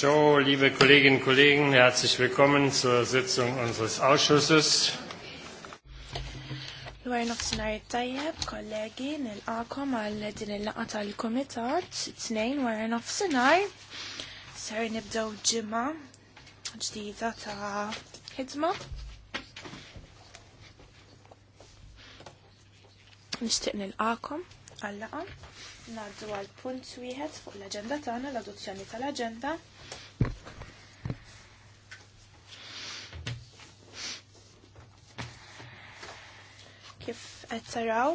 So, liebe Kolleginnen und Kollegen, herzlich willkommen zur Sitzung unseres Ausschusses. Dwar nofsinhar tajjeb, kollegi, nilqakom għal din il-laqa tal-Kumitat, tnejn wara nofsinhar. Ser nibdew ġimgħa ġdida ta' ħidma. Nixtieq nilqakom għal laqa. Naddu għal punt wieħed fuq l agenda tagħna l-adozzjoni tal-aġenda. qed taraw.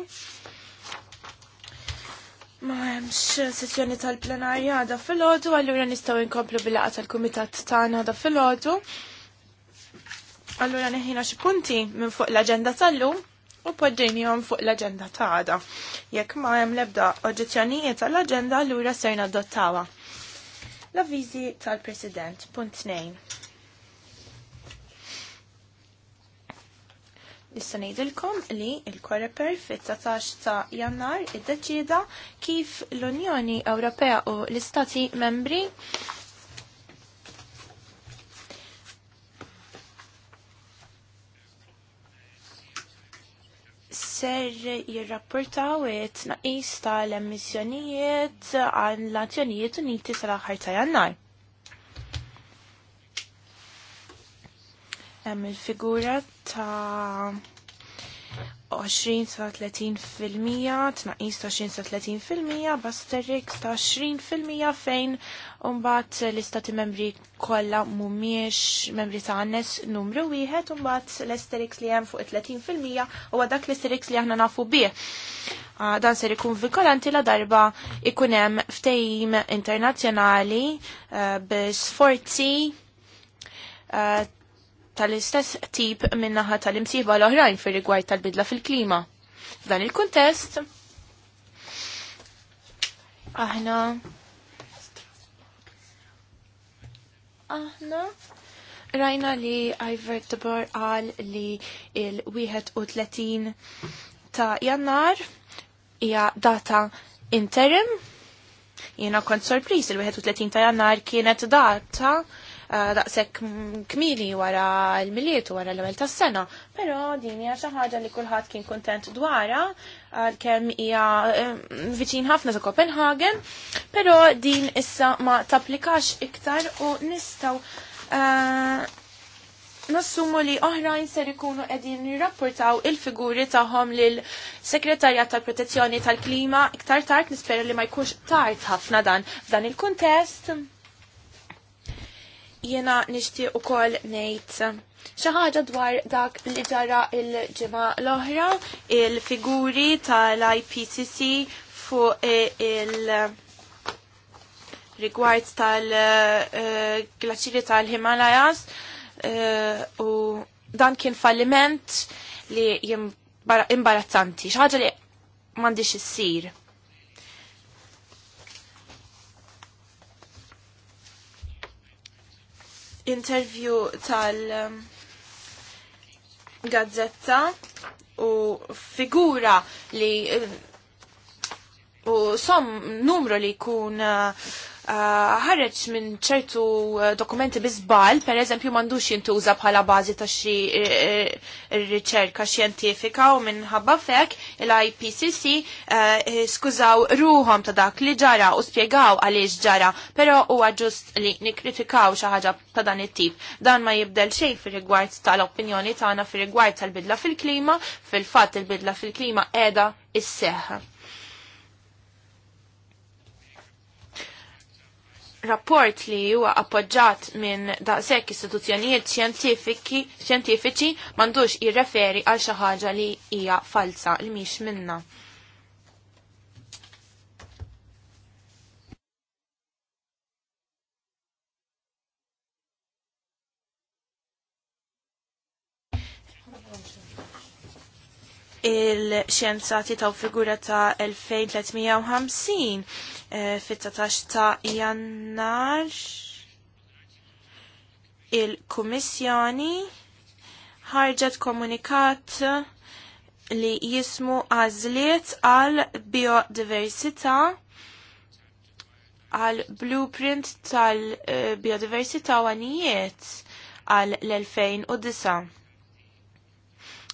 Ma hemmx sessjoni tal-plenarja għadha fil-ħodu, allura nistgħu nkomplu bil-laqgħa tal-kumitat tagħna għadha fil-ħodu. Allura neħina xi punti minn fuq l-aġenda tal-lum u poġġejnihom fuq l-aġenda ta' għada. Jekk ma hemm l-ebda oġġezzjonijiet tal-aġenda allura ser nadottawha. L-avviżi tal-President, punt 2. Nista' ngħidilkom li l-Koreper fit-19 ta' Jannar iddeċieda kif l-Unjoni Ewropea u l-Istati Membri ser jirrapportaw it naqis tal-emissjonijiet għall-Nazzjonijiet Uniti sal-aħħar ta' Jannar. hemm il-figura ta' 20 sa 30 fil-mija, tnaqis ta' 20 sa 30 fil-mija, basterix ta' 20 fil-mija fejn umbat l-istati membri kolla mumiex membri ta' għannes numru wieħed umbat l-esterix li hemm fuq 30 fil-mija u għadak l-esterix li aħna nafu bih. Ah, dan ser ikun vikolanti la darba ikun hemm ftehim internazzjonali uh, eh, sforzi uh, eh, tal-istess tip minnaħa tal-imsiba l-oħrajn fir rigward tal-bidla fil-klima. F'dan il-kuntest, aħna aħna rajna li Ivertabar għal li il-31 ta' jannar hija data interim. Jiena kont sorpris il-31 ta' jannar kienet data Eh, daqshekk kmili wara l-miliet wara l-ewwel tas-sena, però din hija xi ħaġa li kulħadd kien kuntent dwarha għalkemm hija eh, viċin ħafna ta' Copenhagen, però din issa ma tapplikax iktar u nistgħu eh, nassumu li oħrajn ser ikunu qegħdin jirrapportaw il-figuri tagħhom lil Sekretarjat tal-Protezzjoni tal-Klima iktar tard nispera li ma jkunx tard ħafna dan f'dan il-kuntest. Jena nishti ukoll ngħid xi ħaġa dwar dak li ġara il-ġimgħa l-oħra il-figuri tal-IPCC fuq eh, il- rigward tal-glaċiri eh, tal-Himalayas eh, u dan kien falliment li imbarazzanti, xaġa li mandiċ issir. intervju tal um, gazzetta u figura li um, u som numru li kun uh, Ah, ħareġ uh, minn ċertu eh, dokumenti bizbal, per eżempju mandux jintuża bħala bażi ta' xi eh, eh, riċerka xjentifika u minħabba fek il-IPCC uh, skużaw ruhom ta' dak li ġara u spjegaw għaliex ġara, però huwa ġust li nikkritikaw xi ħaġa ta' dan it-tip. Dan ma jibdel xejn fir-rigward tal-opinjoni tagħna fir-rigward tal-bidla fil-klima, fil-fatt il-bidla fil-klima qiegħda isseħħa. rapport li huwa appoġġat minn daqshekk istituzzjonijiet xjentifiċi m'għandux jirreferi għal xi ħaġa li hija falsa li mhix minna. il-xjenzati ta' figura ta' 2350 fit 18 ta' jannar il-Kummissjoni ħarġet komunikat li jismu għazliet għal biodiversità għal blueprint tal-biodiversità eh, għanijiet għal l-2009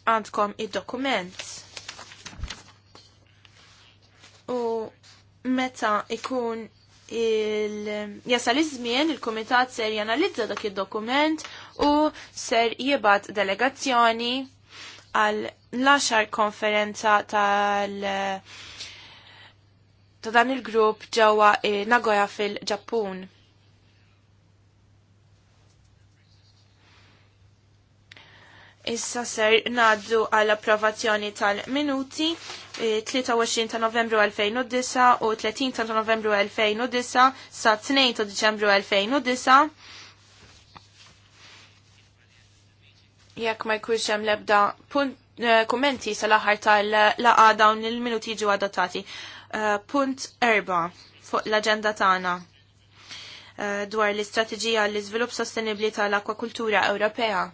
għandkom id-dokument. U meta ikun il jasal iż-żmien il-kumitat ser janalizza dak id-dokument u ser jibgħat delegazzjoni għal l-axar konferenza tal ta' dan il-grupp ġewwa eh, Nagoya fil-Ġappun. Issa ser naddu għall approvazzjoni tal-minuti 23 eh, ta' novembru 2009 u 30 ta' novembru 2009 sa' 2 ta' Diċembru 2009. Jekk ma jkunx hemm l-ebda eh, kummenti sal-aħħar tal-laqa dawn il-minuti ġu adottati. Eh, punt erba' fuq l-aġenda tagħna dwar l-istrateġija l-iżvilupp sostenibbli tal-akwakultura Ewropea.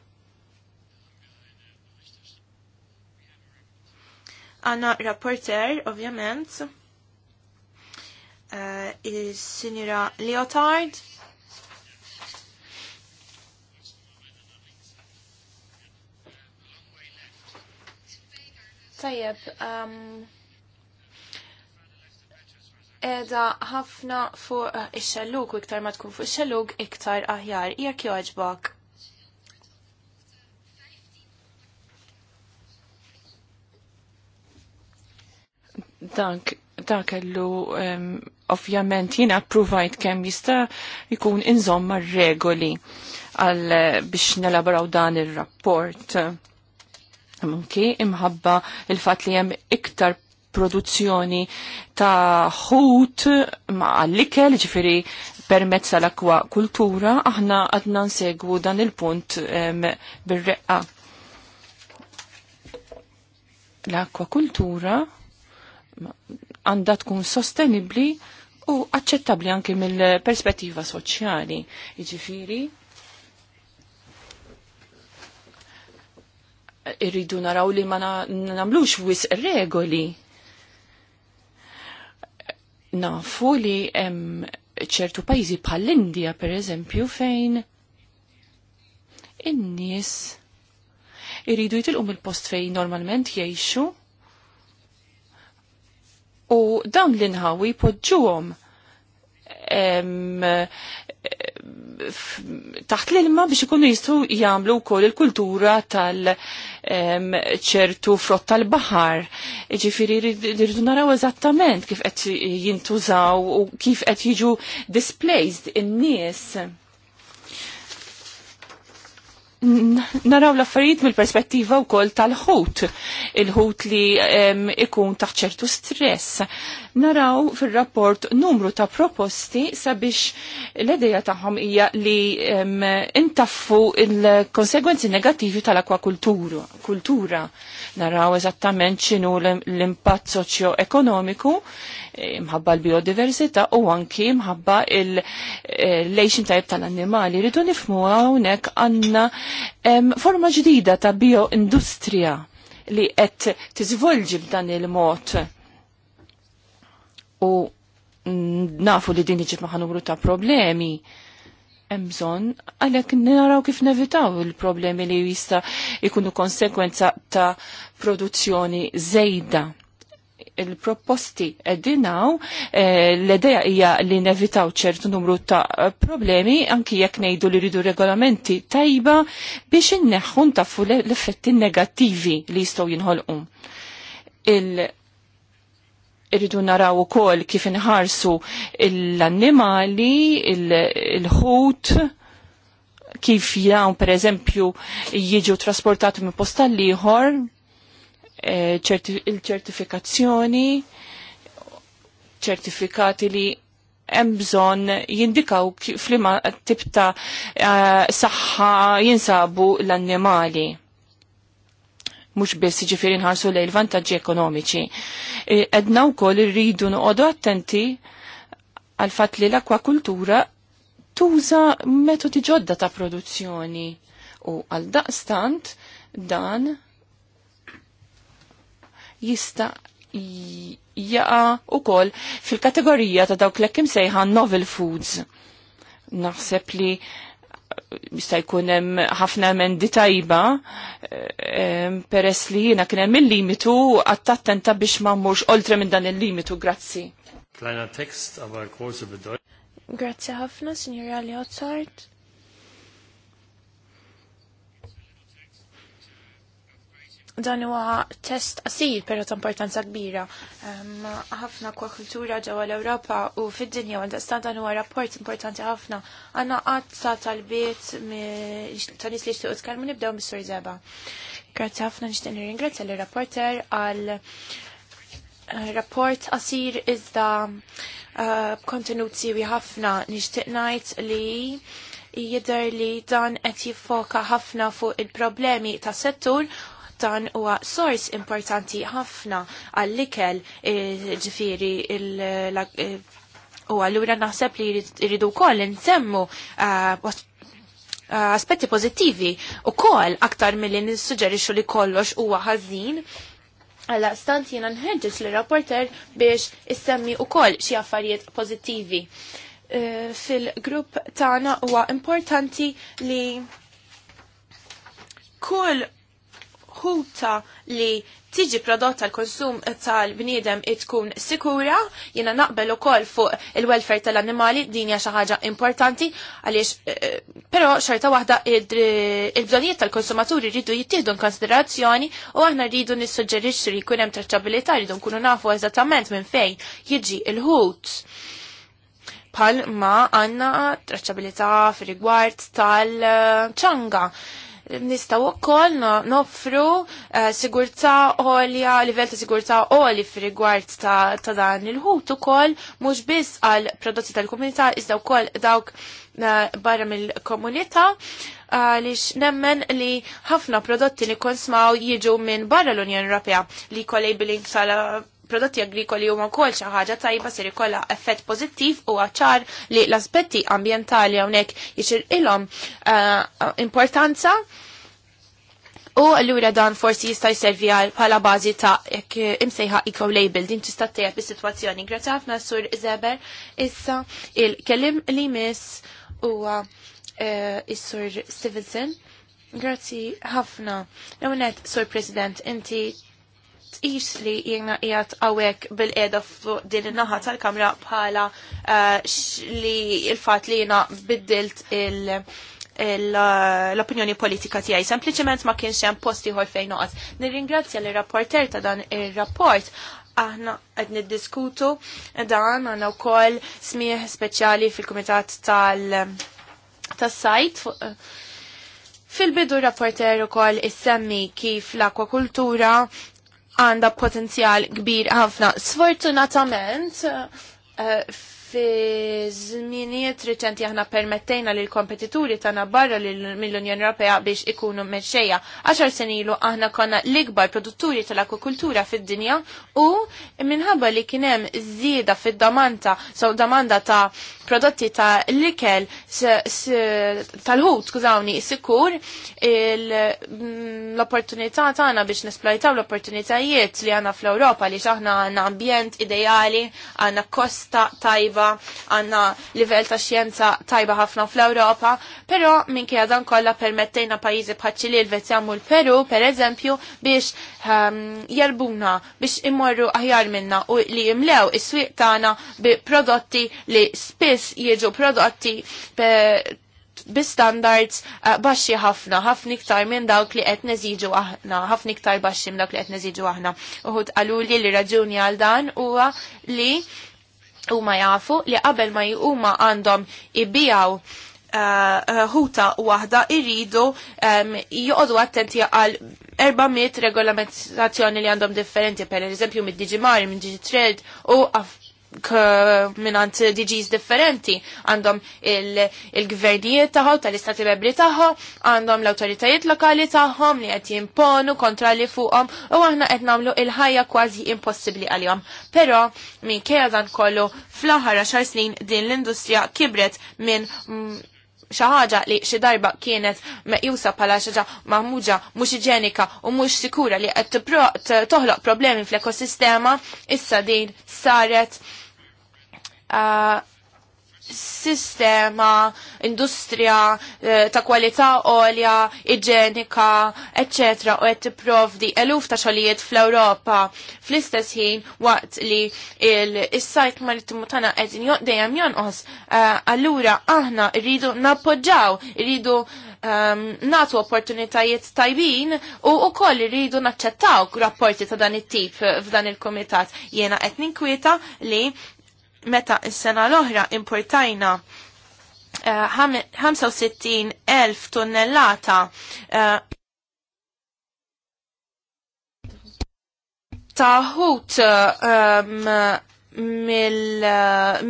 Għanna rapporter, ovvjament, uh, il-sinjura Leotard, Tajjeb, um, edha ħafna fuq ix-xellug u iktar ma tkun fuq ix-xellug iktar aħjar. Jekk joġbok Dank, dak kellu um, ovvjament jina approvajt kemm jista' jkun inżomm regoli għal biex nelaboraw dan ir-rapport. Munki imħabba il-fat li hemm iktar produzzjoni ta' ħut ma' għallikel, ġifiri permezz l akwa kultura, aħna għadna nsegwu dan il-punt bir-reqqa. L-akwa kultura għandha tkun sostenibbli u aċċettabbli anke mill-perspettiva soċjali. Jiġifieri irridu naraw li ma namlux wis regoli. Nafu li hemm ċertu pajjiżi bħall per pereżempju fejn in-nies irridu jitilqu mill-post fejn normalment jgħixu u dawn l-inħawi podġuwom taħt l-ilma biex ikunu jistgħu jagħmlu wkoll il-kultura tal- ċertu frott tal-bahar. Ġifiri, rridu naraw eżattament kif qed jintużaw u kif qed jiġu displaced in-nies naraw l-affarijiet mill-perspettiva wkoll tal-ħut, il-ħut li ikun taħċertu stress naraw fil-rapport numru ta' proposti sabiex l ideja tagħhom hija li intaffu il-konsegwenzi negativi tal-akwakultura. Kultura naraw eżattament x'inhu l-impatt soċjo-ekonomiku eh, mħabba l-biodiversità u anki mħabba il-lejxin eh, tajb tal-annimali. Ridu nifmu hawnhekk għandna forma ġdida ta' bioindustrija li qed tiżvolġi b'dan il-mod u nafu li din iġib maħan numru ta' problemi. Emżon, għalek naraw kif nevitaw il-problemi li jista ikunu konsekwenza ta' produzzjoni zejda. Il-proposti edinaw, eh, l-edeja hija li nevitaw ċertu numru ta' problemi, anki jekk nejdu li ridu regolamenti tajba biex inneħħun tafu l-effetti negattivi li jistaw jinħolqu. -um irridu naraw ukoll kif inħarsu l-annimali, il-ħut, kif jawn per eżempju jiġu trasportati minn posta liħor, eh, il-ċertifikazzjoni, ċertifikati li hemm bżonn jindikaw flima tip ta' eh, saħħa jinsabu l-annimali mux biss ġifiri nħarsu lej l-vantagġi ekonomiċi. E, edna u koll rridu nuqodu attenti għal-fat li l-akwakultura tuża metodi ġodda ta' produzzjoni u għal daqstant dan jista jaqa u koll fil-kategorija ta' dawk l-ekkim sejħan novel foods. Naħseb li jista' jkun hemm ħafna emendi tajba eh, peress li jiena kien hemm il-limitu għattattenta biex ma mmurx oltre minn dan il-limitu, grazzi. Text, aber Grazzi ħafna, Signora Leotzart. dan huwa test qasir però ta' importanza kbira. Ħafna kwa kultura ġewwa l-Ewropa u fid-dinja għandha dan huwa rapport importanti ħafna. Għandna qatt ta' talbiet ta' nies li jixtiequ tkellmu nibdew mis-Sur Zeba. Grazzi ħafna nixtieq nirringrazzja l rapporter għal eh, rapport qasir iżda eh, kontenut siwi ħafna nixtieq ngħid li jidher li dan qed jiffoka ħafna fuq il-problemi ta' settur dan huwa sors importanti ħafna għall-ikel eh, ġifiri eh, u għallura naħseb li jridu koll nsemmu eh, aspetti pozittivi u koll aktar mill-li nissuġerixu li kollox huwa ħażin. Għalla, stant jena nħedġis li rapporter biex issemmi u koll xie affarijiet pozittivi. Fil-grupp tana huwa importanti li kull kuta li tiġi prodott tal-konsum tal-bniedem tkun sikura, jina naqbel u kol fuq il-welfare tal-animali, din hija xi ħaġa importanti, għaliex eh, però xorta waħda eh, il-bżonijiet tal-konsumaturi rridu jittieħdu konsiderazzjoni u aħna rridu nissuġġerixxu li jkun hemm traċċabilità rridu nkunu nafu eżattament minn fejn jiġi il-ħut bħal ma għanna traċabilità fil rigward tal-ċanga nistaw ukoll noffru eh, sigurtà olja, livell ta' sigurtà għoli fi rigward ta' dan il-ħut ukoll mhux biss għal prodotti tal-komunità iżda wkoll dawk eh, barra mill-komunità għaliex nemmen li ħafna prodotti li konsmaw jiġu minn barra l-Unjoni Europea li kollej billing sala prodotti agrikoli huma wkoll xi ħaġa tajba ser ikollha effett pożittiv u ċar li l-aspetti ambjentali hawnhekk jixir uh, eh, importanza u allura dan forsi jista' jservi għal bħala bażi ta' jekk imsejħa eco label din tista' tgħid bis-sitwazzjoni. Grazzi ħafna sur Zeber issa il-kelim li miss huwa uh, is-sur Stevenson. Grazzi ħafna. Ewnet, Sur President, inti tqis li jiena qiegħed hawnhekk bil-qiegħda fuq din in-naħa tal-kamra bħala eh, li l-fatt li jiena biddilt il- l-opinjoni politika tiegħi. Sempliċement ma kienx hemm post ieħor fejn noqgħod. Nirringrazzja l rapporter ta' dan ir-rapport aħna qed niddiskutu dan għandna wkoll smieħ speċjali fil-kumitat tal tas-sajt eh, fil-bidu rapporter ukoll semmi kif l-akwakultura għanda potenzjal kbir ħafna. Sfortunatament, uh, fi zminiet reċenti aħna permettejna lil kompetituri ta' barra mill-Unjoni Ewropea biex ikunu meċċeja. Għaxar senilu ilu aħna konna l-ikbar produtturi tal-akwakultura fid-dinja u minħabba li kien hemm żieda fid domanda so domanda ta' prodotti ta' l-ikel tal-ħut, skużawni, sikur mm, l-opportunità tagħna biex nesplajtaw l-opportunitajiet li għandna fl-Ewropa li xaħna għandna ambjent ideali, għandna kosta tajba, għandna livell ta' xjenza tajba ħafna fl-Ewropa, però minkejja dan kollha permettejna pajjiżi bħaċċili l-Vetja l-Peru, per eżempju, biex ehm, jarbuna biex immorru aħjar minna u li jimlew is-swieq tagħna bi prodotti li spiċ spiss jiġu prodotti bi standards eh, baxxi ħafna, ħafna iktar minn dawk li qed neżiġu aħna, ħafna iktar baxxi minn dawk li qed neżiġu aħna. Uħud qalu li raġuni għal dan huwa li huma jafu li qabel ma huma għandhom ibijaw ħuta eh, eh, uh, waħda irridu um, joqodu attenti għal 400 regolamentazzjoni li għandhom differenti, per eżempju mid Digimari, mid Digitrade u minant diġiż differenti. Għandhom il-gvernijiet taħħom, tal-istati membri taħħom, għandhom l-autoritajiet lokali taħħom li għet jimponu kontrolli fuqom u għahna għet namlu il-ħajja kważi impossibli għal-jom. Pero, minn kera dan kollu fl ħara xar snin din l-industrija kibret minn mm, xaħġa li xi darba kienet meqjusa bħala xaġa maħmuġa mhux iġenika u mhux sikura li qed toħloq problemi fl-ekosistema, issa din saret Eh, sistema, industrija uh, eh, ta' kwalità olja, iġenika, etc. u qed tipprovdi eluf ta' xogħlijiet fl-Ewropa. Fl-istess ħin waqt li il sajt marittimu tana qegħdin dejjem jonqos, uh, allura aħna rridu nappoġġaw, rridu um, natu opportunitajiet tajbin u u koll rridu naċċettaw rapporti ta' dan it-tip f'dan il-komitat. Jena qed ninkwieta li meta s-sena l-oħra importajna 65.000 eh, tonnellata eh, taħut eh,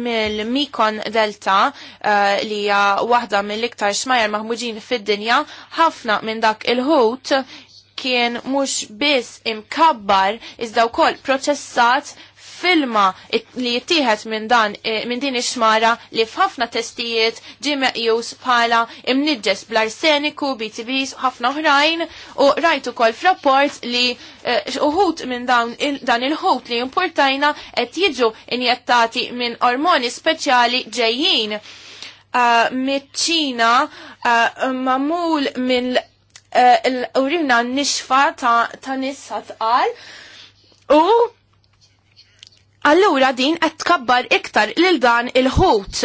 mill-Mikon Delta li hija waħda mill-iktar xmajer maħmuġin fid-dinja, ħafna minn dak il-ħut kien mhux biss imkabbar iżda wkoll proċessat filma li jittieħed minn dan e, minn din ix-xmara li f'ħafna testijiet ġie meqjus bħala imniġġes bl-arseniku, BTBs, ħafna oħrajn u rajtu kol f'rapport li e, uħut minn dan il-ħut li importajna qed jiġu injettati minn ormoni speċjali ġejjin e, Meċċina ċina mamul mill l-urina nixfa ta' nissa tqal u allura din qed tkabbar iktar lil dan il-ħut.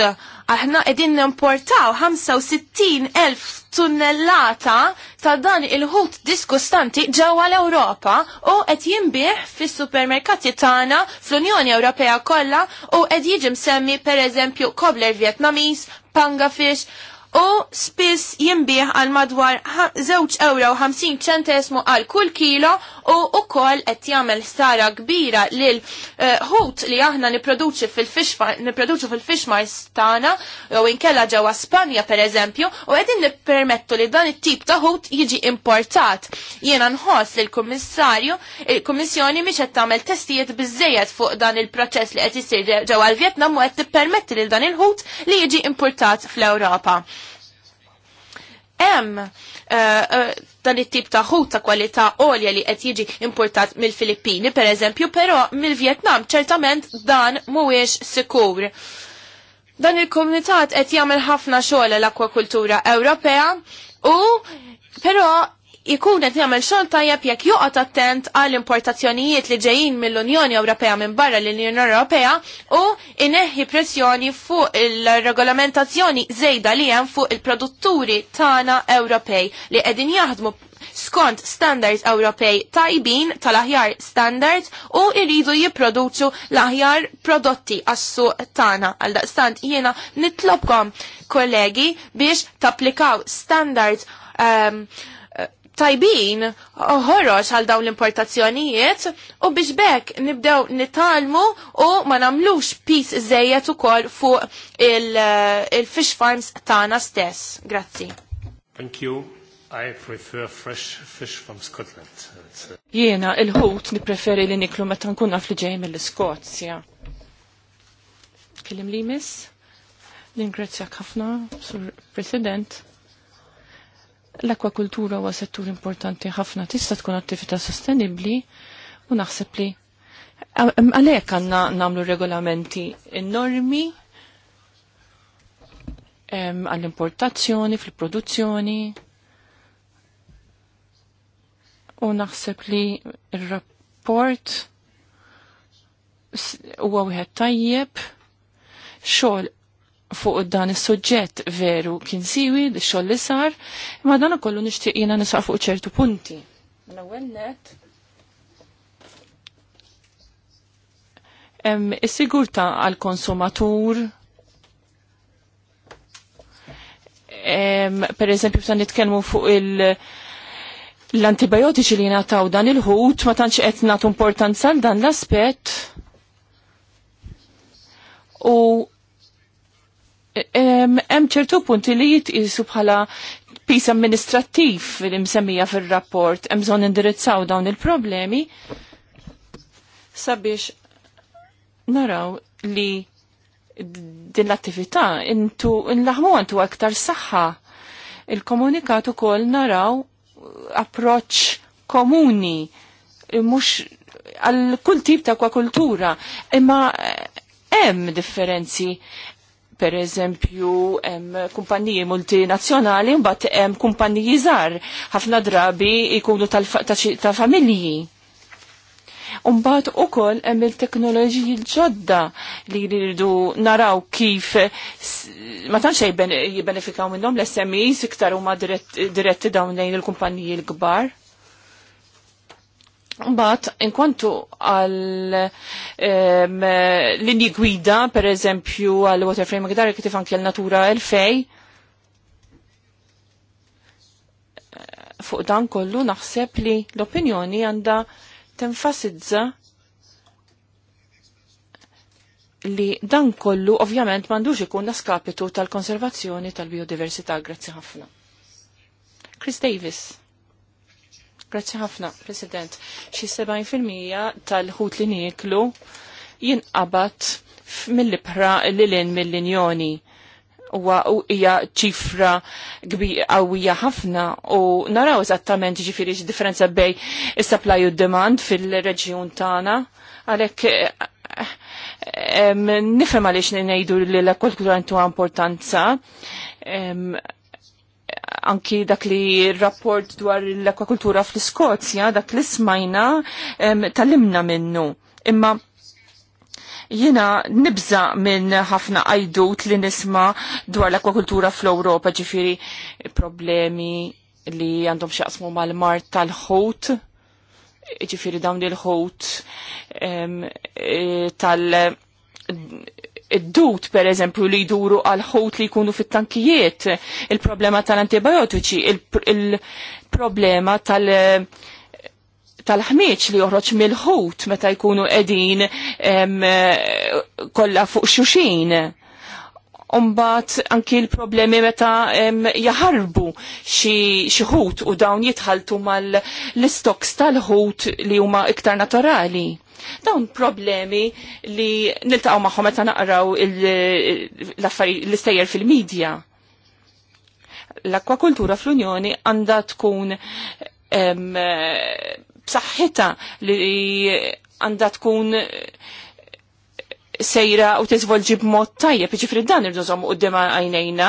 Aħna qegħdin nimportaw 65,000 tunnellata ta' dan il-ħut diskustanti ġewwa l-Ewropa u qed jinbih fis-supermerkati tagħna fl-Unjoni Ewropea kollha u qed jiġi msemmi pereżempju kobler Vietnamiż, pangafish, u spiss jimbieħ għal madwar 0 euro 50 ċentesmu għal kull kilo u ukoll qed jagħmel sara kbira lil eh, ħut li aħna niproduċi fil-fishmar fil-fishmar stana jew inkella ġewwa Spanja pereżempju u qegħdin nippermettu li dan it-tip ta' ħut jiġi importat. Jiena nħoss li l-Kummissarju il-Kummissjoni miex qed tagħmel testijiet bizzejet fuq dan il-proċess li qed isir ġewwa l vietnam u qed tippermetti lil dan il-ħut li jiġi importat fl-Ewropa hemm eh, eh, dan it-tip ta' ħut ta' kwalità olja li qed jiġi importat mill-Filippini pereżempju, però mill-Vjetnam ċertament dan mhuwiex sikur. Dan il-komunitat qed jagħmel ħafna xogħol l-akwakultura Ewropea u però ikun qed jagħmel xogħol tajjeb jekk joqgħod attent għall importazzjonijiet li ġejjin mill-Unjoni Ewropea minn barra l-Unjoni Ewropea u ineħħi pressjoni fuq il-regolamentazzjoni żejda li hemm fuq il-produtturi tagħna Ewropej li qegħdin jaħdmu skont standards Ewropej tajbin tal-aħjar standards u jridu jipproduċu l-aħjar prodotti għassu tagħna. Għal daqstant jiena nitlobkom kollegi biex tapplikaw standards um, tajbin ħoroġ għal dawn l-importazzjonijiet u biex bekk nibdew nitalmu u ma namlux pis u ukoll fuq il-fish farms tagħna stess. Grazzi. Thank you. I prefer fresh fish from Scotland. Jiena il-ħut nipreferi li niklu meta nkun naf li ġej mill-Iskozja. Kellim li miss? Ningrazzjak ħafna, Sur President l-akwakultura huwa settur importanti ħafna tista' tkun attività sostenibbli u naħseb li għalhekk għandna nagħmlu regolamenti normi għall-importazzjoni, fil-produzzjoni. U naħseb li r-rapport huwa wieħed tajjeb xogħol fuq dan is-suġġett veru kien siwi li xoll li sar, imma dan ukollu nixtieq jiena nisaq fuq ċertu punti. L-ewwel net is sigurta għall konsumatur per eżempju ta' nitkellmu fuq il- l-antibiotiċi li nataw dan il-ħut ma tantx qed nagħtu importanza għal dan l-aspett u hemm ċertu punti li jitqisu bħala pis amministrattiv li msemmija fil-rapport, hemm bżonn indirizzaw dawn il-problemi sabiex naraw li din l-attività intu nlaħmu għantu aktar saħħa. Il-komunikat ukoll naraw approċ komuni mhux għal kull tip ta' kultura, imma hemm differenzi, per eżempju kumpaniji multinazzjonali mbagħad hemm kumpaniji żgħar ħafna drabi jkunu ta' familji. Umbat u koll hemm il-teknoloġiji l-ġodda li jridu naraw kif ma tantx jibbenefikaw minnhom l-SMEs iktar huma diretti dawn lejn il-kumpaniji l-kbar. Mbagħad inkontu għal linji gwida, per eżempju għal Water Framework Direct kif anke l-Natura 2000. Fuq dan kollu naħseb li l-opinjoni għandha tenfasizza li dan kollu ovvjament mandux ikun naskapitu tal-konservazzjoni tal-biodiversità. Grazzi ħafna. Chris Davis. Grazzi ħafna, President. Xi 70% tal-ħut li nieklu jinqabad mill-libra lilin mill-Unjoni huwa hija ċifra qawwija ħafna u naraw eżattament xi differenza bej is-supply u demand fil-reġjun tagħna għalhekk eh, eh, nifhem għaliex ngħidu li l-akkoltura għandu importanza anki dak li rapport dwar l-akwakultura fl-Skozja, dak li smajna tal-imna minnu. Imma jina nibza minn ħafna għajdut li nisma dwar l-akwakultura fl-Europa ġifiri problemi li għandhom xaqsmu mal-mart tal-ħut, ġifiri dawn il -ħut, e, tal id-dut per eżempju li jduru għal ħut li jkunu fit-tankijiet, il-problema tal-antibiotiċi, il-problema tal- tal-ħmieċ li joħroġ mill-ħut meta jkunu edin kollha fuq xuxin Umbat anki l-problemi meta jaharbu xi ħut u dawn jitħaltu mal-istoks tal-ħut li huma iktar naturali. Dawn problemi li niltaqgħu magħhom meta naqraw l-istejjer fil-medja. L-akwakultura fl-Unjoni għandha tkun b'saħħitha li għandha tkun sejra u b b'mod tajjeb, ġifri dan irdużom u d-dema għajnejna,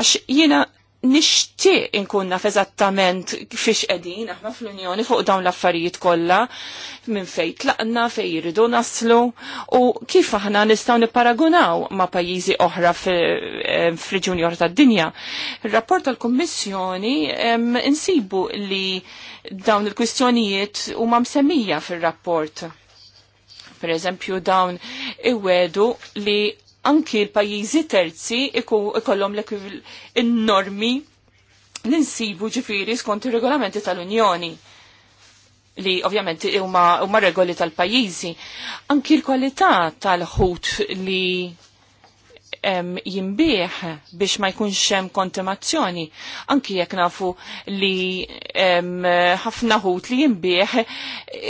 għax jiena nixtieq inkun naf eżattament fiex qegħdin aħna fl-Unjoni fuq dawn l-affarijiet kollha minn fejn tlaqna fejn jiridu naslu u kif aħna nistgħu nipparagunaw ma' pajjiżi oħra fl ġunjor tad-dinja. Ir-rapport tal-Kummissjoni insibu li dawn il-kwistjonijiet huma msemmija fir-rapport per eżempju dawn iwedu li anki l-pajjiżi terzi ikollhom l normi l-insibu ġifiri skont ir-regolamenti tal-Unjoni li ovvjament huma regoli tal-pajjiżi. Anki l-kwalità tal-ħut li jimbieħ biex ma jkunx hemm kontemazzjoni, Anki jekk nafu li ħafna ħut li jimbieħ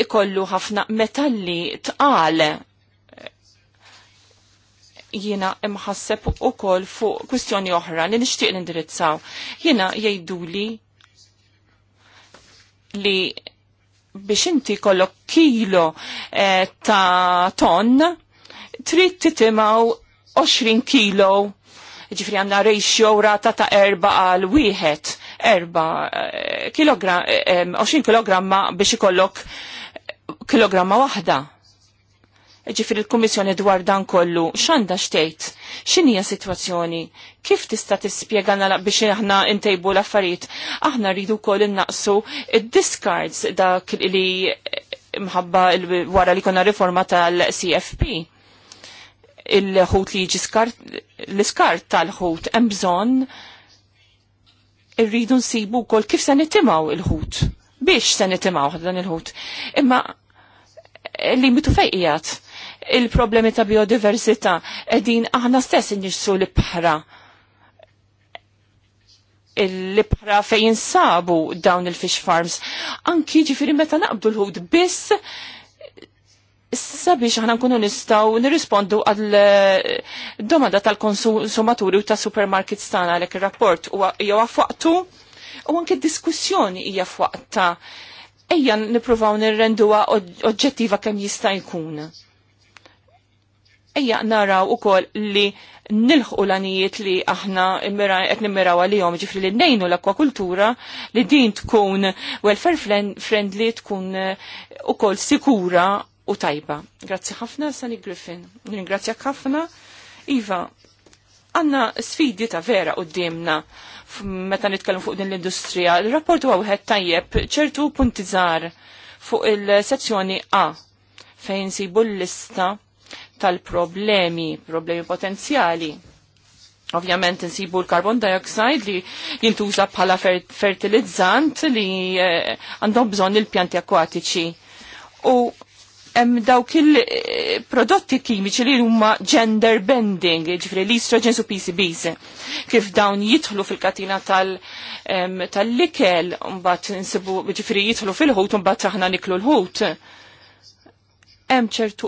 ikollu ħafna metalli tqal jiena imħasseb u kol fuq kwistjoni oħra li nixtieq nindirizzaw. Jiena jgħiduli li biex inti kollok kilo eh, ta' ton, trid titimaw 20 kilo, ġifri għanna ratio rata ta' erba għal wieħed, erba eh, kilogram, 20 eh, kilogramma biex ikollok kilogramma waħda. Ġifri l-Kummissjoni dwar dan kollu, x'għandha xtejt? xinija situazzjoni? Kif tista' tispjegana biex aħna ntejbu l-affarijiet? Aħna rridu wkoll innaqsu id-discards dak li eh, mħabba wara li konna riforma tal-CFP il-ħut li jiġi l skart tal-ħut hemm bżonn irridu nsibu wkoll kif se nitimaw il-ħut biex se nitimaw dan il-ħut. Imma li mitu fejqijat il-problemi ta' biodiversità edin aħna stess nġissu l-bħra l bħra fejn sabu dawn il-fish farms. Anki ġifiri meta naqbdu l-ħud biss sabiex aħna nkunu nistgħu nirrispondu għal eh, domanda tal-konsumaturi u ta' supermarkets tagħna għalhekk ir-rapport jew fuqtu u anke diskussjoni hija fuqta ejja nippruvaw nirrenduha oġġettiva kemm jista' jkun. Ejja naraw ukoll li nilħu l-anijiet li aħna qed nimmiraw għalihom ġifri li nejnu l-akwakultura li din tkun welfare friendly tkun eh, ukoll sikura u tajba. Grazzi ħafna, Sani Griffin. Ringrazzjak ħafna. Iva, għanna sfidi ta' vera u d-dimna meta nitkellem fuq din l-industrija. Il-rapport huwa wieħed tajjeb ċertu punti żgħar fuq il-sezzjoni A fejn sibu l-lista tal-problemi, problemi potenzjali. Ovvjament insibu l-carbon dioxide li jintuża bħala fertilizzant li eh, għandhom bżonn il-pjanti akwatiċi. U hemm dawk il-prodotti kimiċi li huma gender bending, ġifri li estrogens u PCBs, kif dawn jidħlu fil-katina tal-likel, mbagħad insibu ġifri jidħlu fil-ħut, mbagħad aħna niklu l-ħut. Hemm ċertu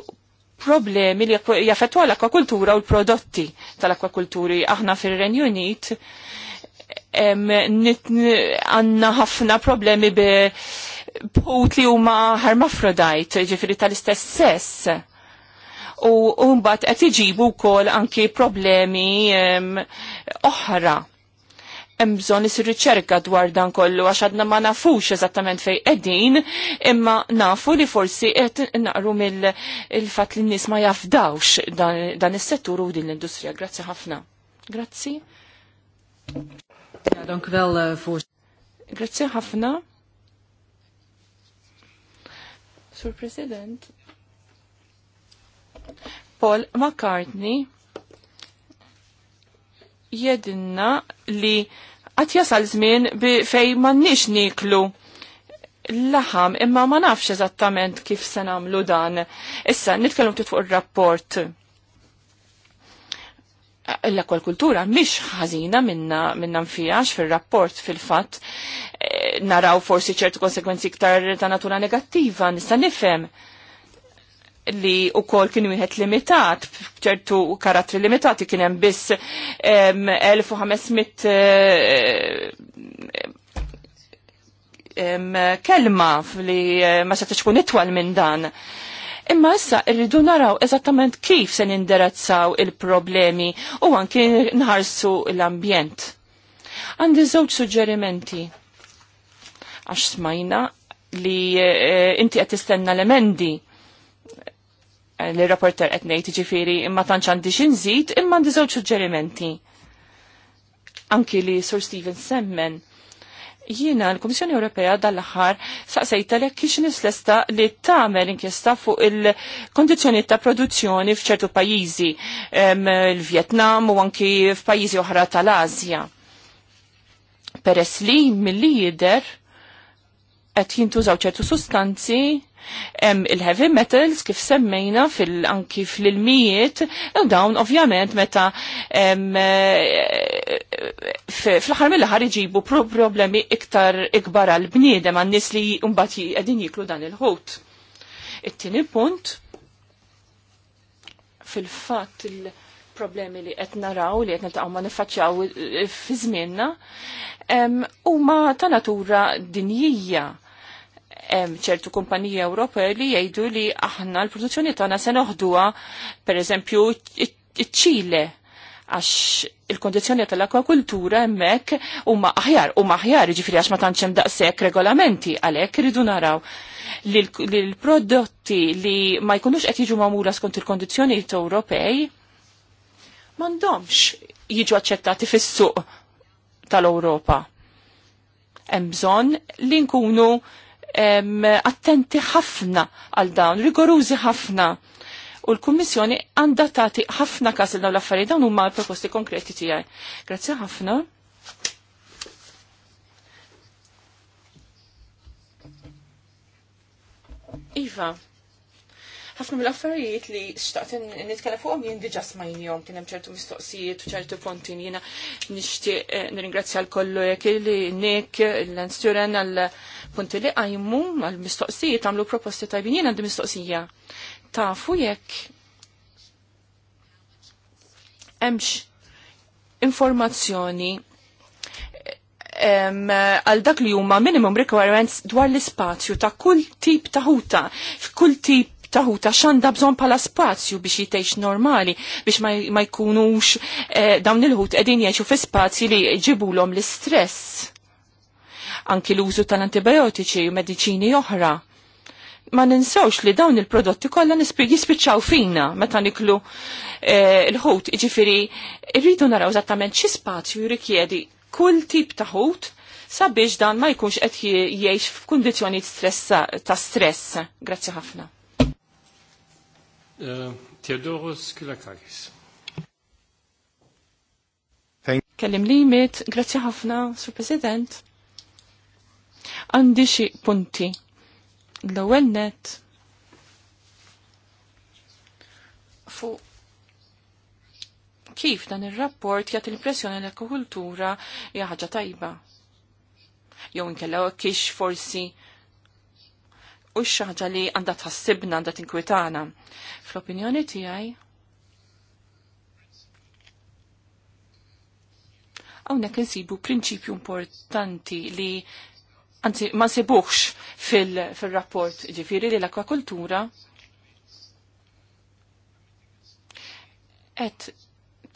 problemi li jaffettwa l-akwakultura u l-prodotti tal-akwakulturi. Aħna fir-Renju Unit għanna ħafna problemi bi bħut li huma hermafrodajt, ġifiri tal-istess sess. U mbagħad qed iġibu wkoll anki problemi oħra. Hemm bżonn isir riċerka dwar dan kollu għax għadna ma nafux eżattament fejn qegħdin, imma nafu li forsi qed naqru mill-fatt li n-nies ma jafdawx dan is-settur u din l-industrija. Grazzi ħafna. Grazzi. Eh, Grazzi ħafna. Sur President, Paul McCartney jedinna li għat jasal zmin bi fej mannix niklu laħam imma ma nafx eżattament kif se nagħmlu dan. Issa nitkellem tit fuq il rapport L-akwa kultura mhix ħażina minna minna nfijax fir-rapport fil-fatt naraw forsi ċertu konsekwenzi iktar ta' natura negattiva, nista' nifhem li u kol kien wieħed limitat, ċertu karattri limitati kien hemm biss 1500 eh, kelma li eh, ma se tkun itwal minn dan. Imma issa irridu naraw eżattament kif se nindirazzaw il-problemi u anki nħarsu l-ambjent. Għandi żewġ suġġerimenti għax smajna li eh, eh, inti qed tistenna l-emendi eh, li rapporter qed ngħid ġifiri imma tantx għandi xi nżid imma għandi żewġ suġġerimenti. Anki li Sir Steven semmen jiena l-Komissjoni Ewropea dal-aħħar li kiex nislesta li tagħmel inkjesta fuq il kondizjoni ta' produzzjoni f'ċertu pajjiżi il-Vjetnam u anki f'pajjiżi oħra tal azja Peress li milli jidher qed jintużaw ċertu sustanzi hemm il-heavy metals kif semmejna fil anki fl-ilmijiet u dawn ovvjament meta eh, eh, fl-aħħar mill-aħħar iġibu problemi iktar ikbar għal bniedem għan nies li mbagħad qegħdin jiklu dan il-ħut. It-tieni punt fil-fatt il problemi li qed naraw li qed niltaqgħu ma nifaċċjaw fi żmienna huma ta' natura dinjija hemm ċertu kumpaniji Ewropej li jgħidu li aħna l-produzzjoni tagħna se noħduha pereżempju iċ ċile għax il-kondizjoni tal-akwakultura emmek u aħjar u aħjar ġifiri għax ma hemm daqsek regolamenti, għalek rridu naraw li l-prodotti li ma jkunux qed jiġu mamula skont il-kondizjoni Ewropej m'għandhomx jiġu aċċettati fis-suq tal-Ewropa. Hemm bżonn li nkunu attenti ħafna għal dawn, rigorużi ħafna. U l-Kummissjoni għandha tagħti ħafna każ il dawn l-affarijiet dawn huma proposti konkreti tiegħi. Grazzi ħafna. Iva, ħafna mill-affarijiet li xtaqt nitkellem fuqhom jien diġà smajnihom kien hemm ċertu mistoqsijiet u ċertu punti jiena nixtieq eh, nirringrazzja l-kollu jekk li Nick, l-Lens Turen għall-punti li qajmu għall-mistoqsijiet għamlu proposti tajbin jien għandi mistoqsija. Tafu jekk hemmx informazzjoni għal dak li huma minimum requirements dwar l-ispazju ta' kull tip ta' ħuta, kull tip taħuta xanda bżon pala spazju biex jitejx normali, biex ma jkunux eh, dawn il-ħut edin jiexu fi spazji li ġibu l-istress. Anki l-użu tal-antibiotiċi u medicini oħra. Ma ninsawx li dawn il-prodotti kollha jispiċċaw fina meta niklu eh, l-ħut, ġifiri, rridu naraw eżattament xi spazju jirrikjedi kull tip ta' ħut sabiex dan ma jkunx qed jgħix f'kundizzjoni ta' stress. Grazzi ħafna. Eh, Teodoros Kilakakis. Kellim li grazzi ħafna, Sur President. Għandi xi punti. L-ewwel net fuq kif dan ir-rapport jagħti l-impressjoni li kultura hija ħaġa tajba. Jew inkella kiex forsi u xaħġa li għanda tħassibna għanda tinkwitana. Fl-opinjoni tijaj, għawnek nsibu prinċipju importanti li għanzi ma sebuħx fil-rapport fil ġifiri li l-akwakultura et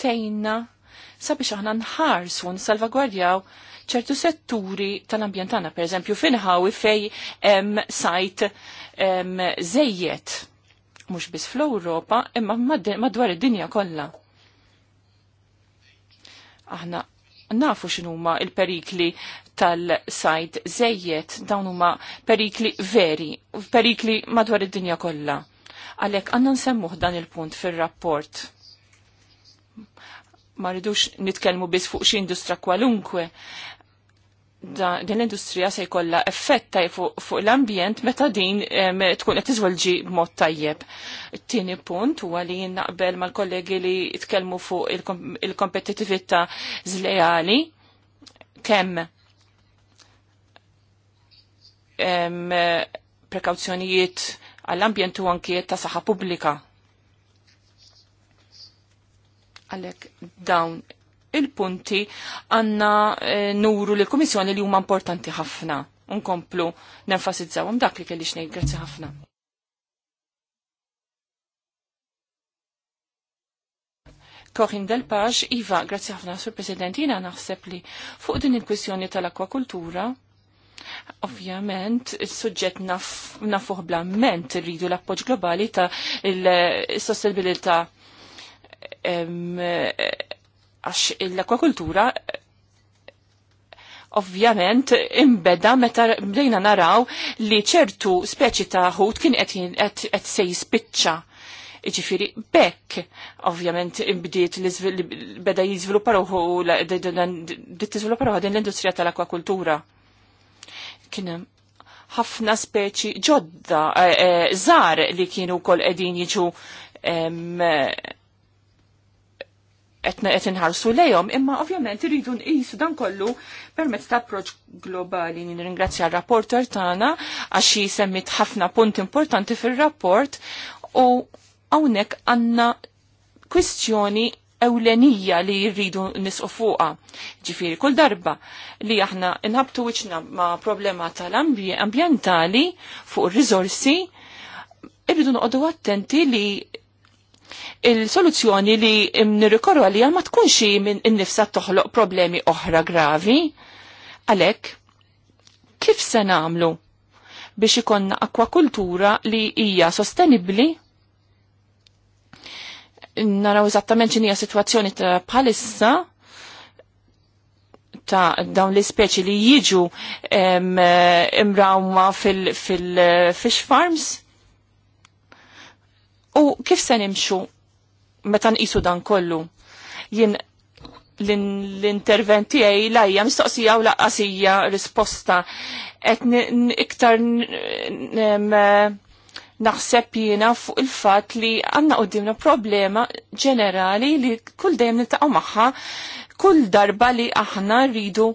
tejna sabiex aħna nħarsu nsalvagwardjaw salvagwardjaw ċertu setturi tal-ambjent tagħna, eżempju, finħawi fej hemm sajt żejjed mhux biss fl-Ewropa, imma madwar id-dinja kollha. Aħna nafu x'inhuma il-perikli tal-sajt żejjed dawn huma perikli veri, perikli madwar id-dinja kollha. Għalhekk għandna nsemmuh dan il-punt fir-rapport ma rridux nitkellmu biss fuq xi industra kwalunkwe, din l-industrija se jkollha effett tajb fuq l-ambjent meta din tkun qed tiżvolġi b'mod tajjeb. Tieni punt huwa li naqbel mal-kollegi li jitkellmu fuq il-kompetittività żlejali kemm prekawzjonijiet għall-ambjent u anki ta' saħħa pubblika. Għalhekk dawn il-punti għanna eh, nuru li l-Komissjoni li huma importanti ħafna. Unkomplu nenfasizzawhom dak li kelli xnej, grazzi ħafna. Kohin del Pax, Iva, grazzi ħafna, Sur President, jina naħseb li fuq din il kwissjoni tal-akwakultura, Ovvjament, il-sujġet nafuħ blamment rridu l-appoġġ globali ta' il sostenibilita Għax l-akwakultura ovvjament imbeda meta bdejna naraw li ċertu speċi ta' ħut kien qed se jispiċċa. Iġifiri, bekk, ovvjament, imbdiet li beda jizviluparuħu, dit jizviluparuħu din l-industrija tal-akwakultura. Kien ħafna speċi ġodda, eh, eh, żgħar li kienu kol edin jiġu qed inħarsu lejhom, imma ovvjament iridu nqisu dan kollu permezz ta' approċ globali. Nirringrazzja r-rapporter tagħna għax semmit ħafna punt importanti fir-rapport u hawnhekk għandna kwistjoni ewlenija li rridu nisqu fuqha. Ġifieri kull darba li aħna inħabtu wiċċna ma problema tal-ambjentali fuq ir-riżorsi, irridu noqogħdu attenti li il-soluzzjoni li nirrikorru għalija ma tkunx minn innifsa toħloq problemi oħra gravi. Għalek, kif se namlu biex ikonna akwakultura li hija sostenibli? Naraw eżattament x'inhija sitwazzjoni ta' bħalissa ta' dawn l-ispeċi li jiġu eh, imrawma fil-fish farms U kif se nimxu meta nqisu dan kollu? Jien l-intervent tiegħi lajja mistoqsija u laqqasija risposta qed iktar naħseb jiena fuq il-fatt li għandna qudiemna problema ġenerali li kull dejjem nitaqgħu magħha kull darba li aħna rridu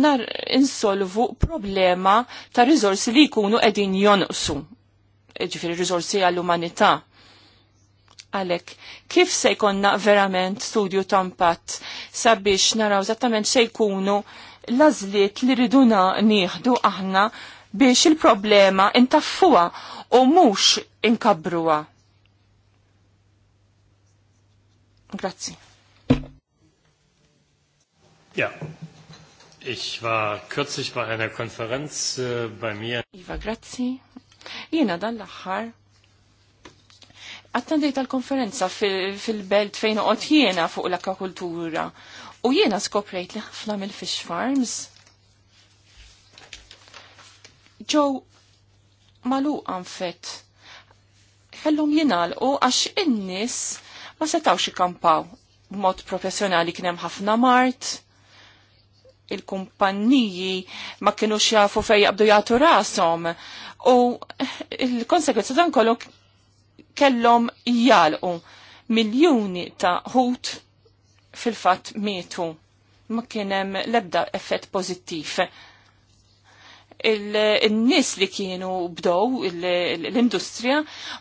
nar insolvu problema ta' riżorsi li jkunu qegħdin jonqsu ġifieri riżorsi għall-umanità Għalek, kif se jkonna verament studju tampat sabiex naraw zattament se jkunu lażliet li riduna nieħdu aħna biex il-problema intaffuha u mhux inkabruha. Grazzi. Ja, ich war kürzlich bei einer Konferenz äh, bei mir. Iva, grazzi. Jiena dan l-aħħar attendejt tal-konferenza fil-belt fejn uqot jiena fuq l-akkakultura u jiena skoprejt li ħafna mill-fish farms ġew maluqa Kellum ħellhom jingħalqu għax in-nies ma setawx ikampaw b'mod professjonali kien hemm ħafna mart il-kumpanniji ma kienu jafu fej jaqbdu jagħtu rashom u il-konsekwenza dan kollu kellhom jalqu miljuni ta' ħut fil-fatt mietu ma kienem lebda effett pozittiv. Il-nis li kienu bdow l-industrija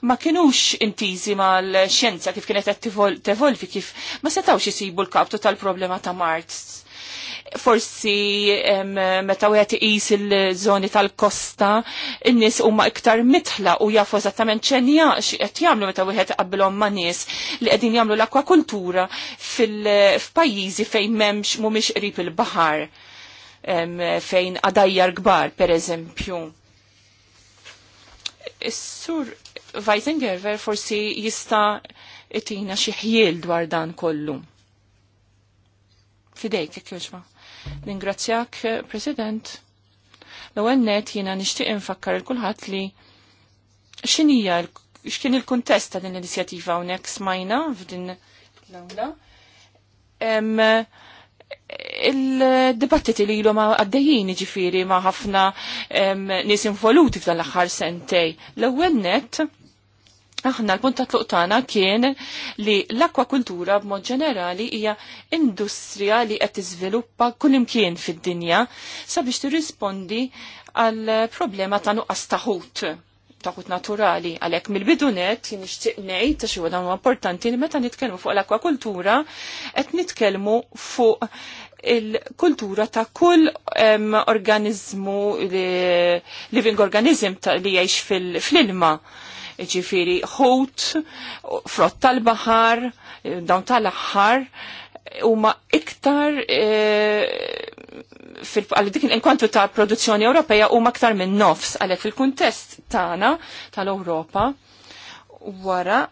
ma kienux intizi ma l-xjenza kif kienet qed tevolvi kif ma setawx isibu l-kaptu tal-problema ta' Marx forsi meta wieħed iqis il-żoni tal-kosta, in-nies huma iktar mitħla u jafu eżattament xenja qed jagħmlu meta wieħed qabilhom ma' nies li qegħdin jagħmlu l-akwakultura fil fejn m'hemmx mhumiex qrib il-baħar fejn għadajjar kbar, per eżempju. Is-sur Weisengerver forsi jista' itina xi ħjiel dwar dan kollu. Fidejk, jek joġma. Ningrazzjak, President. L-ewwel net jiena nixtieq infakkar il kulħadd li xinija, x'kien il-kuntest ta' din l-inizjattiva hawnhekk smajna f'din l għawla Il-dibattiti li ma għaddejjin ġifiri ma' ħafna nies involuti f'dan l-aħħar sentej. L-ewwel net Aħna l-punt ta' tluqtana kien li l-akwakultura b'mod ġenerali hija industrija li qed tiżviluppa kullimkien fid-dinja sabiex tirrispondi għal problema ta' nuqqas taħut taħut naturali. Għalek mill-bidunet nixtieq ngħid ta' xi huwa importanti li meta nitkellmu fuq l-akwakultura qed nitkellmu fuq il-kultura ta' kull um, organizmu li, living organism ta, li jgħix fil-ilma. Fil ġifiri ħut, frott tal-bahar, eh, dawn tal-aħħar, huma iktar eh, għal dik inkwantu ta' produzzjoni Ewropea huma aktar minn nofs għalhekk fil-kuntest tagħna tal-Ewropa wara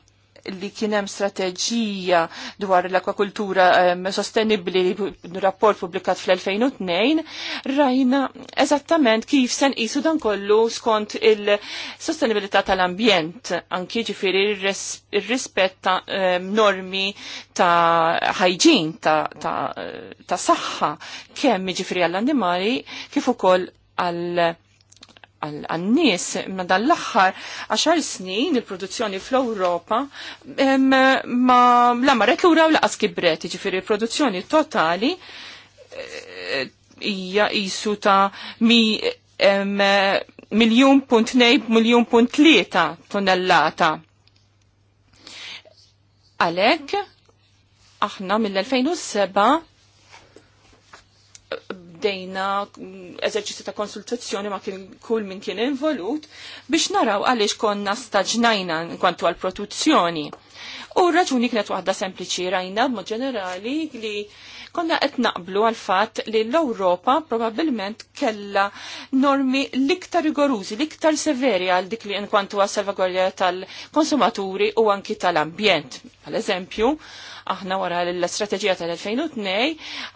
li kienem strateġija dwar l-akwakultura um, sostenibli rapport publikat fl-2002, rajna eżattament kif sen isu dan kollu skont il-sostenibilità tal-ambjent, anki ġifiri il-rispet ta' um, normi ta' ħajġin, ta', ta, ta saħħa, kemm ġifiri għall-animali, kif ukoll għall għal nis ma dan l 10 snin il-produzzjoni fl-Ewropa ma la marret l-ura u laqas kibret, il produzzjoni totali eh, hija jisu ta' mi miljun punt nejb, miljun punt tlieta tonnellata. Għalek, aħna mill-2007 bdejna eżerċizzju ta' konsultazzjoni ma' kien kull min kien involut biex naraw għaliex konna staġnajna kwantu għal produzzjoni. U raġuni kienet waħda sempliċi rajna b'mod ġenerali li konna qed naqblu għal fatt li l-Ewropa probabbilment kella normi l-iktar rigorużi, l-iktar severi għal dik li nkwantu għas salvagwardja tal-konsumaturi u anki tal-ambjent. Għal eżempju, Aħna wara l strategija tal-2002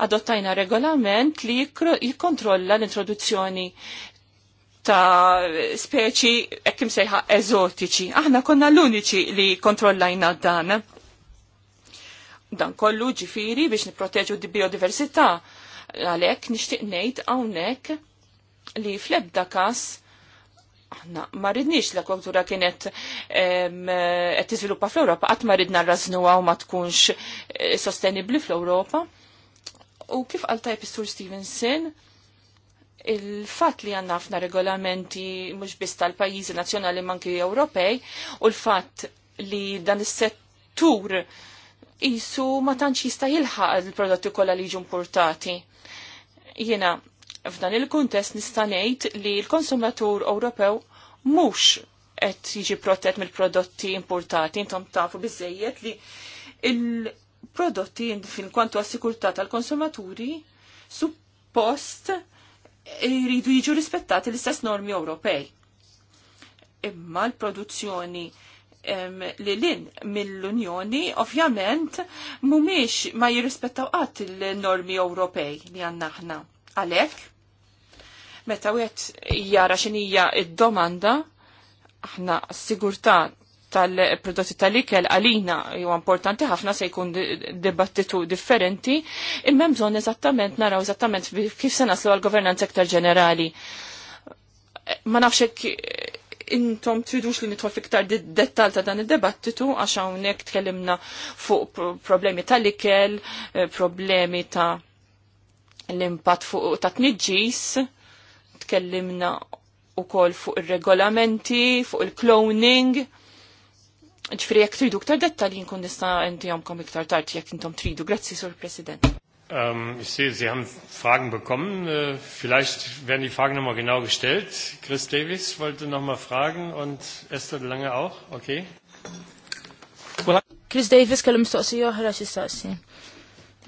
adottajna regolament li jikkontrolla l-introduzzjoni ta' speċi ekkim sejħa ezotiċi. Aħna konna l-uniċi li kontrollajna dan. Dan kollu ġifiri biex niproteġu di biodiversità. Għalek nishtiq nejt għawnek li fl-ebda kas aħna ma ridniex la kultura kienet qed tiżviluppa fl-Ewropa qatt ma ridna rrażnuha u ma tkunx eh, sostenibbli fl-Ewropa. U kif qal tajb is-Sur Stevenson, il-fat li għanna ħafna regolamenti mhux biss tal-pajjiżi nazzjonali manki Ewropej u l-fatt li dan is-settur isu ma tantx jista' jilħaq il-prodotti kollha li jiġu importati. Jiena F'dan il-kuntest nista' ngħid li l-konsumatur Ewropew mhux qed jiġi protett mill-prodotti importati, intom tafu biżejjed li il-prodotti fin kwantu għas-sikurtà tal-konsumaturi suppost jridu jiġu rispettati l-istess normi Ewropej. Imma l-produzzjoni li lin mill-Unjoni ovvjament mumiex ma jirrispettaw qatt il-normi Ewropej li għanna ħna. Għalhekk Meta wieħed jara x'inhija id-domanda, aħna s-sigurtà tal-prodotti tal-ikel għalina jew importanti ħafna se jkun dibattitu differenti, imma bżonn eżattament naraw eżattament kif se naslu għal-governanza sektar ġenerali. Ma nafx intom tridux li nidħol fiktar dettal ta' dan id-debattitu għax hawnhekk tkellimna fuq problemi tal-ikel, eh, problemi ta' l-impatt fuq ta' tniġġis Tkellimna u kol fuq il-regolamenti, fuq il-cloning. Ġifri, jek tridu ktar dettali nkun nista' enti għamkom iktar tard jek intom tridu. Grazzi, Sur President. Ähm, ich sehe, Sie haben Fragen bekommen. Äh, vielleicht werden die Fragen nochmal genau gestellt. Chris Davis wollte nochmal fragen und Esther Lange auch. Okay. Well, Chris Davis kellum mistoqsi oħra xistaqsi.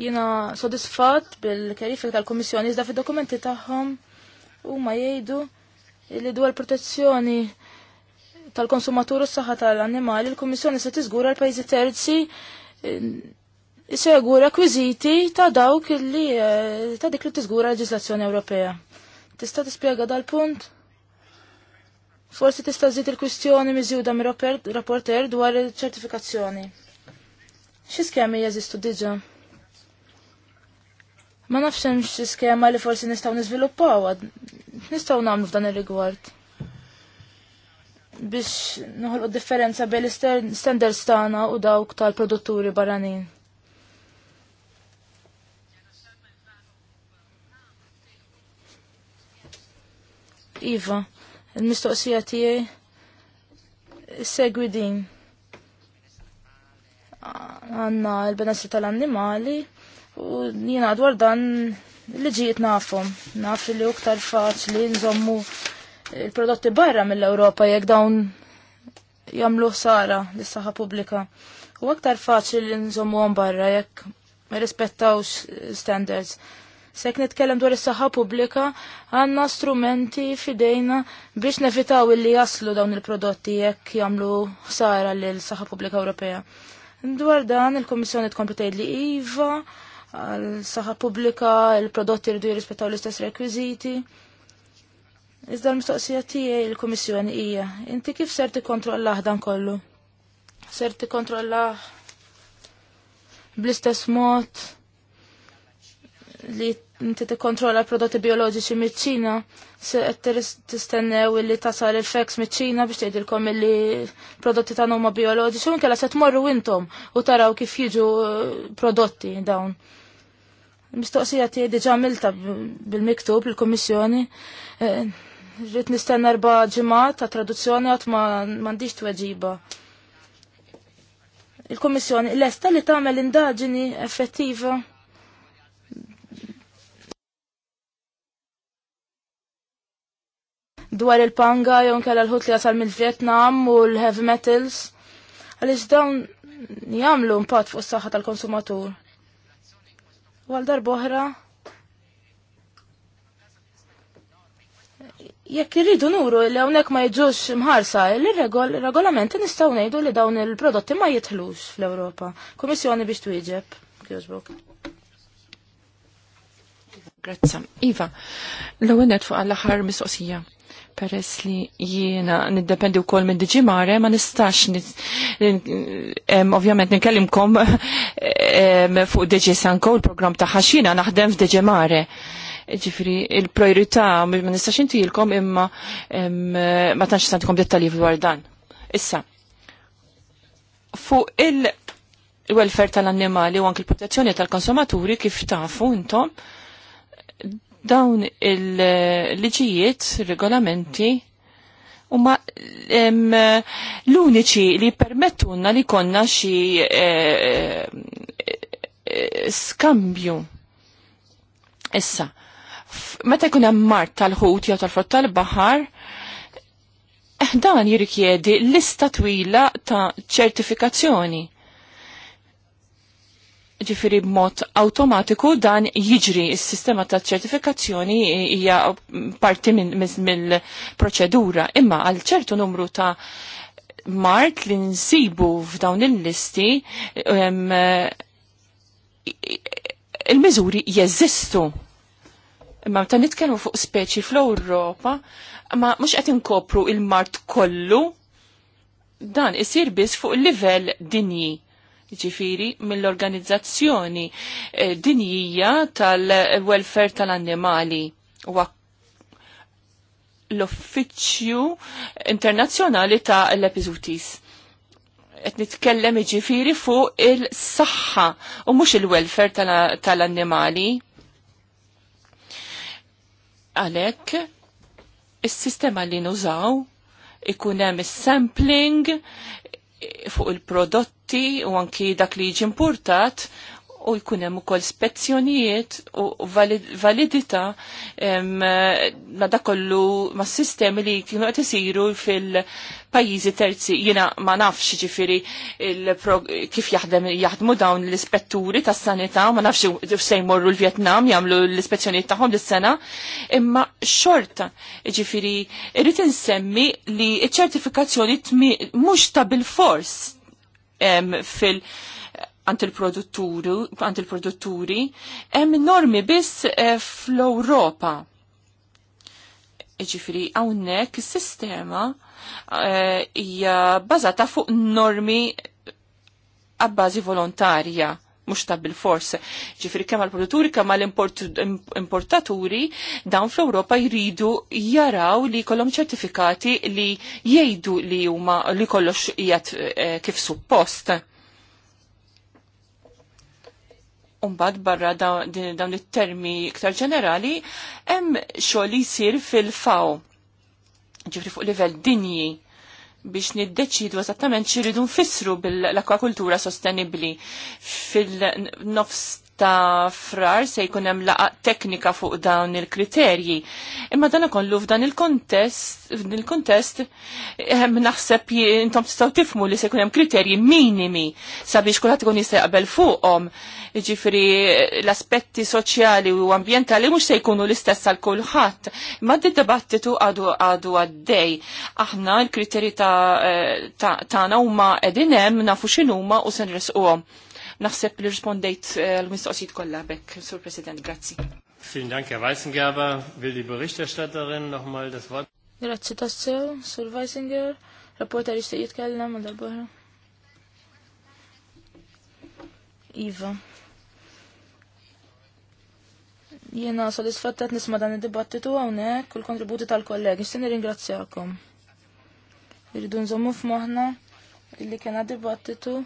Jina sodisfat bil-kerifik tal-Komissjoni iżda fi dokumenti tagħhom huma jgħidu li dwar protezzjoni tal-konsumatur u s-saħħa tal-annimali, il-Kummissjoni se tiżgura l-pajjiżi terzi eh, isegwu rekwiżiti ta' dawk li eh, ta' dik li tiżgura l-leġiżlazzjoni Ewropea. Tista' tispjega dal-punt? Forsi tista' żid il-kwistjoni miżjuda mir-rapporter dwar il-ċertifikazzjoni. Xi skemi jeżistu diġa? Ma nafx hemm xi skema li forsi nistgħu niżviluppaw nistgħu nagħmlu f'dan ir-rigward. Biex noħolqu differenza bejn l-standards tagħna u dawk tal-produtturi barranin. Iva, il-mistoqsija tiegħi segwi din. Għanna l benessi tal-annimali, U jina dwar dan liġijiet nafum. nafhom. Naf li uktar faċli nżommu il-prodotti barra mill-Ewropa jekk dawn jagħmlu sara lis-saħħa pubblika. U aktar faċli li nżommuhom barra jekk ma rispettawx standards. Sek nitkellem dwar is-saħħa pubblika, għandna strumenti fidejna biex nevitaw illi jaslu dawn il-prodotti jekk jagħmlu ħsara lil saħħa pubblika Ewropea. Dwar dan il-Kommissjoni tkompli li iva, għal saħa pubblika, il-prodotti rridu jirrispettaw l-istess rekwiżiti. Iżda l-mistoqsija tiegħi l kummissjoni hija, inti kif ser tikkontrollah dan kollu? Ser tikkontrollah bl-istess mod li inti tikkontrolla prodotti bioloġiċi miċ-Ċina, se qed tistennew li tasal il fex miċ-Ċina biex tgħidilkom li prodotti tagħna huma bioloġiċi u inkella se tmorru intom u taraw kif jiġu eh, prodotti dawn. Mistoqsija tiegħi diġà għamilta bil-miktub il-Kummissjoni. Eh, rrid nistenna erba' ġimgħat ta' traduzzjoni ma' m'għandix tweġiba. Il-Kummissjoni lesta li tagħmel indaġini effettiva dwar il-panga jew nkella l-ħut li jasal mill-Vietnam u l-heavy metals. Għaliex dawn jagħmlu impatt fuq is-saħħa tal-konsumatur. U għal darboħra jekk irridu nuru li hawnhekk ma jiġux mħarsa, il-regolamenti nistgħu ngħidu li dawn il-prodotti ma jitħlux fl-Ewropa. Kummissjoni biex twieġeb. Kjożbok. Grazza. Iva, l-ewwel fuq għall-aħħar mistoqsija. Peress li jiena niddependi u kol minn diġi mare, ma nistax ovvjament nkellimkom fuq diġi sanko il-program ta' ħaxina naħdem f'diġi mare. Ġifri, il-priorità ma nistax intijilkom imma ma tanċ santikom dettali dwar dan. Issa, fuq il-welfare tal-annimali u anki l-protezzjoni tal-konsumaturi kif tafu intom, dawn il-liġijiet, regolamenti, huma l-uniċi li permettunna li konna xi eh, eh, eh, skambju. Issa, meta jkun hemm mart tal-ħut jew tal-frott tal-baħar, dan jirrikjedi lista twila ta' ċertifikazzjoni ġifiri b'mod automatiku dan jiġri is-sistema ta' ċertifikazzjoni hija parti mill-proċedura. Imma għal ċertu numru ta' mart li nsibu f'dawn il-listi il-miżuri jeżistu. Imma ta' nitkellmu fuq speċi fl-Ewropa, ma mhux qed inkopru il-mart kollu dan isir biss fuq il-livell dinji ġifiri mill-organizzazzjoni eh, dinjija tal-welfare tal-annimali u l-Uffiċċju Internazzjonali ta' l-Epizutis. Et nitkellem ġifiri fuq il-saħħa u mhux il-welfare tal-annimali. Għalhekk, Għalek, is-sistema li nużaw ikun hemm is-sampling fuq il-prodotti prodotti u anki dak li jiġi importat u jkun hemm ukoll spezzjonijiet u validità ma dakollu ma' sistemi li kienu qed isiru fil-pajjiżi terzi. Jiena ma nafx ġifieri kif jaħdem jaħdmu dawn l-ispetturi tas-sanità, ma nafx se jmorru l-Vjetnam jagħmlu l-ispezzjonijiet tagħhom lis-sena, imma xorta ġifieri irrid insemmi li ċ-ċertifikazzjoni mhux ta' bil-fors fil- għant il-produtturi, hemm normi biss eh, fl-Ewropa. Ġifiri, hawnhekk is-sistema eh, hija bażata fuq normi għabbażi volontarja mux ta' bil-fors. Ġifri kemm għal-produtturi kemm għal-importaturi dawn fl-Ewropa jridu jaraw li kollom ċertifikati li jgħidu li huma li kollox qiegħed eh, kif suppost. Umbad barra dawn it-termi iktar ġenerali, hemm xogħol jisir jsir fil-faw ġifri fuq livell dinji biex niddeċidu eżattament xiridu nfissru bil-akwakultura sostenibli fil-nofs ta' frar se jkun hemm laqa teknika fuq dawn il-kriterji. Imma dan ikollu f'dan il-kontest, il-kontest naħseb intom tistgħu tifmu li se jkun hemm kriterji minimi sabiex kulħadd ikun jista' jaqbel fuqhom. Jiġifieri l-aspetti soċjali u ambjentali mhux se jkunu l-istess għal kulħadd. Imma d-dibattitu għadu għadu għaddej. Aħna l-kriterji eh, tagħna huma qegħdin hemm nafu x'inhuma u se nresquhom. Naħseb li rispondejt eh, l-mistoqsijiet kollha bekk, Sur President, grazzi. Vielen Dank, Herr Weißengerber. Will die Berichterstatterin noch mal das Wort? Grazie, tassew, Sur Weisinger. Rapporter jista' jitkellem għal darbohra. Iva. Jena soddisfattat nisma dan id-dibattitu hawnhekk kull kontributi tal-kollegi. X'tin nirringrazzjakom. Irridu nżommu f-mohna, illi kena dibattitu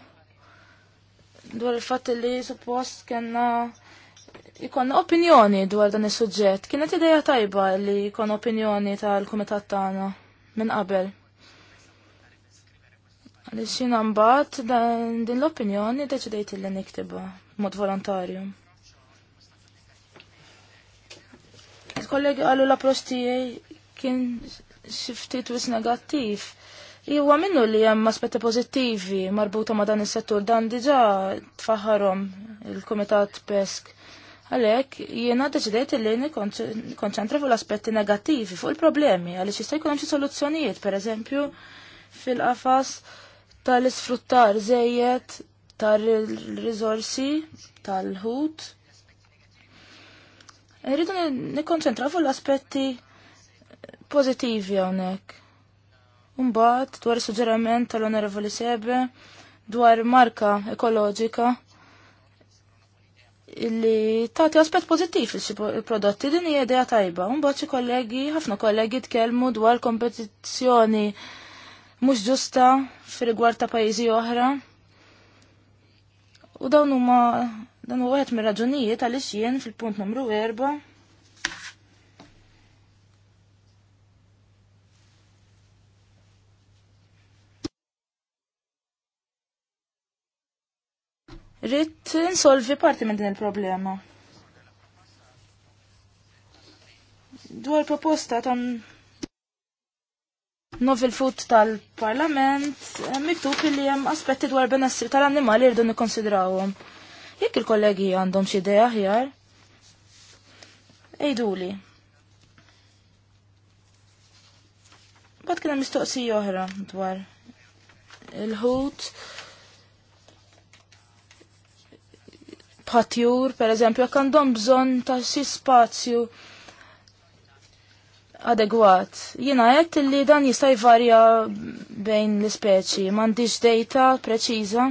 dwar il-fatt li suppost kena ikonna opinjoni dwar dan is-suġġett. Kienet ideja tajba li jkun opinjoni tal-kumitat tagħna minn qabel. Għaliex jiena mbagħad din l-opinjoni deċidejt li niktiba mod volontarju. Il-kollegi qalu l-approċ tiegħi kien xi ftit wis negattiv Iwa minnu li hemm aspetti pozittivi marbuta ma dan is-settur dan diġà tfaħarom il-Kumitat Pesk. Għalhekk jiena deċidejt li nikkonċentra fuq l-aspetti negattivi, fuq il-problemi, għaliex jista' jkun hemm xi soluzzjonijiet, pereżempju fil-qafas tal-isfruttar żejjed tar rizorsi tal-ħut. Irridu nikkonċentra fuq l-aspetti pożittivi hawnhekk Mbagħad dwar suġġerament tal-Onorevoli Sebe dwar marka ekoloġika illi tagħti aspett pożittiv il-prodotti din hija idea tajba. Mbagħad xi kollegi, ħafna kollegi tkellmu dwar kompetizzjoni mhux ġusta fir-rigward ta' pajjiżi oħra. U dawn huma dan huwa mir-raġunijiet għaliex jien fil-punt numru erba' Rit insolvi parti minn din il-problema. Dwar proposta ta' novel food tal-parlament, eh, miktub li hemm aspetti dwar benessri tal-annimali rridu nikkonsidrawhom. Jekk il-kollegi għandhom xi idea aħjar, ejduli. Bad kien hemm mistoqsija oħra dwar il-ħut patjur, per eżempju, jekk għandhom bżonn ta' xi spazju adegwat. Jiena għed li dan jista' jvarja bejn l-ispeċi, m'għandix data preċiża.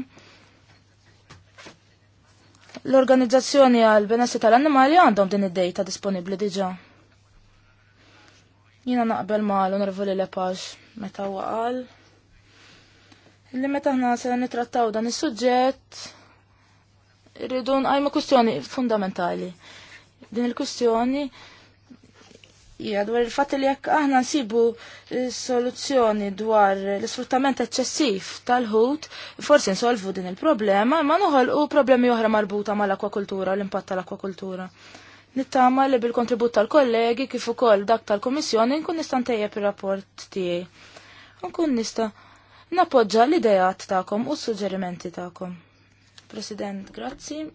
L-organizzazzjoni għal benessi tal-annimali għandhom din id-data disponibbli diġà. Jiena naqbel ma' l-onorevoli Lepaġ meta waqal. Li meta ħna se nitrattaw dan is-suġġett, rridu għajma kustjoni fundamentali. Din il-kustjoni hija dwar il-fatt li jekk aħna nsibu soluzzjoni dwar l-isfruttament eċċessiv tal-ħut, forsi nsolvu din il-problema, ma noħolqu problemi oħra marbuta mal-akwakultura u l-impatt tal-akwakultura. Nittama li bil-kontribut tal-kollegi kif ukoll dak tal-Kummissjoni nkun nista' ntejjeb ir-rapport tiegħi. Nkun nista' nappoġġa l-idejat tagħkom u s-suġġerimenti tagħkom. President, grazzi.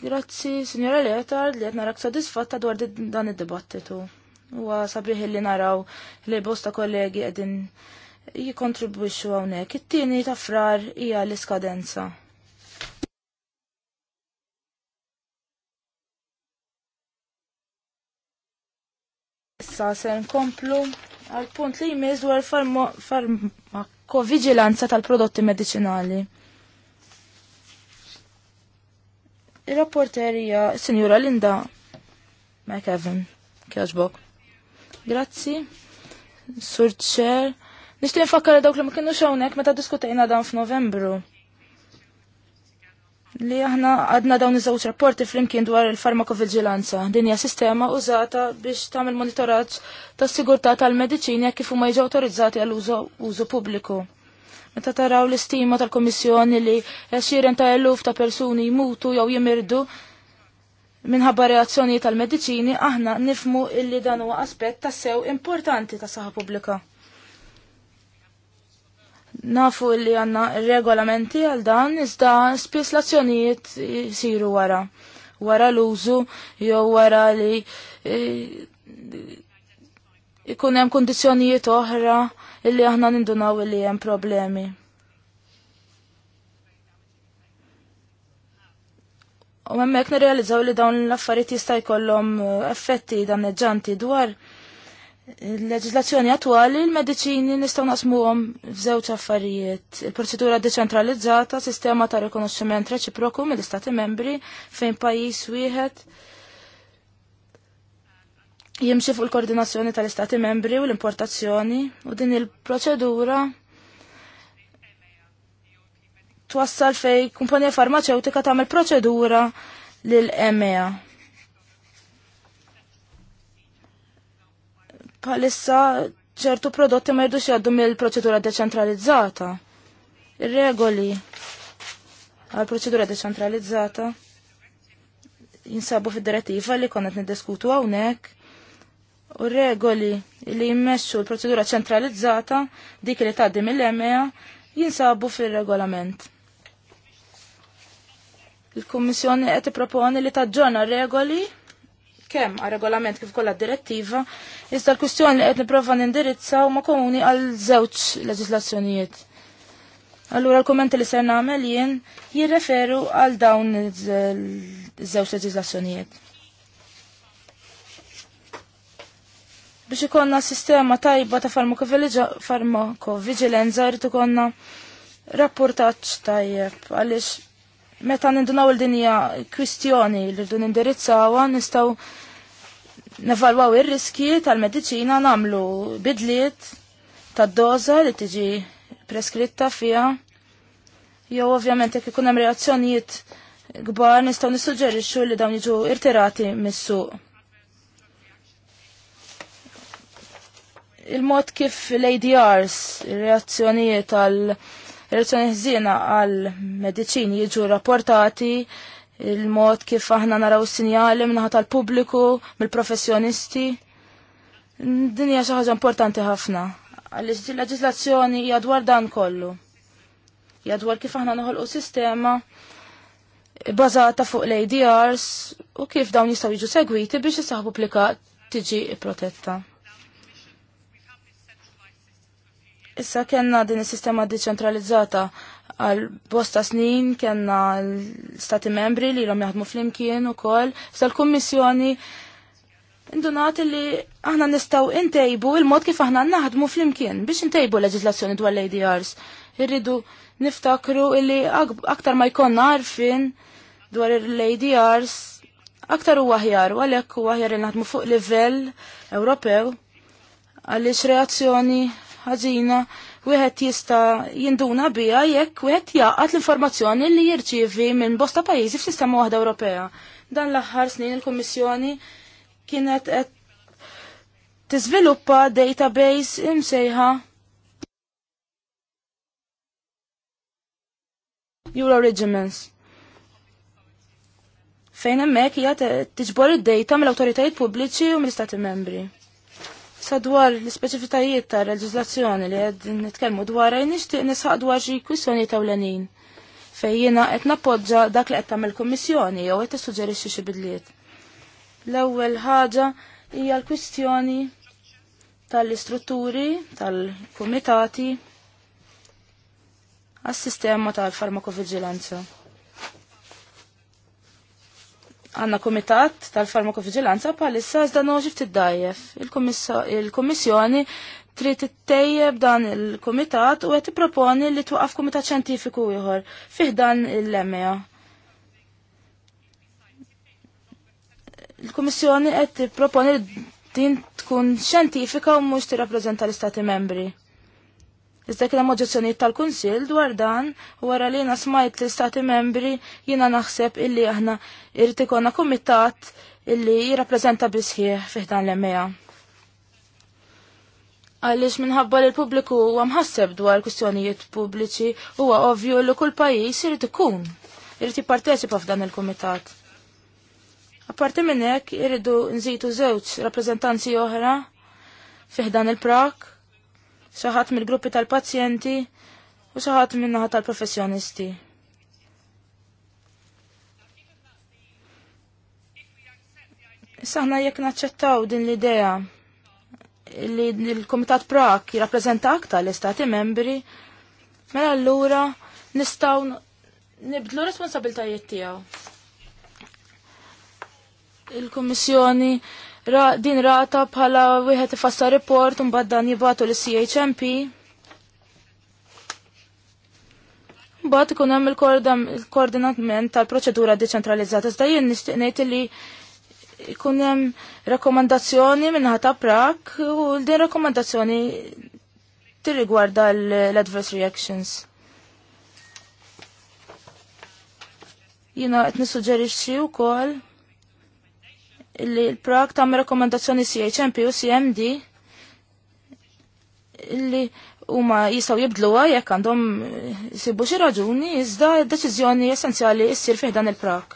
Grazzi, signora Leotard, li għetna rak sodisfatta dwar dan id-dibattitu. U sabiħ li naraw li bosta kollegi għedin jikontribwixxu hawnhekk. It-tieni ta' frar hija l-iskadenza. Issa se nkomplu għal punt li jmiss dwar farmakovigilanza tal-prodotti medicinali. Il-rapporterija Sinjura Linda McEvan, kjaġbok. Grazzi, surċer. Nishtin fakkar dawk li ma kienu xawnek meta diskutejna dan f'Novembru li aħna għadna dawn iż-żewġ rapporti flimkien dwar il-farmakovigilanza. Din hija sistema użata biex tagħmel monitoraġġ tas-sigurtà tal-mediċini kif huma jiġu awtorizzati għal użu pubbliku. Meta taraw l-istima tal-Komissjoni li għaxiren ta' eluf ta' persuni jmutu jew jimirdu minħabba reazzjoni tal-mediċini, aħna nifmu illi dan huwa aspett tassew importanti ta' saħħa pubblika. Nafu li għanna regolamenti għal dan iżda spiss l-azzjonijiet siru wara. Wara l-użu jew wara li e, ikun hemm kundizzjonijiet oħra illi aħna nindunaw illi hemm problemi. U hemmhekk nirrealizzaw li dawn l-affarijiet jista' jkollhom effetti danneġġanti dwar Il-leġislazzjoni attwali l medicini nistgħu naqsmuhom f'żewġ affarijiet. Il-proċedura deċentralizzata, sistema ta' rikonoxximent reċiproku mill-Istati membri fejn pajjiż wieħed jimxi fuq il-koordinazzjoni tal-Istati membri u l-importazzjoni u din il-proċedura twassal fej kumpanija farmaceutika tagħmel proċedura lil EMEA palissa ċertu prodotti ma jirdux jaddu mill-proċedura deċentralizzata. Ir-regoli għal proċedura deċentralizzata jinsabu fid-direttiva li konna niddiskutu hawnhekk u regoli li jimmexxu l-proċedura ċentralizzata dik li tgħaddi mill-EMEA jinsabu fir-regolament. Il-Kummissjoni qed tipproponi li taġġorna regoli kemm għal regolament kif kollha direttiva, iżda l-kwistjoni qed nipprova nindirizza ma' komuni għal żewġ leġislazzjonijiet. Allura l-kommenti li ser nagħmel jien jirreferu għal dawn iż-żewġ leġislazzjonijiet. Biex ikonna sistema tajba ta' farmakovigilenza rritu konna rapportaġġ tajjeb għaliex meta nindunaw il-dinja kwistjoni li rridu nindirizzawa nistgħu nevalwaw ir-riski tal mediċina namlu bidliet tad-doza li tiġi preskritta fija. Jew ovvjament jekk ikun hemm reazzjonijiet kbar nistgħu nissuġġerixxu li dawn jiġu irtirati mis-suq. Il-mod kif l-ADRs, ir reazzjonijiet tal- Reazzjoni ħżiena għal mediċini jiġu rapportati il-mod kif aħna naraw sinjali minnaħat tal-pubbliku, mill-professjonisti. Din hija xi ħaġa importanti ħafna. Għaliex din leġislazzjoni hija dwar dan kollu. Hija dwar kif aħna noħolqu sistema bażata fuq l-ADRs u kif dawn jistgħu jiġu segwiti biex jisaħbu plika tiġi protetta. Issa kena din is-sistema decentralizzata għal bosta snin kena l-stati membri li l-om jaħdmu fl-imkien u kol. Issa l-kommissjoni indunat li aħna nistaw intejbu il-mod kif aħna naħdmu fl-imkien biex intejbu leġislazzjoni dwar l-ADRs. Irridu niftakru illi aktar ma jkonna arfin dwar l-ADRs aktar u għahjar, u għalek u għahjar il-naħdmu fuq livell Ewropew, għalix reazzjoni ħażina wieħed jista' jinduna biha jekk wieħed jaqat l-informazzjoni li jirċievi minn bosta pajjiżi f'sistema waħda Ewropea. Dan l-aħħar snin il-Kummissjoni kienet qed tiżviluppa database imsejħa Euro Regiments. Fejn hemmhekk hija tiġbor id-dejta mill-awtoritajiet pubbliċi u mill-istati membri. Sa dwar l specifitajiet ta' leġislazzjoni li għed nitkellmu dwar nixtieq nisħaq dwar xi kwissjoni tawlenin fejjina qed nappoġġa dak li qed tagħmel kummissjoni jew qed tissuġġerixxi xi bidliet. L-ewwel ħaġa hija l-kwistjoni tal-istrutturi tal-kumitati għas-sistema tal-farmakovigilanza għanna komitat tal-farmakovigilanza palissa iżda noġi ftiddajjef. Il-Kommissjoni trid ittejjeb dan il-komitat u qed proponi li twaqaf komitat xjentifiku ieħor fih dan il-lemja. il komissjoni qed proponi din tkun xjentifika u mhux tirrappreżenta l-Istati membri. Iżda kien hemm tal-Kunsill dwar dan wara li smajt l-Istati membri jiena naħseb illi aħna irid ikolna kumitat illi jirrappreżenta bisħieħ fih dan l emmeja Għaliex minħabba li l-pubbliku huwa mħasseb dwar kwistjonijiet pubbliċi huwa ovvju li kull pajjiż irid ikun irid jipparteċipa f'dan il-kumitat. Apparti minn hekk irridu nżidu żewġ rappreżentanzi oħra fih dan il-Prak saħat mill-gruppi tal-pazjenti u saħat naħat tal-professjonisti. Saħna jekk naċċettaw din l-idea li l-Komitat Prak jirrappreżenta aktar l-Istati membri, mela allura nistgħu nibdlu responsabiltajiet tiegħu. Il-Kummissjoni ra, din rata bħala wieħed ifassar report un dan jibatu l chmp Mbagħad ikun hemm il-koordinament tal-proċedura deċentralizzata. Iżda jien nixtieq ngħid li ikun hemm rakkomandazzjoni minnaħa ta' Prak u din rakkomandazzjoni tirrigwarda l-adverse reactions. Jina qed nissuġġerixxi wkoll li l-prag tam rekomendazzjoni CHMP u CMD li huma jistgħu jibdluha jekk għandhom eh, sibu xi raġuni iżda deċiżjoni essenzjali ssir fih dan il-prak.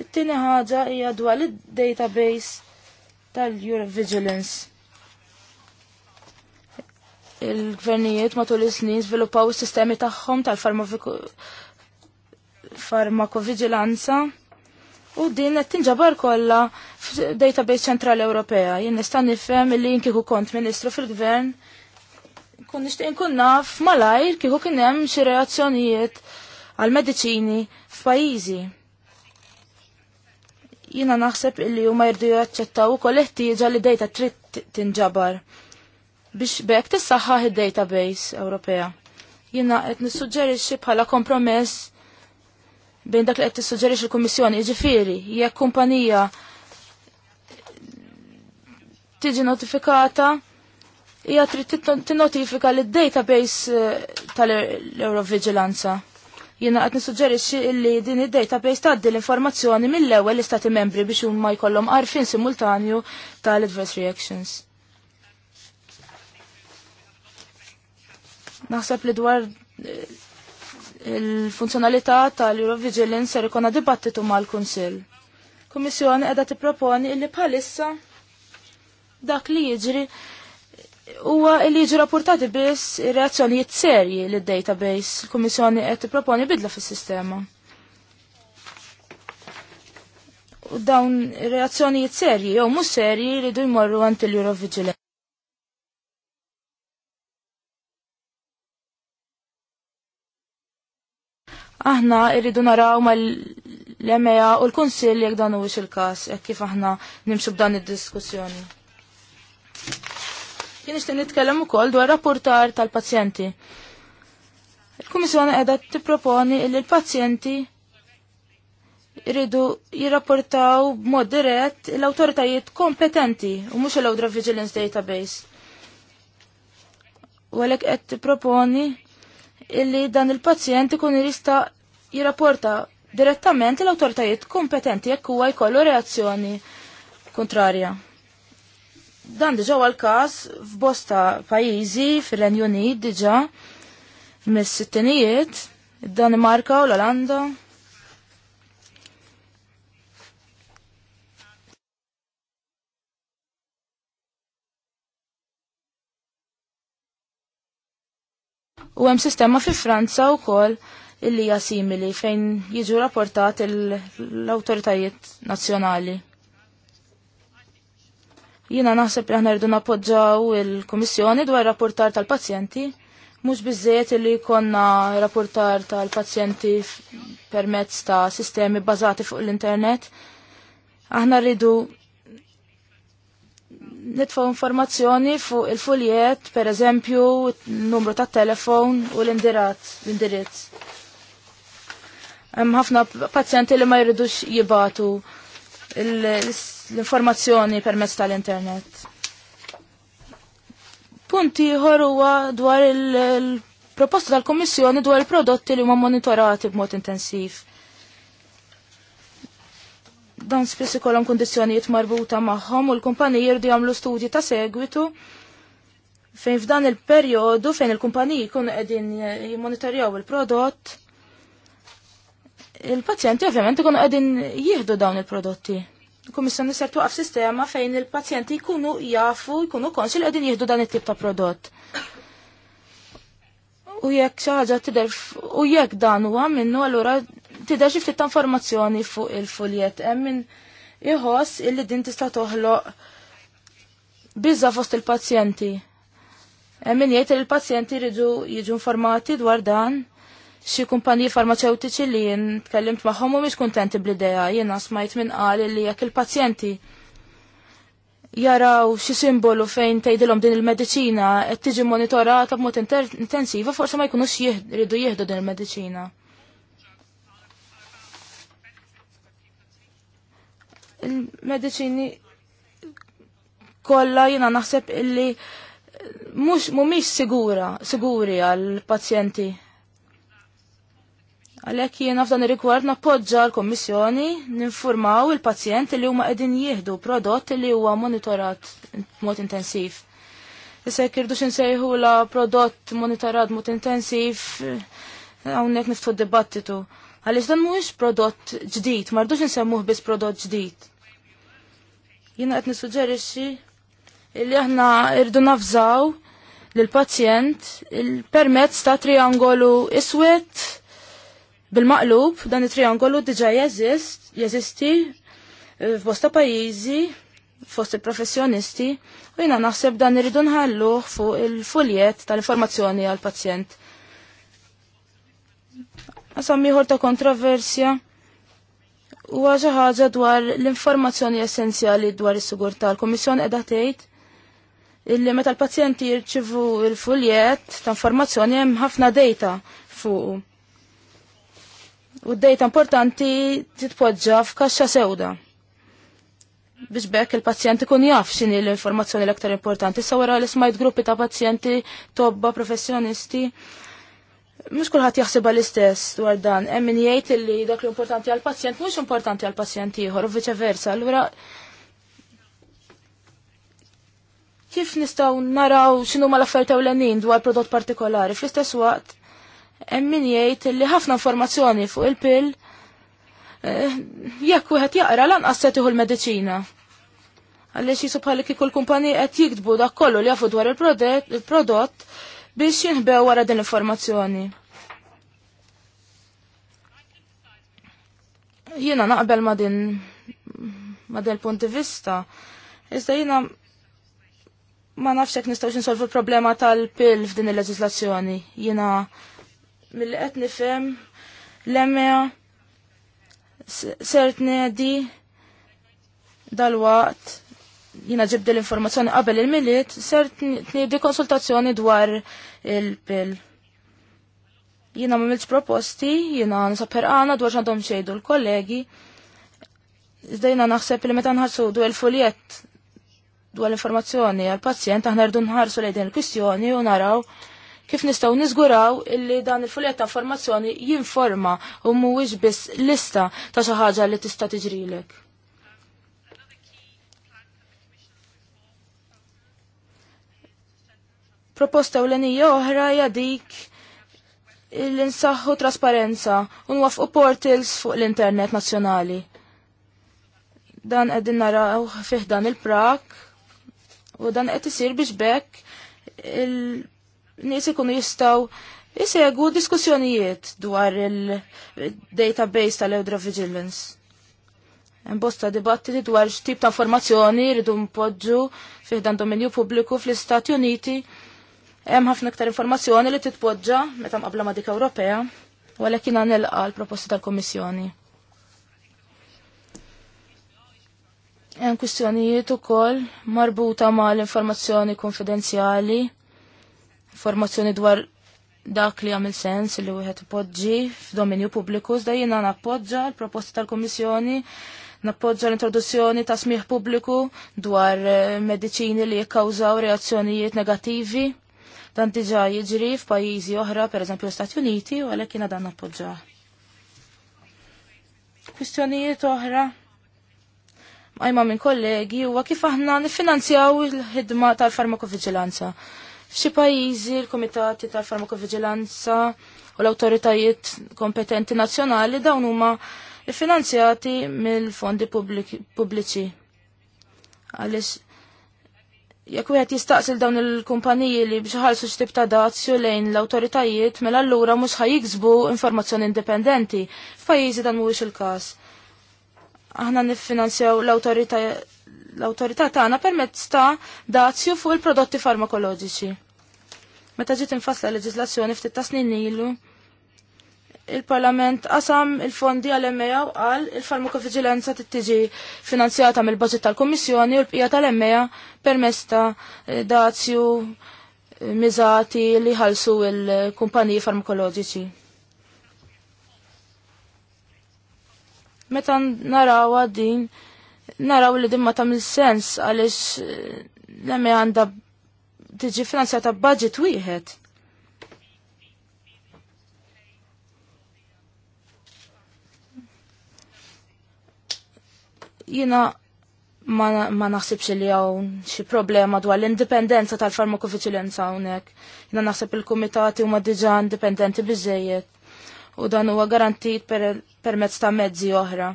It-tieni ħaġa hija dwar id-database tal-Eurovigilance. Il-gvernijiet matul is-snin żviluppaw is-sistemi tagħhom tal-farmakovigilanza. -farmako U din qed tinġabar kollha f'Database Ċentrali Ewropea. Jien nista' nifhem li jien kieku kont Ministru fil-Gvern kun nixtieq nkun naf malajr kieku kien hemm xi reazzjonijiet għal mediċini f'pajjiżi. Jiena naħseb illi huma jirdu jaċċettaw ukoll ħtieġa li data trid tinġabar biex bekk tissaħħaħ id-database Ewropea. Jiena qed nissuġġerixxi bħala kompromess bejn dak li qed tissuġġerix il-Kummissjoni, jiġifieri jekk kumpanija tiġi notifikata hija trid tinnotifika lid database eh, tal-Eurovigilanza. Jiena qed nissuġġerixxi li din id-database tgħaddi l-informazzjoni mill-ewwel l-istati membri biex huma jkollhom għarfien simultanju tal-adverse reactions. Naħseb li dwar eh, il-funzjonalità tal-Eurovigilance ser ikona dibattitu mal-Kunsill. Kummissjoni qiegħda tipproponi illi bħalissa dak li jiġri huwa li jiġi rapportati biss reazzjonijiet serji lid database Il-Kummissjoni qed tipproponi bidla fis-sistema. U dawn reazzjonijiet serji jew mhux serji li jmorru għand il-Eurovigilance. Aħna irridu naraw mal l-EMEA u l-Konsil jek dan huwiex il-każ jek kif aħna nimxu b'dan id-diskussjoni. Kien ixtin nitkellem ukoll dwar rapportar tal-pazjenti. Il-Kummissjoni qiegħda tipproponi li l-pazjenti irridu jirrapportaw b'mod dirett l-awtoritajiet kompetenti u mhux l-Audra Vigilance Database. U għalhekk qed tipproponi proponi illi dan il pazjenti ikun jista jirrapporta direttament l-autoritajiet kompetenti jekk huwa jkollu reazzjoni kontrarja. Dan diġa għal l-każ f'bosta pajjiżi fir-Renju Unit diġa mis-sittinijiet, id-Danimarka u l-Olanda. U hemm sistema fi Franza wkoll illi hija simili fejn jiġu rapportat l-awtoritajiet nazzjonali. Jiena naħseb li aħna rridu nappoġġaw il-Kummissjoni dwar rapportar tal-pazjenti, mhux biżejjed illi jkollna rapportar tal-pazjenti permezz ta' sistemi bbażati fuq l-internet. Aħna rridu nitfaw informazzjoni fuq il-fuljet, per eżempju, numru ta' telefon u l-indirizz. Hemm ħafna pazjenti li ma jridux jibatu l-informazzjoni permezz tal-internet. Punti ieħor huwa dwar il-proposta tal kummissjoni dwar il-prodotti li huma monitorati b'mod intensiv dan spiss ikollhom kundizzjonijiet marbuta magħhom u l-kumpaniji jirdu jagħmlu studji ta' segwitu fejn f'dan il-perjodu fejn il-kumpaniji jkunu qegħdin jimmonitorjaw il-prodott il-pazjenti ovvjament ikunu qegħdin jieħdu dawn il-prodotti. Il-Kummissjoni ser twaqaf sistema fejn il-pazjenti jkunu jafu, jkunu konsi li qegħdin jieħdu dan it-tip ta' prodott. U jekk xi ħaġa tidher u jekk dan huwa minnu allura tidher xi ftit informazzjoni fuq il-fuljet hemm min iħoss illi din tista' toħloq bizza fost il-pazjenti. Hemm min jgħid li l-pazjenti jridu jiġu informati dwar dan xi kumpaniji farmaceutiċi li jien tkellimt magħhom u mhix kuntenti bl-idea jiena smajt minn qal li jekk il-pazjenti jaraw xi simbolu fejn tgħidilhom din il-mediċina qed tiġi monitorata b'mod intensiva forsi ma jkunux jridu jieħdu din il-mediċina. il-medicini kollha jiena naħseb illi mhux mhumiex sigura, siguri għall pazjenti Għalhekk jiena f'dan ir rikward nappoġġa l-Kommissjoni ninfurmaw il-pazjenti li huma qegħdin jieħdu prodott li huwa monitorat mod intensiv. Issa jekk irdux insejħu la prodott monitorat mod intensiv hawnhekk niftu dibattitu. Għaliex dan mux prodott ġdid, ma xin insemmuh biss prodott ġdid Jina għet nisuġerixi illi aħna irdu nafżaw l-pazjent il-permezz ta' triangolu iswet bil-maqlub dan it-triangolu diġa jeżist, jeżisti eh, f'bosta pajizi fost il-professjonisti u jina naħseb dan irridu nħalluh fuq il-fuljet tal-informazzjoni għal-pazjent. Għasam miħor ta' kontroversja u xi ħaġa dwar l-informazzjoni essenzjali dwar is-sigurtà. L-Kummissjoni qiegħda tgħid illi meta l-pazjenti jirċivu l-fuljet ta' informazzjoni hemm ħafna data fuq. U d-data importanti titpoġġa f'kaxxa sewda. Biex bekk il-pazjenti kun jaf x'inhi l-informazzjoni l-aktar importanti. Sa wara li smajt gruppi ta' pazjenti, tobba, professjonisti, mux kullħat jaxseb l-istess dwar dan, emmin jgħid li dak li importanti għal pazjent mhux importanti għal pazjent ieħor u versa, Allura kif nistgħu naraw xinu ma l-affarijiet ewlenin dwar prodott partikolari fl-istess waqt emmin jgħid li ħafna informazzjoni fuq il pil eh, jekk wieħed jaqra lanqas se tieħu l-mediċina. Għaliex jisu bħalli kieku kumpani qed jiktbu dak kollu li jafu dwar il-prodott biex jinħbew wara din l-informazzjoni. Jiena naqbel ma din ma din punti vista. Iżda jiena ma nafx nistawx nsolvu l-problema tal-pil f'din il-leġislazzjoni. Jiena mill qed nifhem l-emmea sert nedi dal-waqt jina ġibdi l-informazzjoni qabel il-miliet, ser tnidi konsultazzjoni dwar il-pil. Jina milċ proposti, jina nisaper għana dwar xandom xejdu l-kollegi. iżdajna jina naħseb li meta nħarsu dwar il fuljett dwar l-informazzjoni għal-pazjent, aħna rdu nħarsu lejn il-kwistjoni u naraw kif nistaw nizguraw illi dan il fuljett ta' informazzjoni jinforma u mhuwiex biss lista ta' xi ħaġa li tista' tiġrilek. Proposta ewlenija oħra hija dik l-insaħħu trasparenza u nwafqu portals fuq l-internet nazzjonali. Dan qegħdin naraw fih dan il-prak u dan qed isir biex bekk il-nies ikunu jistgħu jisegu diskussjonijiet dwar il-database tal-Eudra Vigilance. Imbosta dibattiti dwar x'tip ta' informazzjoni rridu mpoġġu fih dan dominju pubbliku fl-Istati Uniti Hemm ħafna iktar informazzjoni li titpoġġa meta mqabla ma' dik Ewropea, għalhekk jiena nilqa' l-proposti tal-Kummissjoni. Hemm kwistjonijiet ukoll marbuta mal-informazzjoni konfidenzjali, informazzjoni dwar dak li għamil sens li wieħed ipoġġi f'dominju pubbliku, iżda jiena nappoġġa l-proposta tal-Kummissjoni, nappoġġa l-introduzzjoni ta' smieħ pubbliku dwar eh, mediċini li jikkawżaw reazzjonijiet negattivi Dan diġa jiġri f'pajjiżi oħra, pereżempju Stati Uniti, u għalhekk jiena dan appoġġjah. Kwistjonijiet oħra għajma minn kollegi huwa kif aħna nifinanzjaw il-ħidma tal-farmakovigilanza. F'xi pajjiżi l-Kumitati tal-Farmakovigilanza u l-awtoritajiet kompetenti nazzjonali dawn huma finanzjati mill-fondi pubbliċi. Għaliex jekk wieħed jistaqsil dawn il-kumpaniji li biex ħalsu x'tib ta' dazju lejn l-awtoritajiet mela allura mhux ħajiksbu informazzjoni indipendenti. F'pajjiżi dan mhuwiex il-każ. Aħna niffinanzjaw l-awtorità tagħna permezz ta' dazju fuq il-prodotti farmakoloġiċi. Meta ġiet infassla leġislazzjoni ftit ta' snin ilu, il-Parlament qasam il-fondi għal-EMEA u għal il-farmakovigilanza tiġi finanzjata mill-budget tal-Kommissjoni u l-bqija tal-EMEA permess ta' dazju miżati li ħalsu il-kumpaniji farmakoloġiċi. Meta naraw din, naraw li dimma ta' sens għalix l-EMEA eh, għanda tiġi finanzjata budget wieħed Jina ma naħsibx li hawn xi problema dwar l-indipendenza tal farmakofiċilenza hawnhekk. Jina naħseb il-kumitati huma diġà indipendenti biżejjed u dan huwa garantit permezz ta' mezzi oħra.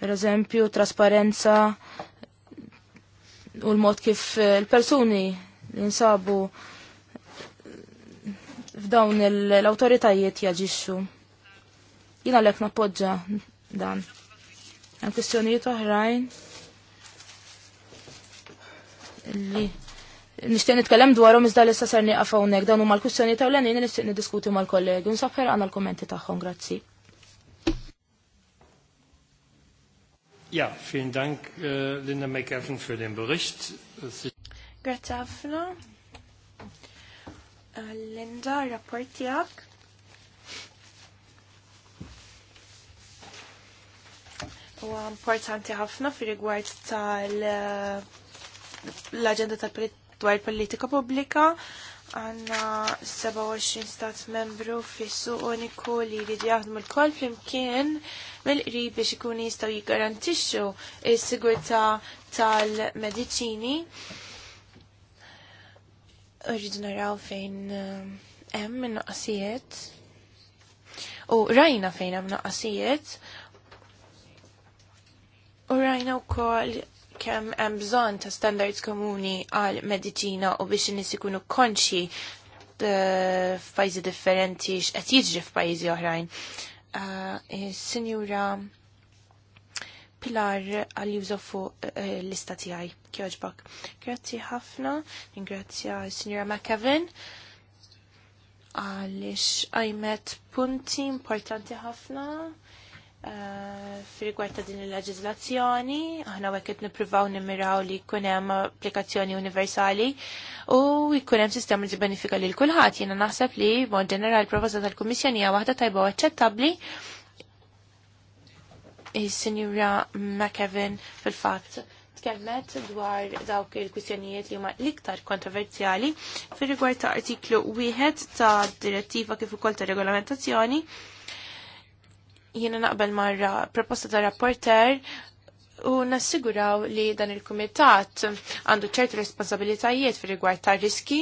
Per eżempju, trasparenza u l-mod kif il-persuni eh, li nsabu f'dawn l-autoritajiet jaġixxu. Jina lek nappoġġa dan. Għan kustjonijiet uħrajn li nixtieq nitkellem dwarhom iżda issa ser nieqaf hawnhekk dawn huma l-kwistjonijiet ewlenin li nixtieq niddiskuti mal-kollegi u nsabħer għandna l-kummenti tagħhom grazzi. Ja, vielen Dank, äh, Linda McEffen, für den Bericht. Grazie ħafna. Äh, Linda, rapport tiegħek. u importanti ħafna fi rigward tal eh, l-agenda tal dwar politika pubblika għanna 27 stat membru fissu uniku li jridu jaħdmu l-koll flimkien mill-qrib biex ikun jistgħu jiggarantixxu s-sigurtà tal-mediċini. Rridu naraw fejn eh, hemm min-noqqasijiet. U rajna fejn hemm noqqasijiet U rajna wkoll kemm hemm bżonn ta' standards komuni għal medicina u biex in ikunu konxi eh, f'pajjiżi differenti x'qed jiġri f'pajjiżi oħrajn. Eh, eh, Sinjura Pilar għal juża fuq l lista tiegħi. Kjoġbok. Grazzi ħafna, ingrazzja Sinjura McKevin għaliex għajmet punti importanti ħafna Eh, fir-rigward ta' din il-leġizlazzjoni, aħna wekket nippruvaw nimmiraw li jkun hemm applikazzjoni universali u jkun hemm sistema li benifika lil kulħadd. Jiena naħseb li mod ġenerali proposta tal-Kummissjoni hija waħda tajba u aċċettabbli. Is-Sinjura McKevin fil-fatt tkellmet dwar dawk il-kwistjonijiet li huma l-iktar kontroversjali fir-rigward ta' artiklu wieħed ta' direttiva kif ukoll ta' regolamentazzjoni jiena naqbel marra proposta ta' rapporter u nassiguraw li dan il-kumitat għandu ċertu responsabilitajiet fir rigward ta' riski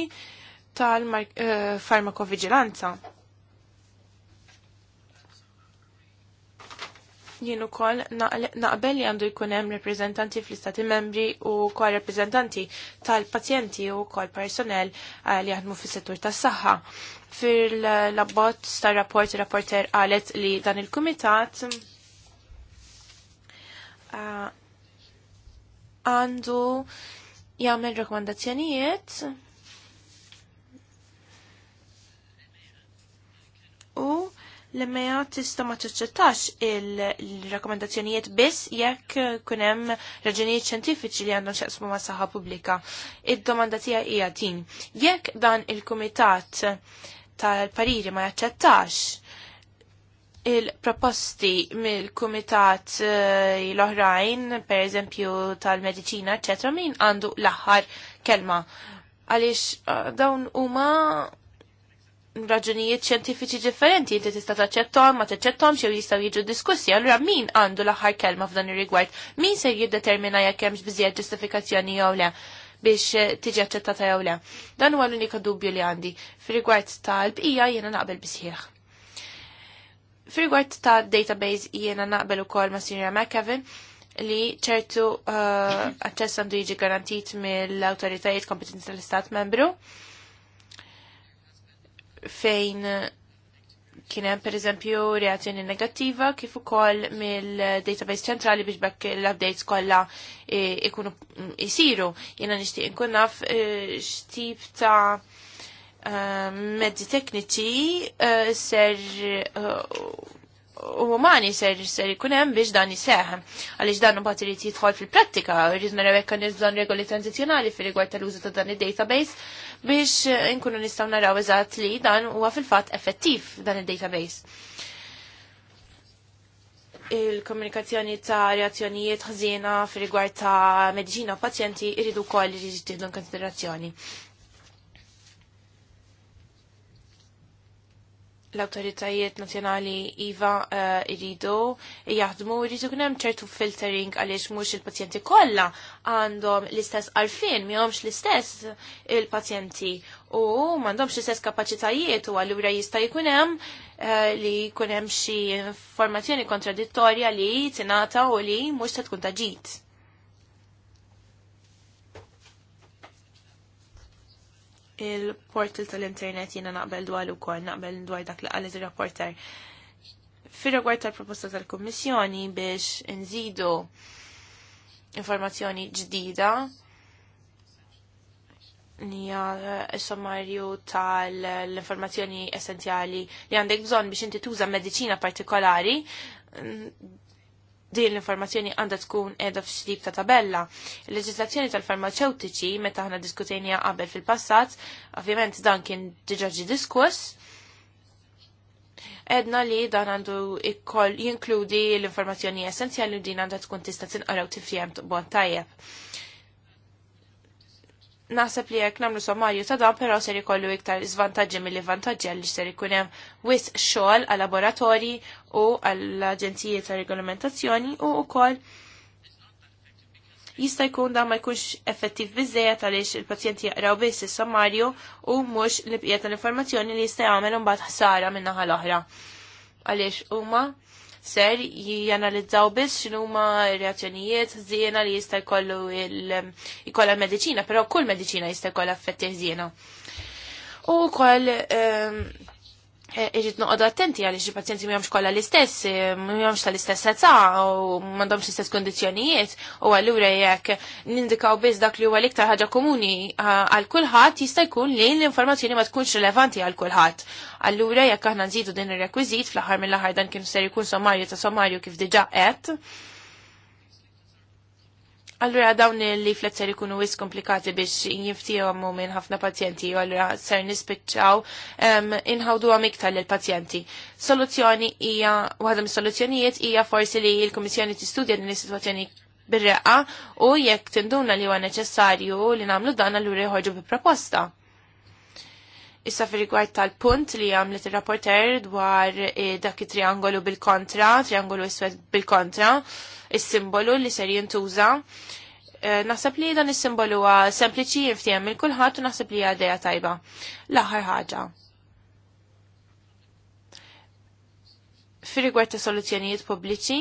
tal-farmakovigilanza. Eh, Jien ukoll naqbel li għandu jkun hemm rappreżentanti fl-istati membri u wkoll rappreżentanti tal-pazjenti u wkoll personel eh, li jaħdmu fis-settur tas-saħħa. Fil-labbot star rapport rapporter għalet li dan il-kumitat uh, għandu jagħmel rakkomandazzjonijiet u l-MEA tista ma taċċettax il-rakkomandazzjonijiet biss jekk kunem raġunijiet ċentifiċi li għandhom xaqsmu ma' saħħa pubblika. Id-domanda tiegħi hija din. Jekk dan il-kumitat tal-pariri ma jaċċettax il-proposti mill-kumitat eh, l-oħrajn, per eżempju tal-medicina, ecc. min għandu l-aħħar kelma. Għaliex eh, dawn huma raġunijiet ċentifiċi differenti, inti tista' taċċettom, ma taċċettom xew jistgħu jiġu diskussi, allura min għandu l-aħħar kelma f'dan ir-rigward? Min se jiddetermina jekk hemmx biżjed ġustifikazzjoni jew le? biex eh, tiġi aċċettata jew le. Dan huwa l-unika dubju li għandi fir-rigward tal-bqija jiena naqbel bisħieħ. Fir-rigward ta' database jiena naqbel ukoll ma' Sinja McKevin li ċertu uh, aċċess għandu jiġi garantit mill-awtoritajiet kompetenti tal-Istat membru fejn kien hemm pereżempju reazzjoni negattiva kif ukoll mill-database ċentrali biex bekk l-updates kollha e, ikunu mm, isiru. Jiena nixtieq inkun naf e, x'tip ta' e, mezzi tekniċi ser U umani ser ser ikun hemm biex dan iseħ. Għaliex dan imbagħad irid jidħol fil-prattika, irrid nara dan regoli tranzizzjonali fil rigward tal-użu ta' dan id-database biex inkunu eh, nistgħu naraw eżatt li dan huwa fil-fatt effettiv dan id-database. Il-komunikazzjoni ta' reazzjonijiet ħażina fil rigward ta' mediċina u pazjenti irridu wkoll jiġi in konsiderazzjoni. l-autoritajiet nazjonali IVA eh, iridu jaħdmu iridu kunem ċertu filtering għaliex mux il-pazjenti kolla għandhom l-istess għalfin, miħomx l-istess il-pazjenti u mandomx l-istess kapacitajiet u għallura jista' jkunem eh, li kunem xi informazzjoni kontradittorja li tinata u li mux ta' tkun taġit. il-portal tal-internet jiena naqbel dwar ukoll naqbel dwar dak li qalet ir-rapporter. Fir-rigward tal-proposta tal-Kummissjoni biex nżidu informazzjoni ġdida hija eh, sommarju tal-informazzjoni essenzjali li għandek bżonn biex inti tuża mediċina partikolari, din l-informazzjoni għandha tkun edha f'xtib ta' tabella. Il-leġislazzjoni tal-farmaceutiċi meta aħna diskutejnija qabel fil-passat, ovvjament dan kien diġà ġi diskuss, edna li dan għandu jinkludi l-informazzjoni essenzjali u din għandha tkun tista' tinqaraw tifjem bon tajjeb naħseb li jekk nagħmlu sommarju ta' dan però ser ikollu iktar żvantaġġi mill vantaġġi għaliex ser ikun hemm wis xogħol għal laboratorji u għall aġenziji ta' regolamentazzjoni u wkoll jista' jkun dan ma jkunx effettiv biżejjed għaliex il-pazjenti jaqraw biss is-sommarju u mhux li bqija tal-informazzjoni li jista' jagħmel imbagħad ħsara min-naħa l-oħra. Għaliex huma ser jianalizzaw biss x'inhuma reazzjonijiet żiena li jista' jkollu jkollha mediċina, però kull mediċina jista' jkollha effetti żiena. U wkoll ehm, Eh, irrid noqogħdu attenti għaliex il-pazjenti m'hemmx kollha l-istess, eh, m'hemmx tal-istess età u m'għandhomx l-istess kondizzjonijiet u allura jekk nindikaw biss dak li huwa l-iktar ħaġa komuni eh, għal kulħadd jista' jkun li l-informazzjoni ma tkunx rilevanti għal kulħadd. Allura jekk aħna nżidu din ir-rekwiżit fl-aħħar mill-aħħar dan kien ser jkun sommarju ta' sommarju kif diġà qed Allura dawn li flet ikunu wis komplikati biex għammu minn ħafna pazjenti, u allura ser nispiċċaw um, inħawdu għam iktar l-pazjenti. Soluzzjoni hija, waħda mis soluzzjonijiet hija forsi li l-Komissjoni tistudja din is-sitwazzjoni bir u jekk tinduna li huwa neċessarju li nagħmlu dan għallura jħorġu bi proposta. Issa fi rigward tal-punt li għamlet il-rapporter dwar eh, dak triangolu bil-kontra, triangolu iswed bil-kontra, il-simbolu li ser jintuża. Eh, naħseb li dan is-simbolu huwa sempliċi jinftiem il kulħadd u naħseb li għadeja tajba. L-aħħar ħaġa. Fi rigward ta' soluzzjonijiet pubbliċi,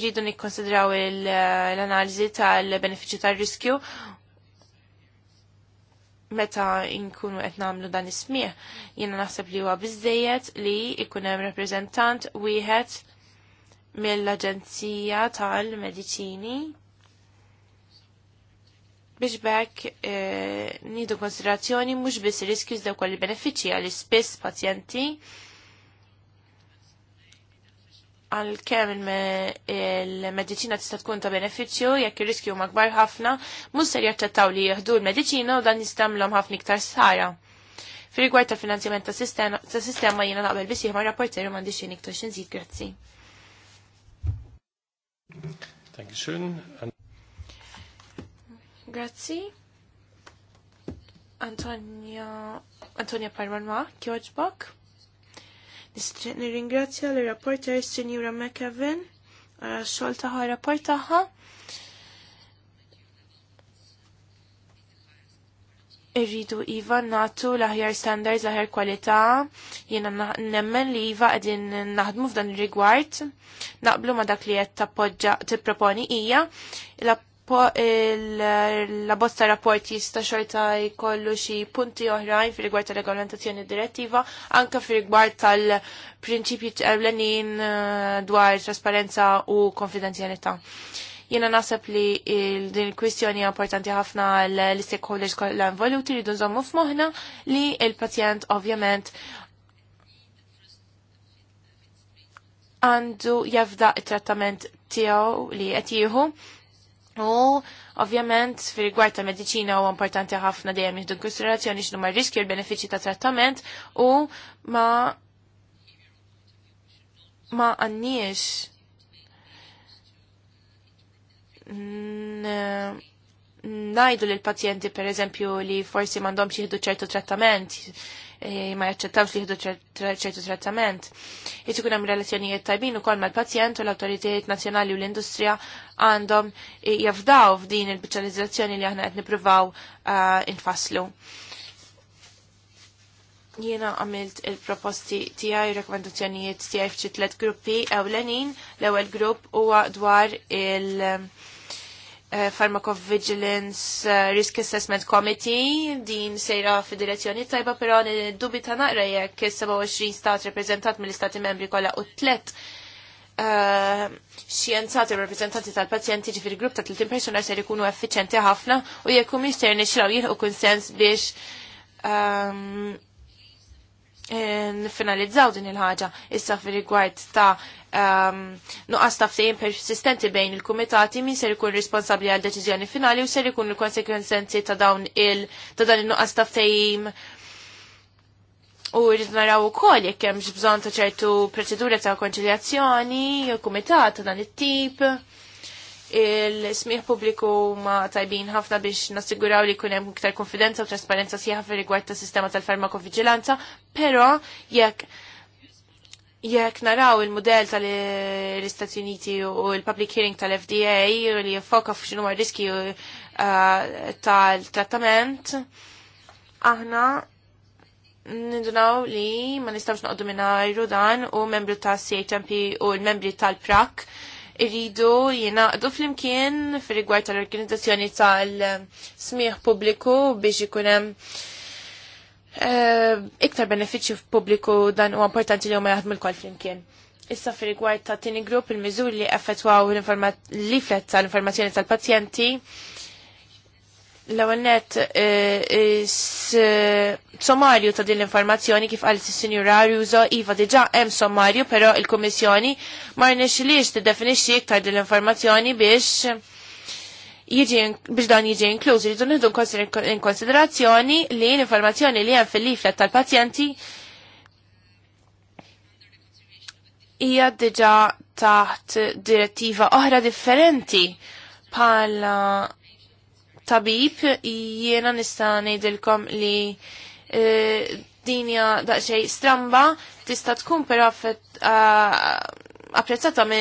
irridu nikkonsidraw eh, l-analiżi tal-benefiċċju tar-riskju meta nkunu qed nagħmlu dan is jiena naħseb li huwa biżejjed li jkun hemm rappreżentant wieħed mill-Aġenzija tal-Mediċini biex bekk e, nidu konsiderazzjoni mhux biss riskju żdew kolli benefiċċji għal spiss pazjenti għal kemm il-medicina tista' tkun ta' benefiċċju jekk ir-riskju huma kbar ħafna, mhux ser jaċċettaw li jieħdu l-mediċina u dan jistamlhom ħafna iktar sara. Fi rigward tal-finanzjament ta' sistema jiena naqbel biss jieħma rapporter u m'għandix xejn iktar xinżid grazzi. Dankeschön. Grazzi. Antonia Antonia Parmanma, kjoġbok. Nistret nirringrazzja l rapporter Signora McEwen għal xogħol tagħha rapport tagħha. Irridu Iva natu l-aħjar standards, l-aħjar kwalità, jiena nemmen li Iva qegħdin naħdmu f'dan ir-rigward. Naqblu ma dak li qed tappoġġa tipproponi hija la bosta rapport jista' xorta jkollu xi punti oħrajn fi rigward tal-regolamentazzjoni direttiva, anke fi rigward tal-prinċipji ewlenin eh, dwar trasparenza u konfidenzjalità jena nasab li din il-kwistjoni importanti ħafna l-stakeholders kollha involuti dunżommu nżommu f'moħħna li il-pazjent ovvjament għandu jafda it-trattament tiegħu li qed jieħu U ovvjament fil rigward ta' medicina huwa importanti ħafna dejjem jieħdu konsiderazzjoni x'nu r riskju l-benefiċċji ta' trattament u ma ma għandniex najdu l pazjenti per eżempju li forsi m'għandhomx jieħdu ċertu trattament Eh, ma jaċċettawx li jħidu ċertu trattament. Jiet ikun hemm relazzjonijiet tajbin ukoll mal-pazjent u l-awtoritajiet nazzjonali u l-industrija għandhom jafdaw f'din il-biċċalizzazzjoni li aħna qed nippruvaw eh, infaslu. Jiena għamilt il-proposti tiegħi, rekomendazzjonijiet tiegħi f'ċi tliet gruppi ewlenin, l-ewwel grupp huwa dwar il- Eh, Pharmacovigilance eh, Risk Assessment Committee din sejra fid-direzzjoni tajba però dubi ta' naqra jekk 27 stat reprezentat mill-istati membri kollha u tlet eh, xjenzati rappresentanti tal-pazjenti ġifir grupp ta' tliet persona se jkunu effiċenti ħafna u jekk hum jistgħu nixraw jilħu kunsens biex ehm, Eh, nifinalizzaw din il-ħaġa issa fi rigward ta' um, nuqqas ta' ftehim persistenti bejn il-kumitati min ser ikun responsabbli għal deċiżjoni finali u ser ikun il-konsekwenzi ta' dawn il ta' dan il-nuqqas ta' ftehim U rrid naraw ukoll jekk hemm bżonn ta' ċertu proċeduri ta' konċiljazzjoni, kumitat ta' dan it-tip il-smieħ pubbliku ma tajbin ħafna biex nassiguraw li kunem iktar konfidenza u trasparenza sieħa fil rigward ta' sistema tal-farmakovigilanza, pero jekk jekk naraw il-modell tal-Istati Uniti u l-public hearing tal-FDA li jiffoka f'xinu ma' riski uh, tal-trattament, aħna nindunaw li ma nistawx naqdu minna dan u membru ta' CHMP u l-membri tal-PRAC irridu jinaqdu fl-imkien fil-rigward tal-organizzazzjoni tal smiħ pubbliku biex ikunem eh, iktar benefiċċju pubbliku dan u importanti li huma jaħdmu l-kol fl-imkien. Issa fil-rigward ta' tini grupp il-miżuri li effettwaw l-iflet tal-informazzjoni tal-pazjenti L-ewwel net eh, eh, sommarju ta' din l-informazzjoni kif qalet is senjur Aruso iva diġa' hemm sommarju, però il-Kummissjoni ma rnexxilix tiddefinixxi iktar din l-informazzjoni biex biex dan jiġi inkluż irridu nieħdu in konsiderazzjoni li l-informazzjoni li hemm fil liflet tal-pazjenti hija diġà taħt direttiva oħra differenti bħala tabib jiena nista' ngħidilkom li e, dinja daqsxejn stramba tista' tkun però apprezzata e,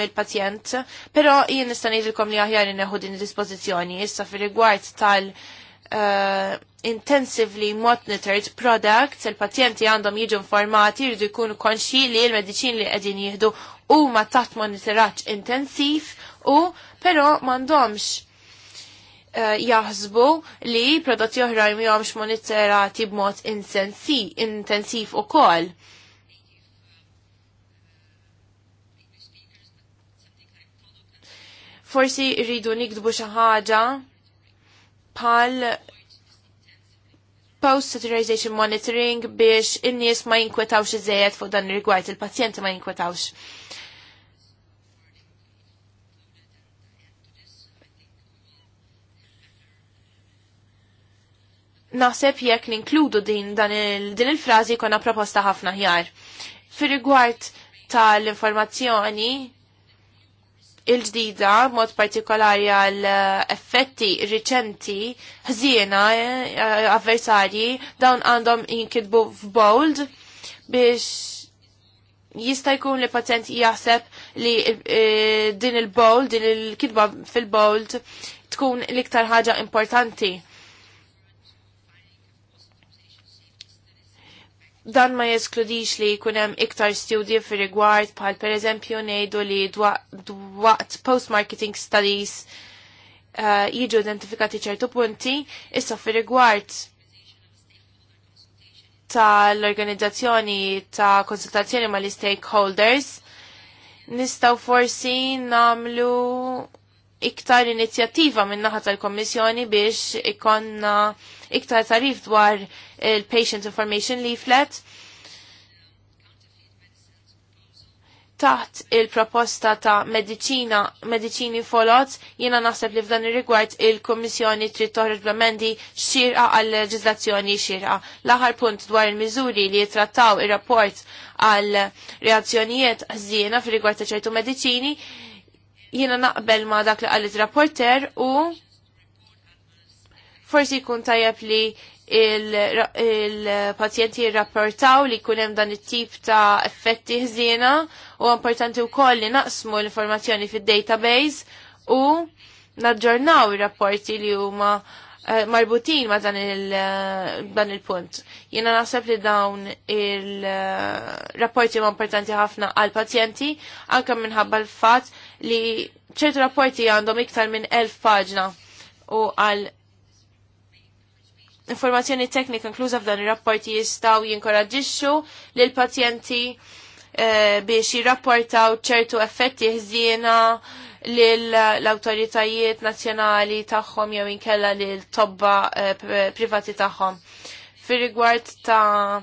mill-pazjent, però jien nista' ngħidilkom li aħjar ineħu din id-dispożizzjoni issa fir-rigward tal- uh, intensively monitored products, il-pazjenti għandhom jiġu informati, jridu jkunu konxi li il-medicin li qegħdin jieħdu huma taħt monitoraġġ intensiv u però m'għandhomx Eh, jaħsbu li prodotti oħrajn mihomx monitorati b'mod intensiv ukoll. Forsi rridu nikdbu xi ħaġa bħal post-saturization monitoring biex in-nies ma jinkwetawx iżejjed fuq dan ir-rigward, il-pazjenti ma jinkwetawx. naħseb jekk ninkludu din dan il, din il-frażi konna proposta ħafna ħjar. Fir-rigward tal-informazzjoni il-ġdida, mod partikolari għal eh, effetti riċenti, ħżiena, eh, avversarji, dawn għandhom jinkitbu f'bold biex jista' jkun li pazjent jaħseb li eh, din il-bold, din il kidba fil-bold tkun l-iktar ħaġa importanti dan ma jeskludix li kunem iktar studji fi rigward pal per eżempju nejdu li dwaqt post-marketing studies uh, jiġu identifikati ċertu punti, issa fi rigward tal-organizzazzjoni ta' konsultazzjoni ma' l-stakeholders, nistaw forsi namlu iktar inizjattiva minnaħat naħa tal-Kommissjoni biex ikonna uh, iktar tarif dwar il-Patient Information Leaflet. taħt il-proposta ta' medicina, medicini folot, jiena naħseb li f'dan ir-rigward il komissjoni trid toħroġ b'amendi xirqa għal leġizlazzjoni xirqa. L-aħħar punt dwar il-miżuri li jitrattaw ir-rapport għal reazzjonijiet ħżiena fir-rigward ta' ċertu medicini, jiena naqbel ma' dak li qalet rapporter u Forsi jkun tajjeb li il-pazjenti il rapportaw li kunem dan it-tip ta' effetti ħsiena u importanti wkoll li naqsmu l-informazzjoni fid-database u naġġornaw ir-rapporti li huma eh, marbutin ma dan eh, il-punt. Il Jena naħseb li dawn il-rapporti eh, ma importanti ħafna għal-pazjenti, anka minħabba l-fat li ċertu rapporti għandhom iktar minn elf paġna u għal informazzjoni teknika inkluża f'dan ir-rapporti jistgħu jinkoraġixxu lil pazjenti eh, biex jirrapportaw ċertu effetti ħżiena lill-awtoritajiet nazzjonali tagħhom jew inkella lil tobba eh, privati tagħhom. Fir rigward ta'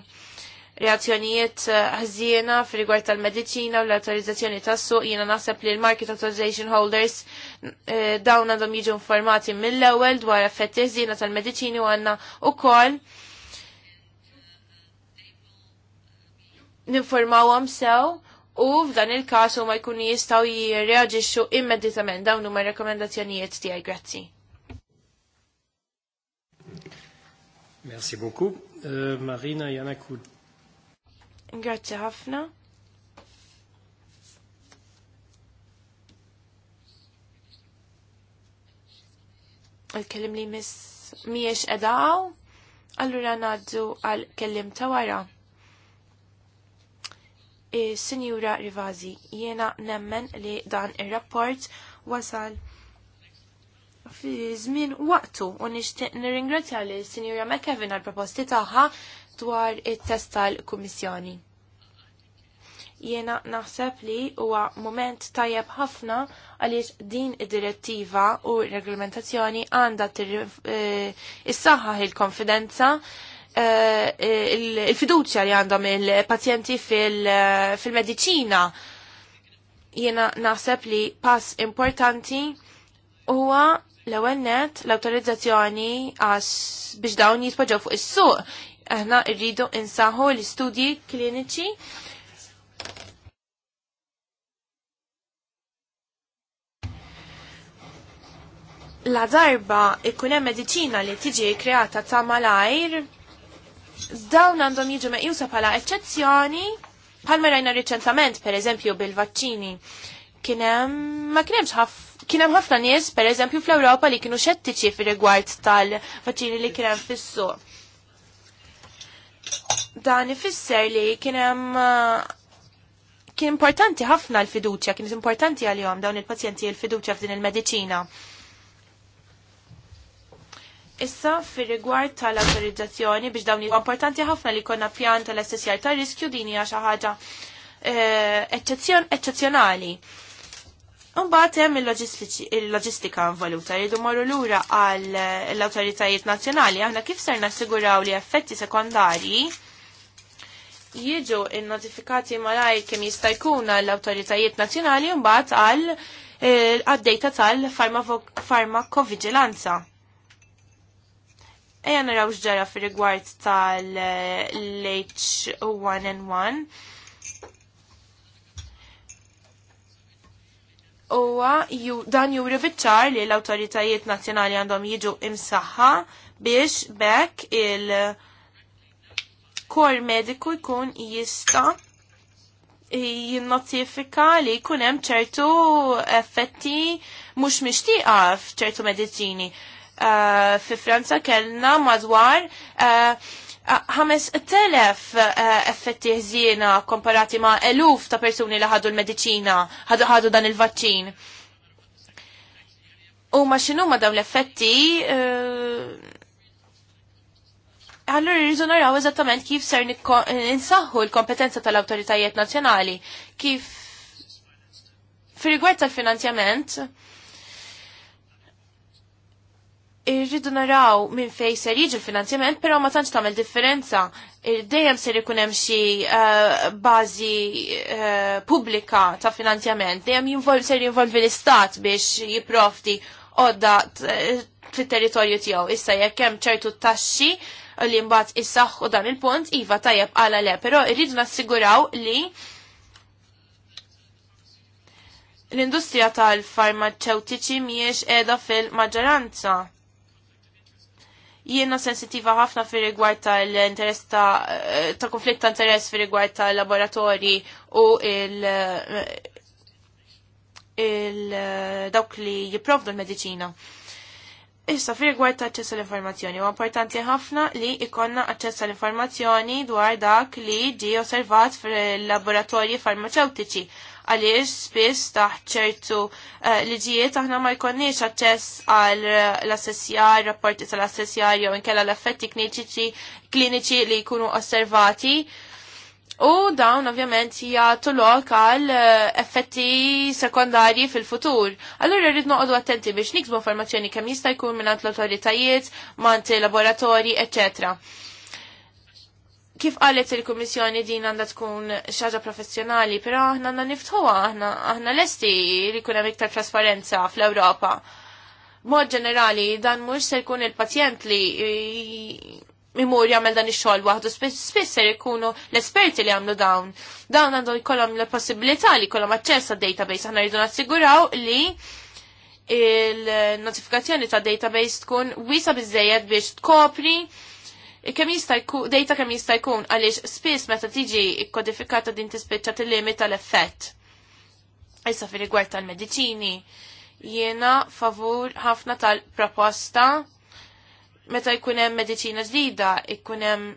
reazzjonijiet eh, ħżiena fil rigward tal-medicina u l-autorizzazzjoni tas-suq jiena naħseb li l-market authorization holders eh, dawn għandhom jiġu informati mill-ewwel dwar effetti ħżiena tal-medicini u għandna ukoll ninformawhom sew u f'dan il-każ huma jkunu jistgħu jirreaġixxu immedjatament dawn huma rekomendazzjonijiet tiegħi grazzi. Merci beaucoup. Euh, Marina Yanakoud. Grazie ħafna. il-kellim li mis miex edaw, allura naddu għal-kellim ta' wara. Sinjura Rivazi, jiena nemmen li dan ir-rapport wasal fi żmien waqtu u nixtieq nirringrazzja li Sinjura McKevin għal proposti tagħha dwar it-test tal-Kummissjoni. Jiena naħseb li huwa moment tajjeb ħafna għaliex din id-direttiva u reglamentazzjoni għandha eh, issaħħaħ il-konfidenza eh, il-fiduċja li għandhom il-pazjenti fil-medicina. Jiena naħseb li pass importanti huwa l-ewwel l-awtorizzazzjoni għax biex dawn jispoġġaw fuq is-suq aħna rridu insaħu l-istudji kliniċi la darba ikun hemm mediċina li tiġi kreata ta' malajr, dawn għandhom jiġu meqjusa bħala eċċezzjoni, bħalma rajna riċentament, per eżempju, bil-vaċċini. Kienem, ma kienemx ħaf, kienem ħafna nies, per eżempju, fl ewropa li kienu xettiċi fil rigward tal-vaċċini li kienem suq dan ifisser li kienem uh, kien importanti ħafna l-fiduċja, kien importanti għal-jom dawn il-pazjenti l-fiduċja f'din il-medicina. Issa, fir rigward tal-autorizzazzjoni biex dawn importanti ħafna li konna pjan tal-SSR tal-riskju dini għaxa ħaġa eccezzjonali. Eh, Mbagħad hemm il-loġistika involuta jridu morru lura għal l-awtoritajiet nazzjonali aħna kif ser nassiguraw li effetti sekondarji jiġu il-notifikati malaj kemm jista' jkun l-awtoritajiet nazzjonali mbagħad għal eh, għaddejta tal-farmakovigilanza. Ejja naraw x'ġara fir-rigward tal-H1N1 Uwa, ju, dan ju bitċar li l-autoritajiet nazjonali għandhom jiġu imsaħħa biex bekk il-kor mediku jkun jista jinnotifika li jkun hemm ċertu effetti mhux mishtiqa f'ċertu mediċini. Uh, fi Franza kellna madwar uh, telef eh, effetti ħżiena komparati ma' eluf ta' persuni li ħadu l-medicina, ħadu dan il-vaċċin. U ma' xinu ma' dawn l-effetti, għallur eh, rizun naraw eżattament kif ser ninsaħħu l-kompetenza tal-autoritajiet nazjonali, kif fir rigward tal-finanzjament, irridu naraw minn fej ser jiġu l-finanzjament, pero ma tantx tagħmel differenza. Dejjem ser ikun hemm xi eh, bażi eh, pubblika ta' finanzjament, dejjem ser jinvolvi l-istat biex jiprofti għodda fit-territorju tiegħu. Issa jekk hemm ċertu taxxi li mbagħad issaħħu dan il-punt, iva tajjeb għala le, però irridu nassiguraw li l-industrija tal-farmaceutiċi miex edha fil-maġġoranza Jiena sensitiva ħafna fi rigward tal-interess ta', eh, ta konflitt ta' interess fi rigward tal-laboratori u il- eh, il eh, dawk li jiprovdu l-medicina. Issa fi rigward ta' aċċess l-informazzjoni, huwa importanti ħafna li ikonna aċċess l-informazzjoni dwar dak li ġi osservat fil-laboratorji farmaceutiċi għaliex spiss taħt ċertu eh, liġijiet aħna ma jkonniex aċċess għal eh, l-assessjar, rapporti tal-assessjar jew inkella l-effetti kliniċi li jkunu osservati. U dawn ovvjament jagħtu lok għal eh, effetti sekondarji fil-futur. Allura rrid noqogħdu attenti biex niksbu informazzjoni kemm jista' jkun mingħand l-awtoritajiet, mant laboratorji, eccetera kif qalet il-Kummissjoni din għandha tkun xaġa professjonali, però aħna għandna niftħuha aħna aħna lesti li jkun hemm iktar trasparenza fl-Ewropa. Mod ġenerali dan mhux se jkun il-pazjent li imur jagħmel dan ix-xogħol waħdu spiss ser ikunu l-esperti li għamlu dawn. Dawn għandu jkollhom l-possibilità li jkollhom aċċess għad-database aħna rridu nassiguraw li il-notifikazzjoni ta' database tkun wisa bizzejed biex tkopri dejta kemm jista' jkun għaliex spiss meta tiġi kodifikata din tispiċċa tillimit tal-effett. Issa fi rigward tal-mediċini jiena favur ħafna tal-proposta meta jkun hemm ġdida ikun hemm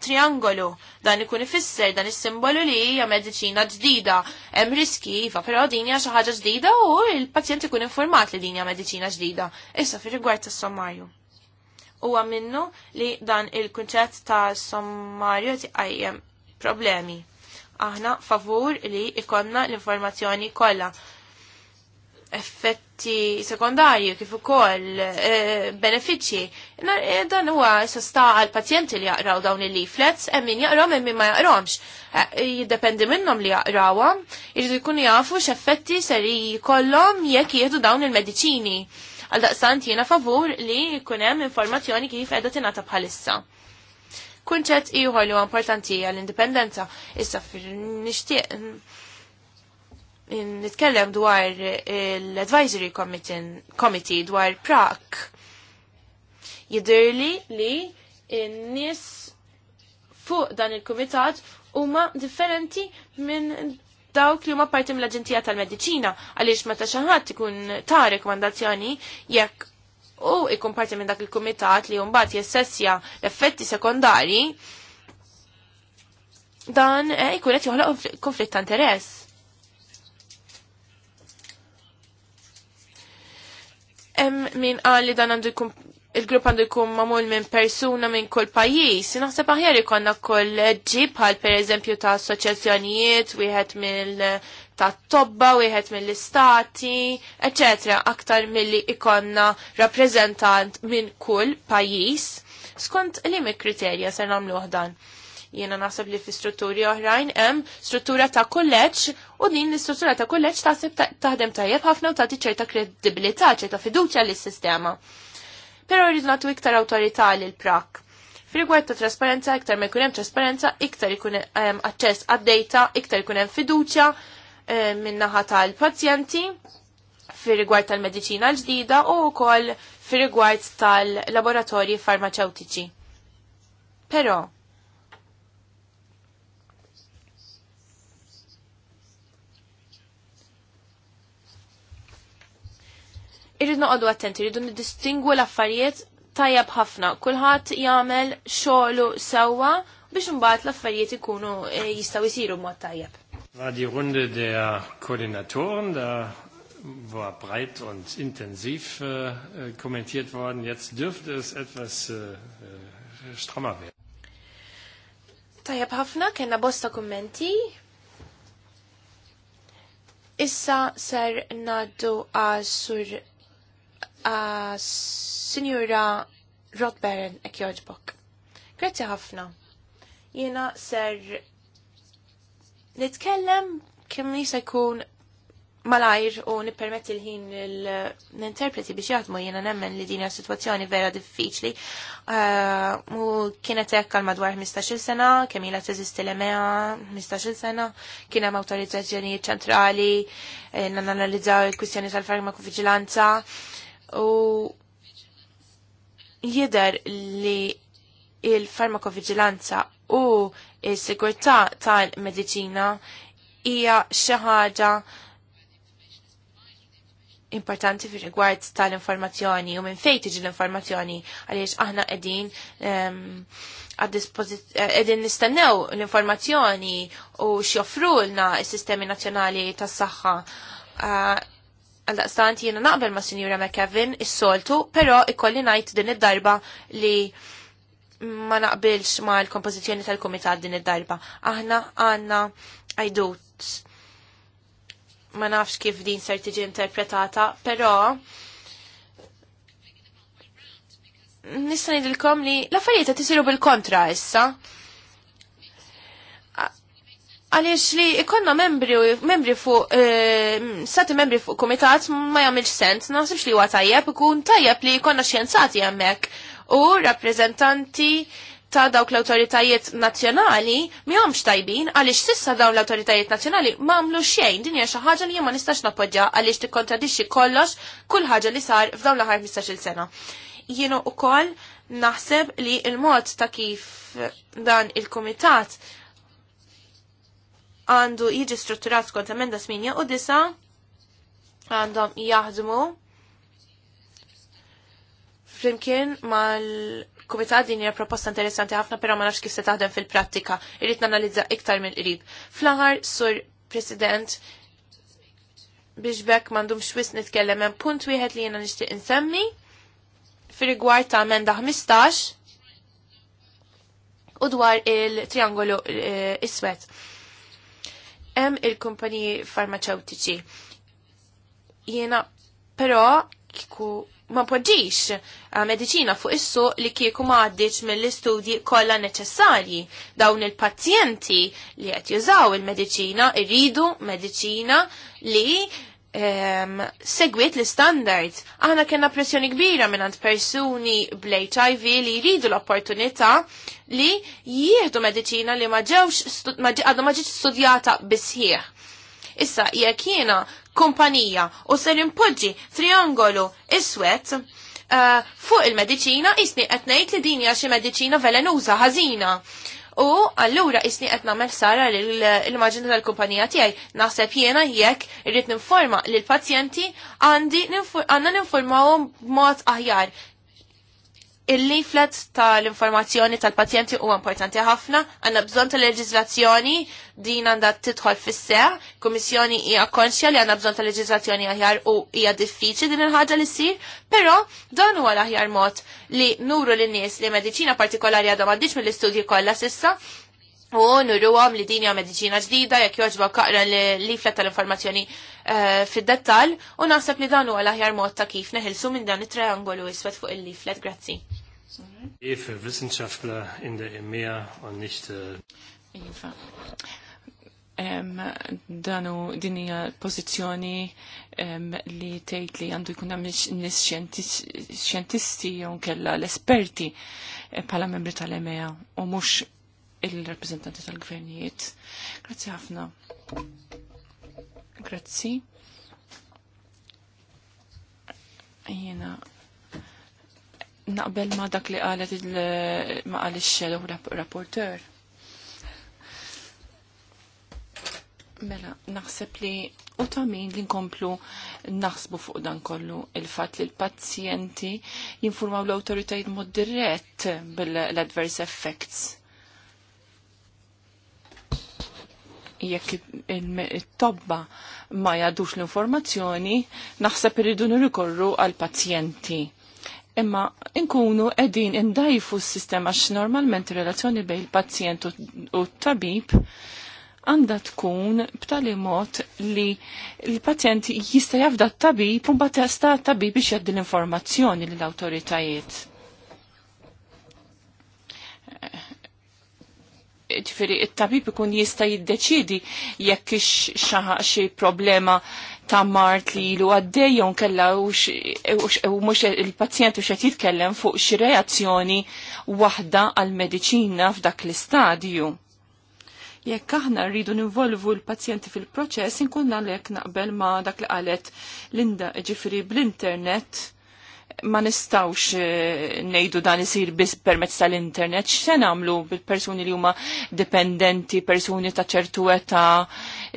triangolu dan ikun ifisser dan is-simbolu li hija mediċina ġdida. Hemm riski fa iva, però din hija xi ħaġa ġdida u l-pazjent ikun informat li din hija mediċina ġdida. Issa fir rigward tas-sommarju huwa minnu li dan il-kunċett ta' sommarju tiqajjem problemi. Aħna favur li ikonna l-informazzjoni kollha. Effett ti sekondarji kif ukoll eh, benefiċċji. Eh, dan huwa sosta għal pazjenti li jaqraw dawn il-leaflets, hemm min jaqrawhom hemm min ma jaqrawhomx. Eh, jiddependi minnhom li jaqrawhom. jridu jkunu jafu x'effetti ser jkollhom jekk jieħdu dawn il-mediċini. Għal daqsant jiena favur li jkun hemm informazzjoni kif qiegħda tingħata bħalissa. Kunċett ieħor li huwa importanti għall-indipendenza issa fir nixtieq nitkellem dwar l-Advisory Committee dwar Prak. Jidirli li n-nis fuq dan il-komitat huma differenti minn dawk li huma parti mill-Aġenzija tal-Mediċina għaliex meta xi ħadd ikun ta' rekomandazzjoni jekk u ikun parti minn dak il-kumitat li mbagħad jessessja l-effetti sekondari dan eh, ikun qed joħloq konflitt ta' interess Em min għalli dan għandu jkun il-grupp għandu jkun mamul minn persuna minn kull pajis. Naħseb aħjar ikonna ġib bħal per eżempju ta' assoċjazzjonijiet, wieħed mill ta' tobba, wieħed mill-istati, eccetera, aktar milli ikonna rappreżentant minn kull pajis. Skont li mi kriterja ser namlu dan? Jiena naħseb li fi strutturi oħrajn hemm struttura ta' kulleġġ u din l-istruttura ta' kulleġġ taħseb taħdem tajjeb ħafna u tagħti ċerta kredibilità, ċerta fiduċja lis-sistema. Però rridu nagħtu iktar awtorità lil prak. Fir-rigward ta' trasparenza, iktar ma jkun hemm trasparenza, iktar ikun hemm aċċess għad-data, iktar ikun hemm fiduċja eh, min-naħa tal-pazjenti fir-rigward tal-mediċina l-ġdida u wkoll fir-rigward tal-laboratorji farmaceutiċi. Però, irrid noqogħdu attenti, irridu niddistingwu l-affarijiet tajjeb ħafna. Kulħadd jagħmel xogħlu sewwa biex imbagħad l-affarijiet ikunu eh, jistgħu jsiru mod tajjeb. War die Runde der Koordinatoren, da war breit und intensiv äh, äh kommentiert worden. Jetzt dürfte es etwas äh, äh strammer werden. Tajab ħafna, kena bosta kommenti. Issa ser naddu għal sur Signora Rodberen e Kjordbok. Grazzi ħafna. Jena ser nitkellem kemm nisa jkun malajr u nippermetti l-ħin l-interpreti biex jaħdmu jena nemmen li dinja situazzjoni vera diffiċli. Uh, u kienet hekk għal madwar 15-il sena, kemm ilha teżisti l-EMEA 15-il sena, kien hemm awtorizzazzjonijiet ċentrali, eh, nanalizzaw il-kwistjoni tal-farmakovigilanza. vigilanza u jider li il-farmakovigilanza u il-sigurtà tal-medicina hija xi ħaġa importanti fi rigward tal-informazzjoni u minn fejn tiġi l-informazzjoni għaliex aħna qegħdin ehm, eh, qegħdin nistennew l-informazzjoni u x'joffrulna s-sistemi nazzjonali tas-saħħa ah, Għaldaqstant jiena naqbel ma' Sinjura McKevin is-soltu, però ikolli ngħid din id-darba li ma naqbilx ma' l-kompożizzjoni tal-kumitat din id-darba. Aħna għandna għajdut. Ma nafx kif din ser tiġi interpretata, però nista' ngħidilkom li l-affarijiet qed isiru bil-kontra issa Għaliex li ikonna membri, membri fuq, e, eh, sati membri fuq komitat ma jagħmilx sens, nasibx li huwa tajjeb, ikun tajjeb li jkollna xjenzati hemmhekk u rappresentanti ta' dawk l-autoritajiet nazzjonali mihomx tajbin għaliex sissa dawn l-autoritajiet nazzjonali m'għamlu xejn din hija xi ħaġa li ma nistax nappoġġja għaliex tikkontradixxi kollox kull ħaġa li sar f'dawn l-aħħar 15-il sena. Jienu wkoll naħseb li il-mod ta' kif dan il-komitat għandu jiġi strutturat skont emenda 8 u 9 għandhom jaħdmu flimkien mal kumitat din hija proposta interessanti ħafna però ma nafx kif se taħdem fil-prattika. Irrid nanalizza iktar minn qrib. Fl-aħħar sur President biex bekk m'għandhomx wis nitkellem hemm punt wieħed li jiena nixtieq insemmi fir-rigward ta' amenda 15 u dwar il-triangolu eh, iswed hemm il-kumpaniji farmaceutiċi. Jiena però kiku ma poġġix medicina fuq issu li kieku maħdiċ mill-istudji kollha neċessarji. Dawn il-pazjenti li qed jużaw il-medicina irridu medicina li segwiet l standard. Aħna kena pressjoni kbira minn għand persuni bl-HIV li jridu l-opportunità li jieħdu medicina li ma ġewx għadu ma ġiġ studjata bisħieħ. Issa, jekk jena kumpanija u ser impoġġi triangolu iswet uh, eh, fuq il-medicina, isni qed ngħid li din hija xi medicina velenuża ħażina u allura isni qed nagħmel sara l-immaġinu tal-kumpanija tiegħi naħseb jiena jekk irrid ninforma l pazjenti għandi għandna ninformawhom b'mod aħjar Il-leaflet tal-informazzjoni tal-pazjenti huwa importanti ħafna, għandna bżonn tal-leġiżlazzjoni din għandha tidħol fis-seħ, kummissjoni hija konxja li għandna bżonn tal-leġiżlazzjoni aħjar u hija diffiċli din il-ħaġa li ssir, però dan huwa l-aħjar mod li nuru lin-nies li mediċina partikolari għadha m'għaddix mill-istudji kollha sissa, U nurru għam li dinja medicina ġdida, jek joġba kaqra li fletta tal-informazzjoni eh, fid-dettal, u naħseb li dan huwa l-aħjar mod ta' kif neħilsu minn dan it-triangolu jiswet fuq il-leaflet, grazzi. Efe eh, Wissenschaftler in der EMEA und nicht... Um, danu dinija pozizjoni um, li tgħid li għandu jkun hemm nies xjentisti jew nkella l-esperti eh, bħala membri tal-EMEA u mhux il-rappreżentanti tal-gvernijiet. Grazzi ħafna. Grazzi. Jiena naqbel ma dak li qalet ma qal ix rapporteur. Mela, naħseb li u ta' min li nkomplu naħsbu fuq dan kollu il-fat li l-pazjenti jinformaw l autoritajt mod dirett bil-adverse effects. Jekk il-tobba ma jadux l-informazzjoni, naħseb irridu nirikorru għal-pazjenti imma inkunu edin indajfu s-sistema x-normalment relazzjoni bej il-pazzjent u t-tabib għanda tkun b'tali mod li l pazzjent jista' jafda t-tabib u batesta t-tabib biex jaddi l-informazzjoni lill-awtoritajiet. Ġifiri, it-tabib ikun jista' jiddeċidi jekk xi problema ta' mart li ilu għaddejjon kella u mux il-pazjent u xet jitkellem fuq xi reazzjoni waħda għal-medicina f'dak l-istadju. Jekk aħna rridu ninvolvu l-pazjenti fil-proċess, inkunna l-ek naqbel ma dak li qalet Linda ġifri bl-internet ma nistawx eh, nejdu dan isir bis permezz tal-internet, x'se nagħmlu bil-persuni li huma dipendenti, persuni ta' ċertu età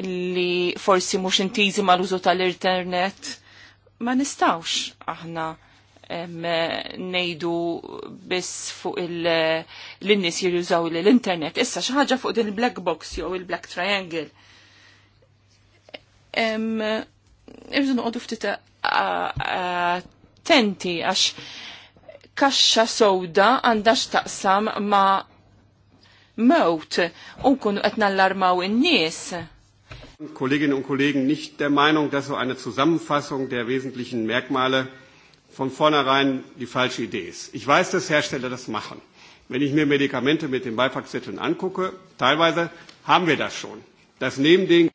li forsi mhux intiżi mal-użu tal-internet. Ma nistawx aħna nejdu biss fuq l-innis jirużaw l-internet. Issa xi ħaġa fuq din il-black box jew il-black triangle. Irridu noqogħdu ftit attenti għax kaxxa sowda għandax taqsam ma mewt u qed nallarmaw in-nies. Kolleginnen und Kollegen nicht der Meinung, dass so eine Zusammenfassung der wesentlichen Merkmale von vornherein die falsche Idee ist. Ich weiß, dass Hersteller das machen. Wenn ich mir Medikamente mit den Beipackzetteln angucke, teilweise haben wir das schon. Das neben den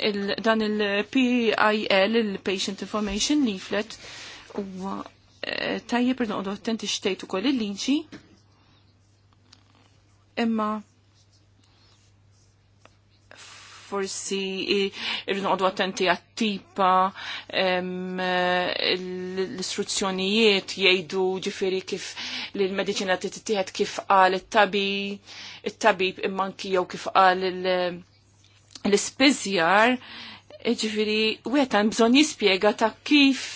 il, dann il PIL, il Patient Information Leaflet, huwa eh, tajjeb irnoqdu attenti xtejtu ukoll il-liġi imma forsi irnoqdu attenti għattipa tipa l-istruzzjonijiet jgħidu ġifiri kif l-medicina titiħed kif qal it-tabib imma jew kif qal l spizjar e ġifiri għetan bżon jispiega ta' kif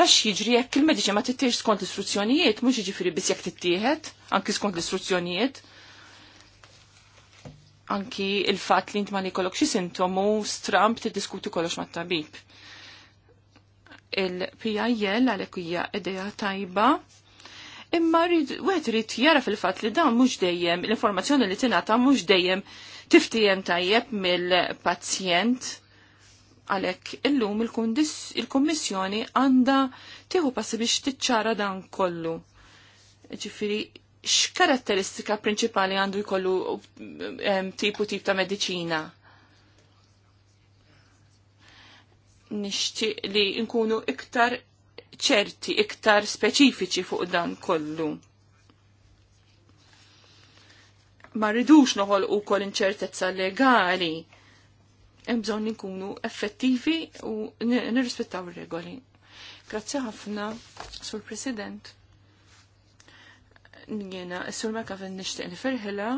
tax jiġri jekk il-mediċi ma tittiex skont l-istruzzjonijiet, mhux jiġifieri biss jekk tittieħed, anki skont l-istruzzjonijiet. Anki il-fatt li int ma nikolok xi sintomu stramp tiddiskuti kollox mat-tabib. Il-PIL għalhekk hija idea tajba imma wieħed irid jara fil-fatt li dan mhux dejjem l-informazzjoni li tingħata mhux dejjem tiftijem tajjeb mill-pazjent Għalhekk illum il-Kummissjoni għandha tieħu passi biex tiċċara dan kollu. x x'karatteristika prinċipali għandu jkollu tipu tip ta' medicina? Nixtieq li nkunu iktar ċerti, iktar speċifiċi fuq dan kollu ma rridux noħol u kol inċertezza legali bżon bżonn effettivi u nirrispettaw ir-regoli. Grazzi ħafna, Sur President njena, s-sur ma kafin nishtiq nifirħila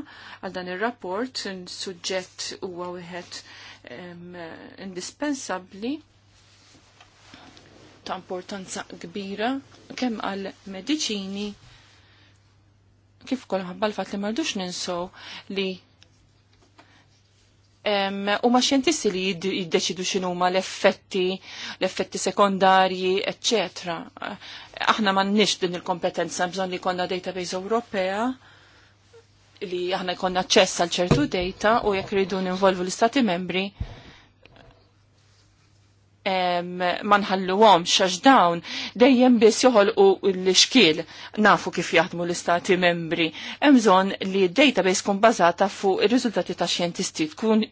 għal dan il-rapport, suġġett u għawihet indispensabli ta' importanza kbira kemm għal mediċini kif kol ħabba fatt fat li mardux ninsow li u ma xjentisti li jiddeċidu xinu ma l-effetti, l-effetti sekondarji, etc. Aħna ma nix din il-kompetenza, bżon li konna database Ewropea, li aħna konna ċess għal ċertu data u jekk ridu ninvolvu l-istati membri, manħallu għom xaġdawn dawn dejjem biss u l-xkil nafu kif jaħdmu l-istati membri. Emżon li database kun bazata fu il-rizultati ta' xjentisti, tkun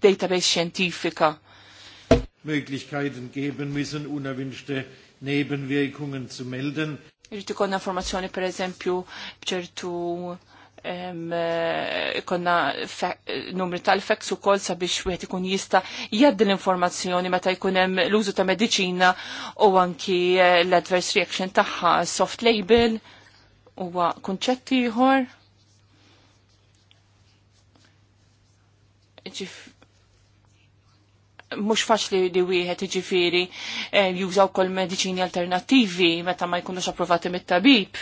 database xjentifika. Möglichkeiten geben müssen unerwünschte Nebenwirkungen zu melden. Irrid informazzjoni per eżempju bċertu Eh, konna numri tal-fax u kol sabiex wieħed ikun jista jaddi l-informazzjoni meta jkun hemm l-użu ta' mediċina u anki eh, l-adverse reaction tagħha soft label huwa kunċetti ieħor. mux faċli li wieħed iġifiri eh, jużaw kol mediċini alternativi meta ma jkunux approvati mit-tabib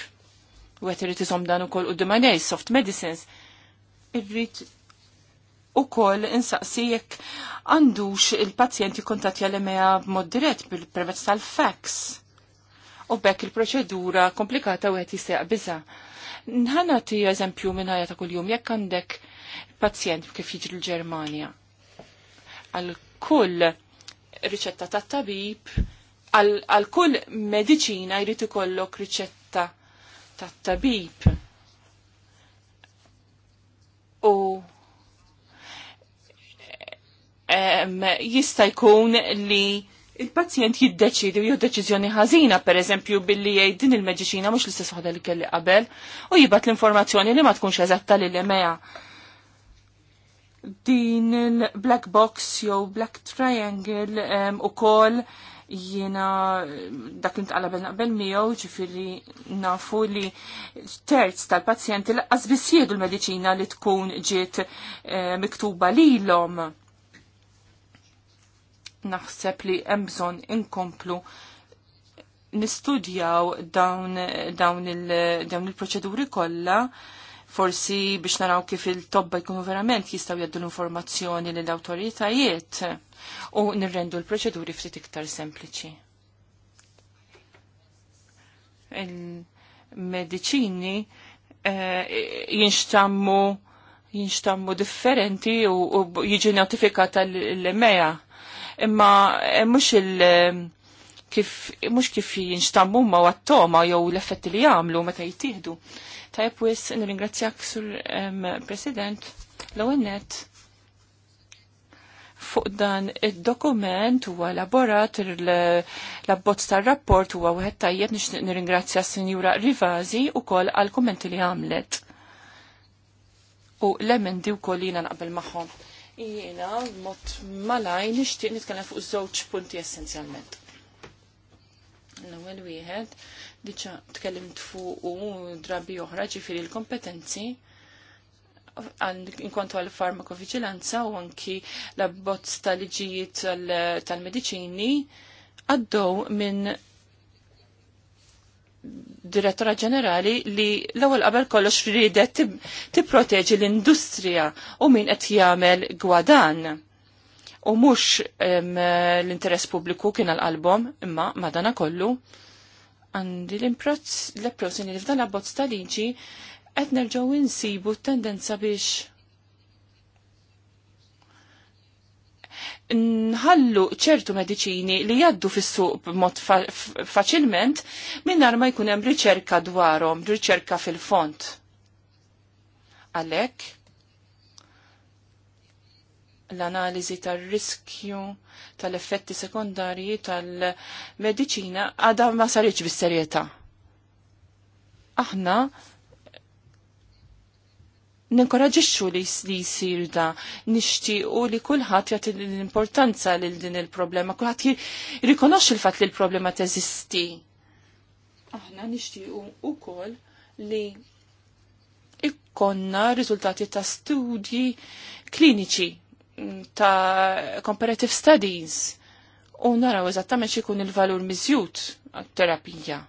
U għet irrit isom dan u koll u d soft medicines. Irrit u koll insaqsi jekk għandux il-pazjenti kontat jallemeja emea b'mod dirett bil prevet tal-fax. U bekk il-proċedura komplikata u għet jisseq biza. Nħana ti eżempju minn ħajja ta' kull-jum, jekk għandek pazjent kif jiġri l-Ġermania. Għal kull riċetta ta' tabib, għal kull medicina jrid ikollok riċetta tat-tabib. U jista' jkun li il-pazjent jiddeċidi jew deċiżjoni ħażina, pereżempju billi jgħid din il-mediċina mhux l-istess waħda li kelli qabel u jibat l-informazzjoni li ma tkunx eżatta lil emea. Din il-black box jew black triangle u um, jiena dak li tqalabel naqbel miegħu ġifieri nafu li terz tal-pazjenti laqqas biss jiedu l-mediċina li tkun ġiet eh, miktuba lilhom. Naħseb li hemm bżonn inkomplu nistudjaw dawn, il-proċeduri kollha forsi biex naraw kif il-tobba jkunu verament jistaw jaddu l-informazzjoni l-autoritajiet u nirrendu l-proċeduri ftit iktar sempliċi. Il-medicini eh, jinxtammu jinxtammu differenti u, u jiġi notifikata l-meja. Imma eh, mux il- eh, kif, mux kif jinxtammu ma għattoma jew l-effetti li jgħamlu meta jittihdu. Tajb wis, nir-ingrazzjak sur um, president l-għennet fuq dan id-dokument huwa elaborat l-abbozz tar-rapport huwa wieħed tajjeb nixtieq nirringrazzja s-Sinjura Rivazi wkoll għal kummenti li għamlet. U l diw wkoll jiena naqbel magħhom. Jiena mot malaj nixtieq nitkellem fuq żewġ punti essenzjalment. L-ewwel wieħed diġà tkellimt fuq u drabi oħra ġifieri l-kompetenzi inkontu għal farmakovigilanza u anki l-abbozz tal-liġijiet tal-medicini għaddew minn direttora ġenerali li l-ewwel qabel kollox ridet tipproteġi l-industrija u min qed jagħmel gwadan. U mhux l-interess pubbliku kien għal-qalbhom imma madana kollu għandi l-improzz l li f'dan l-abbozz tal liġi qed nerġgħu insibu t tendenza biex nħallu ċertu mediċini li jaddu fis-suq b'mod faċilment minnar ma jkun hemm riċerka dwarhom, riċerka fil-font. Għalhekk l-analiżi tar-riskju tal-effetti sekondarji tal-mediċina għadha ma saritx bis-serjetà. Aħna ninkoraġixxu li jisir da, nixtiequ li kulħadd jagħti l-importanza lil din il-problema, kulħadd jirrikonoxxi l-fatt li l-problema teżisti. Aħna nixtiequ wkoll li ikkonna riżultati ta' studji kliniċi mm, ta' comparative studies u naraw eżattament x'ikun il-valur miżjud għat-terapija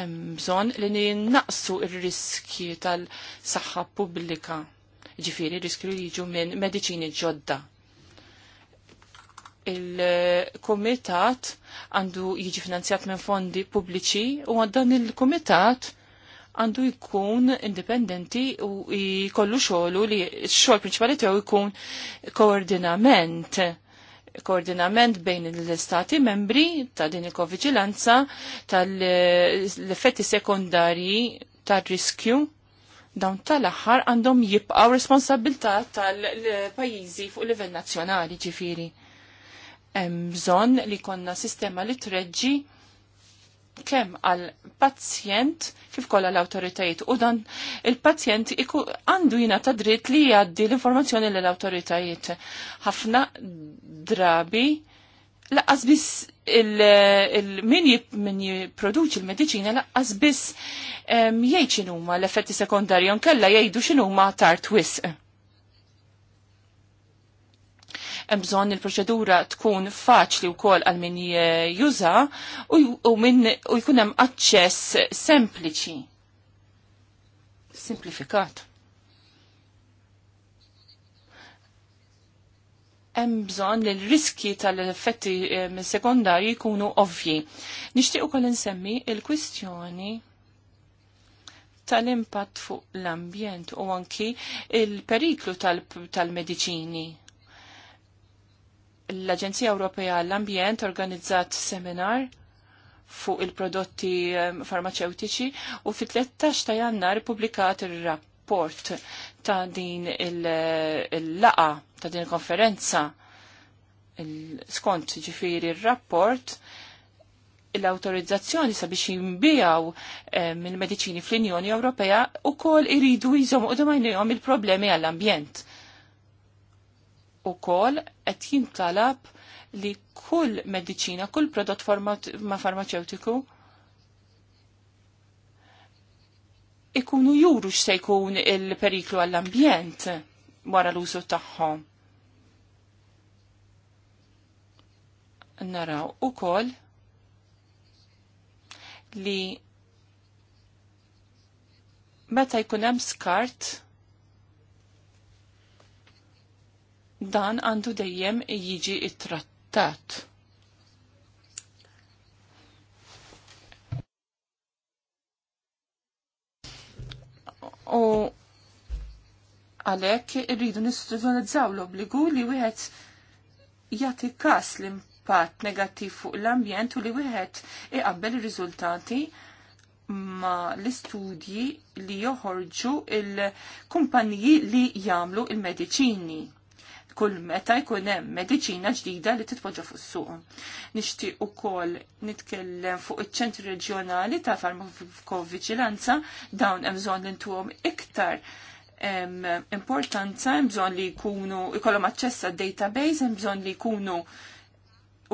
hemm bżonn li naqsu r-riski tal-saħħa pubblika, ġifiri riski li jiġu minn medicini ġodda. Il-komitat għandu jiġi finanzjat minn fondi pubbliċi u dan il-komitat għandu jkun indipendenti u jkollu xogħlu li x-xogħol prinċipali tiegħu jkun koordinament koordinament bejn l-istati membri ta' din il-kovigilanza tal-effetti sekundarji tal-riskju dawn tal-aħħar għandhom jibqaw responsabilità tal-pajjiżi fuq livell nazzjonali ġifiri. Hemm bżonn li konna sistema li treġġi kemm għal pazjent kif kollha l-awtoritajiet u dan il-pazjent għandu jina ta' dritt li jgħaddi l-informazzjoni l awtoritajiet Ħafna drabi laqqas biss il-min jipproduċi il-medicina laqqas biss jgħid x'inhuma l-effetti sekondarji kella jgħidu x'inhuma tard wisq bżonn il-proċedura tkun faċli wkoll għal min juża u u jkun hemm aċċess sempliċi. Simplifikat. hemm bżonn li l-riski tal-effetti eh, sekondarji jkunu ovvji. Nixtieq ukoll insemmi il-kwistjoni tal-impatt fuq l-ambjent u anki il-periklu tal-mediċini l-Aġenzija Ewropea għall-Ambjent organizzat seminar fuq il-prodotti ehm, farmaceutiċi u fit-13 ta' jannar publikat il-rapport ta' din il-laqa ta' din il-konferenza skont ġifiri il-rapport l-autorizzazzjoni sabiex jimbijaw mill-medicini ehm, fl-Unjoni Ewropea u kol iridu jizom u domajnijom il-problemi għall-ambjent u kol qed jintalab li kull medicina, kull prodott ma farmaceutiku ikunu juru x'se jkun il-periklu għall-ambjent wara l-użu tagħhom. Naraw ukoll li meta jkun hemm skart dan għandu dejjem jiġi it-trattat. U għalek irridu nistudjonizzaw l-obligu li wieħed jagħti kas l-impatt negattiv fuq l-ambjent u li wieħed iqabbel ir-riżultati ma l-istudji li joħorġu il-kumpaniji li jagħmlu il-mediċini. il medicini mediċini kull meta jkun hemm mediċina ġdida li titpoġġa fuq is-suq. Nixtieq ukoll nitkellem fuq iċ-ċentri reġjonali ta' farmakovigilanza dawn hemm bżonn li ntuhom iktar importanza, hemm bżonn li jkunu ikollhom aċċess għad-database, hemm bżonn li jkunu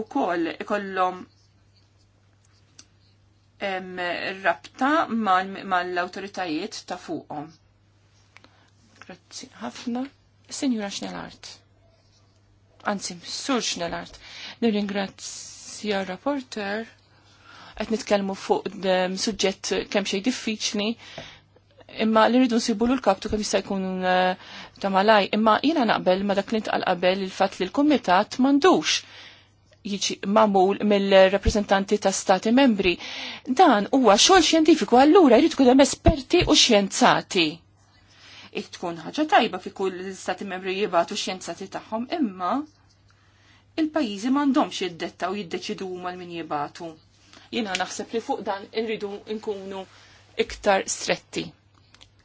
ukoll ikollhom rabta mal-autoritajiet ta' fuqhom. Grazzi ħafna. Signora Schnellart anzi, sur art. nir-ingrazzja rapporter, għet nitkelmu fuq ehm, suġġett kemm xej diffiċli, imma li rridu nsibu l-kaptu kem jista' jkun eh, ta' malaj, imma jiena naqbel ma dak li qabel il-fatt li l-kumitat m'għandux jiġi mamul mill reprezentanti ta' stati membri. Dan huwa xogħol xjentifiku allura jrid tkun hemm esperti u xjenzati. Ik tkun ħaġa tajba fi kull stati membri jibgħatu xjenzati tagħhom imma il-pajizi mandomx jiddetta u jiddeċidu mal min jibatu. Jina naħseb li fuq dan irridu nkunu iktar stretti.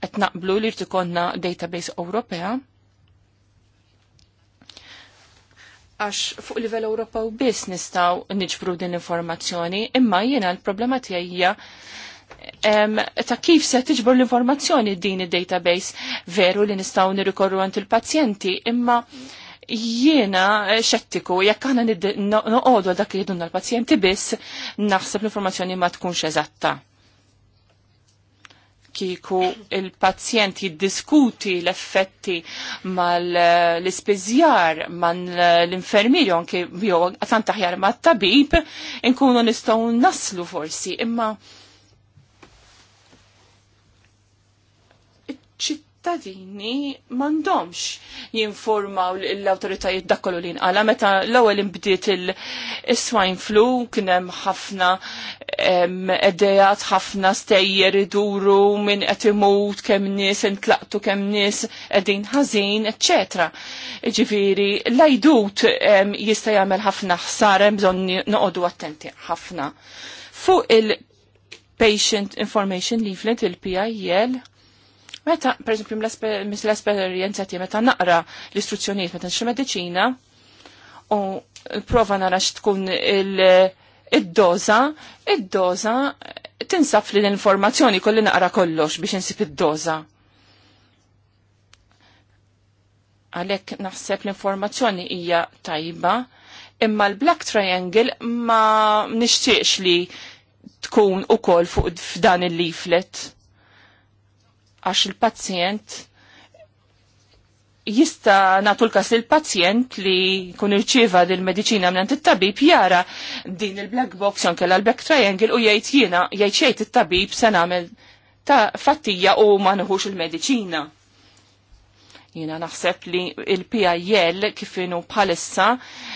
Et naqblu li rtikonna database Ewropea għax fuq livell Ewropew biss nistaw niġbru din informazzjoni, imma jiena l-problema tiegħi hija ta' kif se tiġbor l-informazzjoni din id-database veru li nistaw nirrikorru għand il-pazjenti, imma Jiena xettiku, jekk aħna noqogħdu dak li jidunna l-pazjenti biss, naħseb l-informazzjoni ma tkunx eżatta. Kiku il-pazjent jiddiskuti l-effetti mal-ispizjar, mal l-infermierju, anke jew għatan taħjar mat tabib, inkunu nistgħu naslu forsi, imma ċittadini mandomx jinformaw l-autoritajiet dakollu li nqala meta l-ewwel imbdiet il-swine flu kien hemm ħafna edejat ħafna stejjer iduru minn qed imut kemm nies intlaqtu kemm nies qegħdin ħażin, eċċetera. Ġifieri l-ajdut jista' jagħmel ħafna ħsar hemm bżonn noqogħdu attenti ħafna. Fuq il-Patient Information Leaflet, il-PIL, Meta, per mis l esperienza tiegħi meta naqra l-istruzzjonijiet meta xi mediċina u prova nara x'tkun il-doża, id-doża tinsab li l-informazzjoni kolli naqra kollox biex insib id-doża. Għalhekk naħseb l-informazzjoni hija tajba, imma l-Black Triangle ma nixtieqx li tkun ukoll fuq f'dan il-leaflet għax il-pazjent jista natu l-kas il-pazjent li kun irċiva dil-medicina minn it-tabib jara din il-black box anke l-back triangle u jgħid jiena jgħid xejn it-tabib se nagħmel ta' fattija u ma nħux il-medicina. Jiena naħseb li il-PIL kifinu bħalissa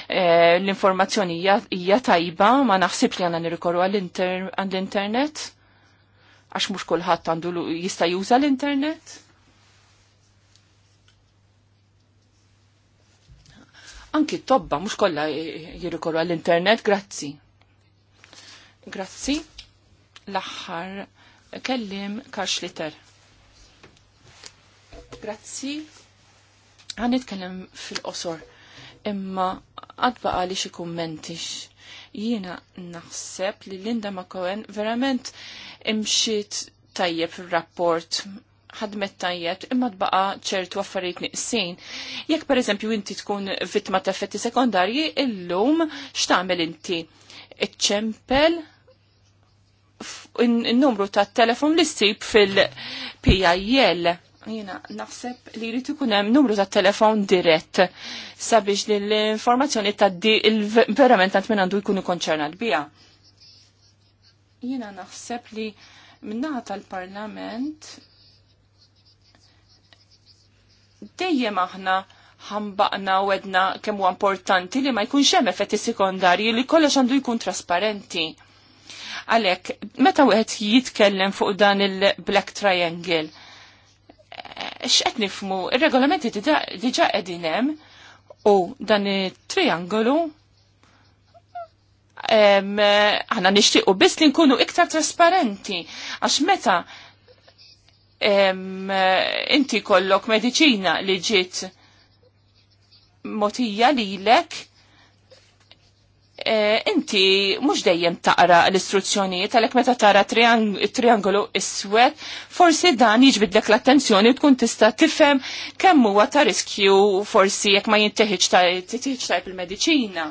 eh, l-informazzjoni hija tajba ma naħsib li għandna nirrikorru għall-internet għax mhux kulħadd għandu jista' juża l-internet? Anki tobba mhux kollha jirikorru għall-internet, grazzi. Grazzi. L-aħħar kellim kax liter. Grazzi. Għan fil-qosor imma għadba li i kummenti Jiena naħseb li Linda McCohen verament imxiet tajjeb fil-rapport ħadmet tajjeb imma tbaqa ċertu affarijiet niqsin. Jekk pereżempju inti tkun vittma ta' effetti sekondarji, illum x'tagħmel inti? Iċċempel in-numru ta' telefon li ssib fil-PIL jina naħseb li jrid ikun hemm numru ta' telefon dirett sabiex li l-informazzjoni ta' di il-verament tant minn għandu jkunu konċernat biha. Jiena naħseb li minnaħa tal-Parlament dejjem aħna ħambaqna u edna kemm huwa importanti li ma jkunx hemm effetti sekondarji li kollox għandu jkun trasparenti. Għalhekk, meta wieħed jitkellem fuq dan il-Black Triangle, x'qed nifmu ir-regolamenti diġa qegħdin hemm u dan it-triangolu aħna nixtiequ biss li nkunu iktar trasparenti għax meta inti kollok medicina li ġiet motija lilek Eh, inti mhux dejjem taqra l-istruzzjonijiet għalhekk meta tara triangolu iswed, forsi dan jiġbidlek l-attenzjoni tkun tista' tifhem kemm huwa ta' riskju forsi jekk ma jintieħiġ tajb il-mediċina.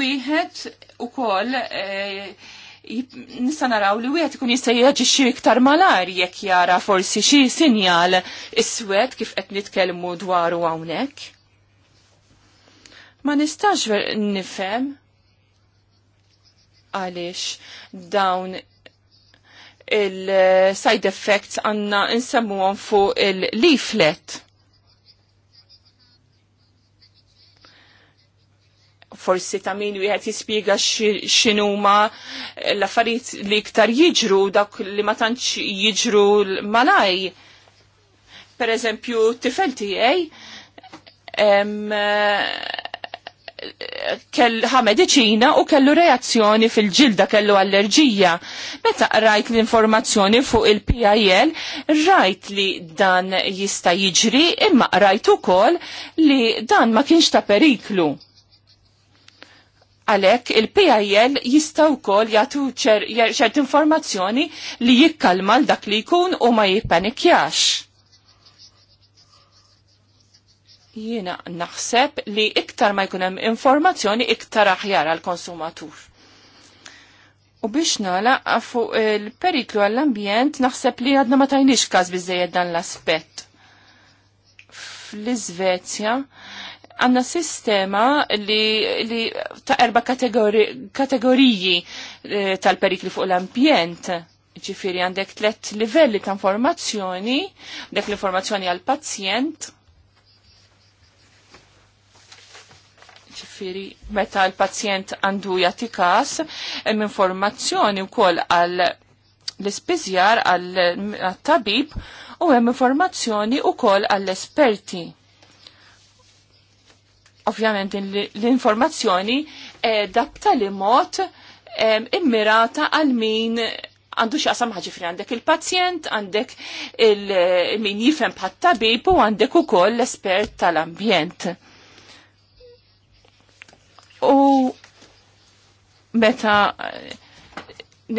Wieħed ukoll eh, nista naraw li wieħed ikun jista' jaġixxi iktar malar jekk jara forsi xi sinjal iswed kif qed nitkellmu dwaru hawnhekk. Ma nistax ver nifem għalix dawn il-side effects għanna insemmuhom fuq il-leaflet. forsi ta' min wieħed jispjega x'inhuma l-affarijiet li iktar jiġru dak li ma tantx jiġru malaj. Per eżempju, tifel tiegħi kell ħa medicina u kellu reazzjoni fil-ġilda kellu allerġija. Meta rajt l-informazzjoni fuq il-PIL, rajt li dan jista' jiġri imma rajt ukoll li dan ma kienx ta' periklu. Għalek il-PIL jista' wkoll jagħtu ċert informazzjoni li jikkalma l dak li jkun u ma jippanikjax Jiena naħseb li iktar ma jkun hemm informazzjoni iktar aħjar għall konsumatur U biex nagħlaq fuq il-periklu għall-ambjent naħseb li għadna ma tajniex każ bizzejed dan l-aspett. Fl-Iżvezja għanna sistema li, li ta' erba kategori, kategoriji e, tal periklu fuq l-ambjent. Ġifiri għandek tlet livelli ta' informazzjoni, dek l-informazzjoni għal-pazjent, ġifiri meta l-pazjent għandu jati kas, informazzjoni u kol għal l spizjar għal tabib u hemm informazzjoni u koll għall-esperti. Ovvjament l-informazzjoni dabta li mod immirata għal min għandu xaqsam ħagġifri għandek il-pazjent, għandek il-min jifem bħat-tabib u għandek u koll l-espert tal-ambjent U meta eh,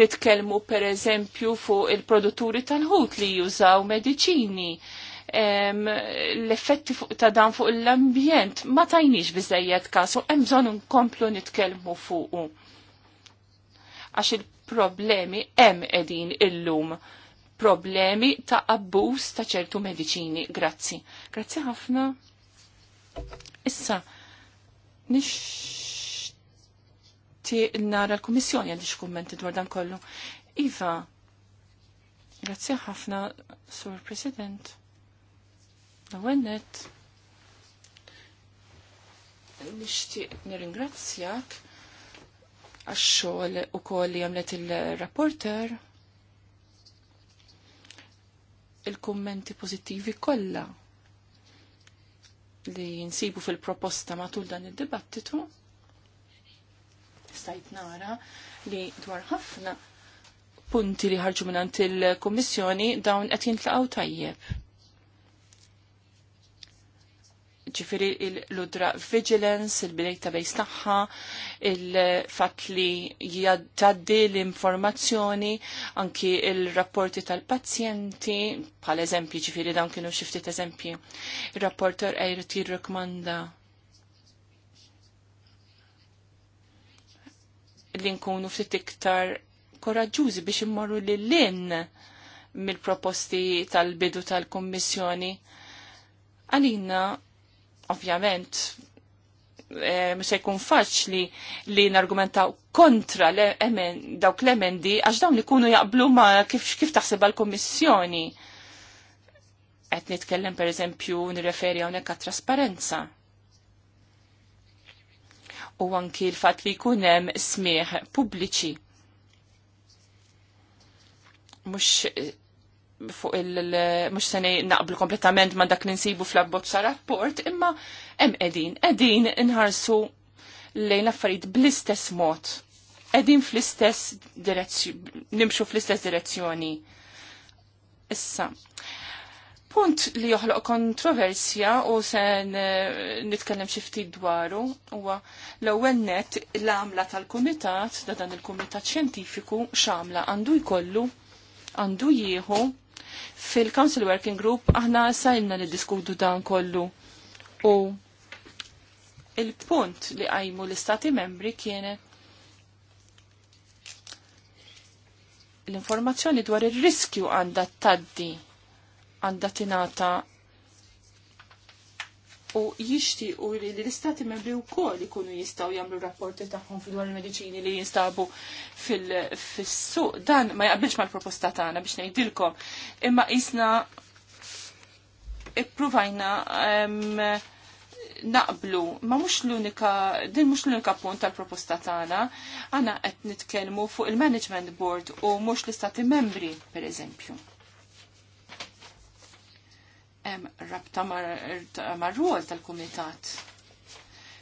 nitkelmu per eżempju fuq il-produtturi tal-ħut li jużaw mediċini, l-effetti ta' dan fuq l-ambjent ma tajniex biżejjed kasu, hemm bżonn nkomplu nitkellmu fuq. Għax il-problemi hemm qegħdin illum problemi ta' abbus ta' ċertu mediċini. Grazzi. Grazzi ħafna. Issa, Nixtieq nara l-Kummissjoni x-kommenti dwar dan kollu. Iva, grazie ħafna, Sur President. Nawennet, nir nirringrazzjak għax-xogħol ukoll li għamlet il-rapporter il-kummenti pożittivi kollha li nsibu fil-proposta matul dan id-dibattitu, stajt nara li dwar ħafna punti li ħarġu minnant il-Kommissjoni dawn qed jintlaqgħu tajjeb ġifiri l-udra vigilance, il bejs taħħa, il-fat li jaddaddi l-informazzjoni, anki il-rapporti tal-pazzjenti, pal eżempji ġifiri dawn kienu xiftit eżempji. Il-rapporter għajrit jirrekmanda li nkunu ftit iktar koraġġużi biex immorru li l-in mill-proposti tal-bidu tal-kommissjoni. Għalina Ovvjament, eh, se jkun faċli li nargumentaw kontra dawk l-emendi għax dawn li kunu jaqblu ma kif, taħseb għal-Kommissjoni. Qed nitkellem pereżempju nirreferi hawnhekk għat-trasparenza. U anki l-fatt li jkun hemm smieħ pubbliċi. Mux fuq il- mux seni naqblu kompletament ma dak li nsibu fl-abbozza rapport, imma hemm edin, edin inħarsu lejn affarijiet bl-istess mod. Edin fl-istess direzzjoni, nimxu fl-istess direzzjoni. Issa, punt li joħloq kontroversja u sen nitkellem xi ftit dwaru huwa l-ewwel l-għamla tal-kumitat da dan il-kumitat xjentifiku x'għamla għandu jkollu għandu jieħu Fil-Council Working Group aħna sajna li diskutu dan kollu u il-punt li għajmu l-Istati membri kienet l-informazzjoni dwar ir riskju għandha taddi għandha tingħata u jixtiequ li l-istati membri wkoll ikunu jistgħu jagħmlu rapporti tagħhom fil il-mediċini li jinstabu fis-suq. Dan ma jaqbilx mal-proposta tagħna biex ngħidilkom. Imma qisna ippruvajna naqblu, ma mux l-unika, din mux l-unika punt tal-proposta tagħna, għana qed nitkellmu fuq il-Management Board u mhux l-Istati Membri, per eżempju hemm rabta mar-rol tal-Kumitat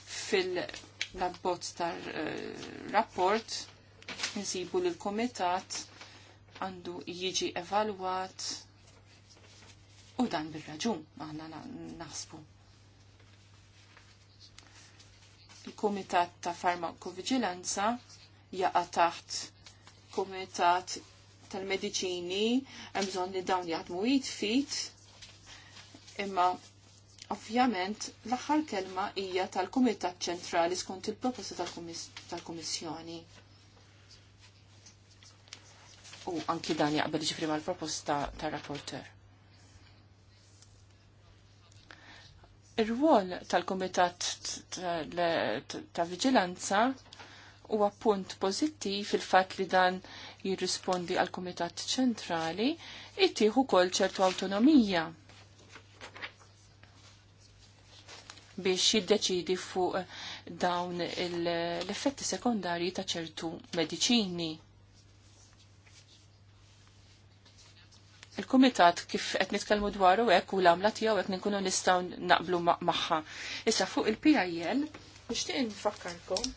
fil labbot tar-rapport eh, nsibu li l-Kumitat għandu jiġi evalwat u dan bil raġun aħna naħsbu. Il-Kumitat ta' Farmakovigilanza jaqa' taħt Kumitat tal medicini hemm bżonn li dawn jaħdmu jitfit fit Imma ovvjament l-aħħar kelma hija tal-Kumitat Ċentrali skont il-proposta tal-Kummissjoni. U anki dan jaqbel ġifri mal-proposta tar-rapporter. Ir-rwol tal-Kumitat ta' vigilanza u appunt pozittiv fil-fat li dan jirrispondi għal Kumitat Ċentrali, ittieħu kol ċertu autonomija biex jiddeċidi fuq dawn l-effetti sekondari ta' ċertu mediċini. Il-Kumitat kif qed nitkellmu dwaru hekk u l-għamla tiegħu hekk ninkunu nistgħu naqblu magħha. Issa fuq il-PIL nixtieq nfakkarkom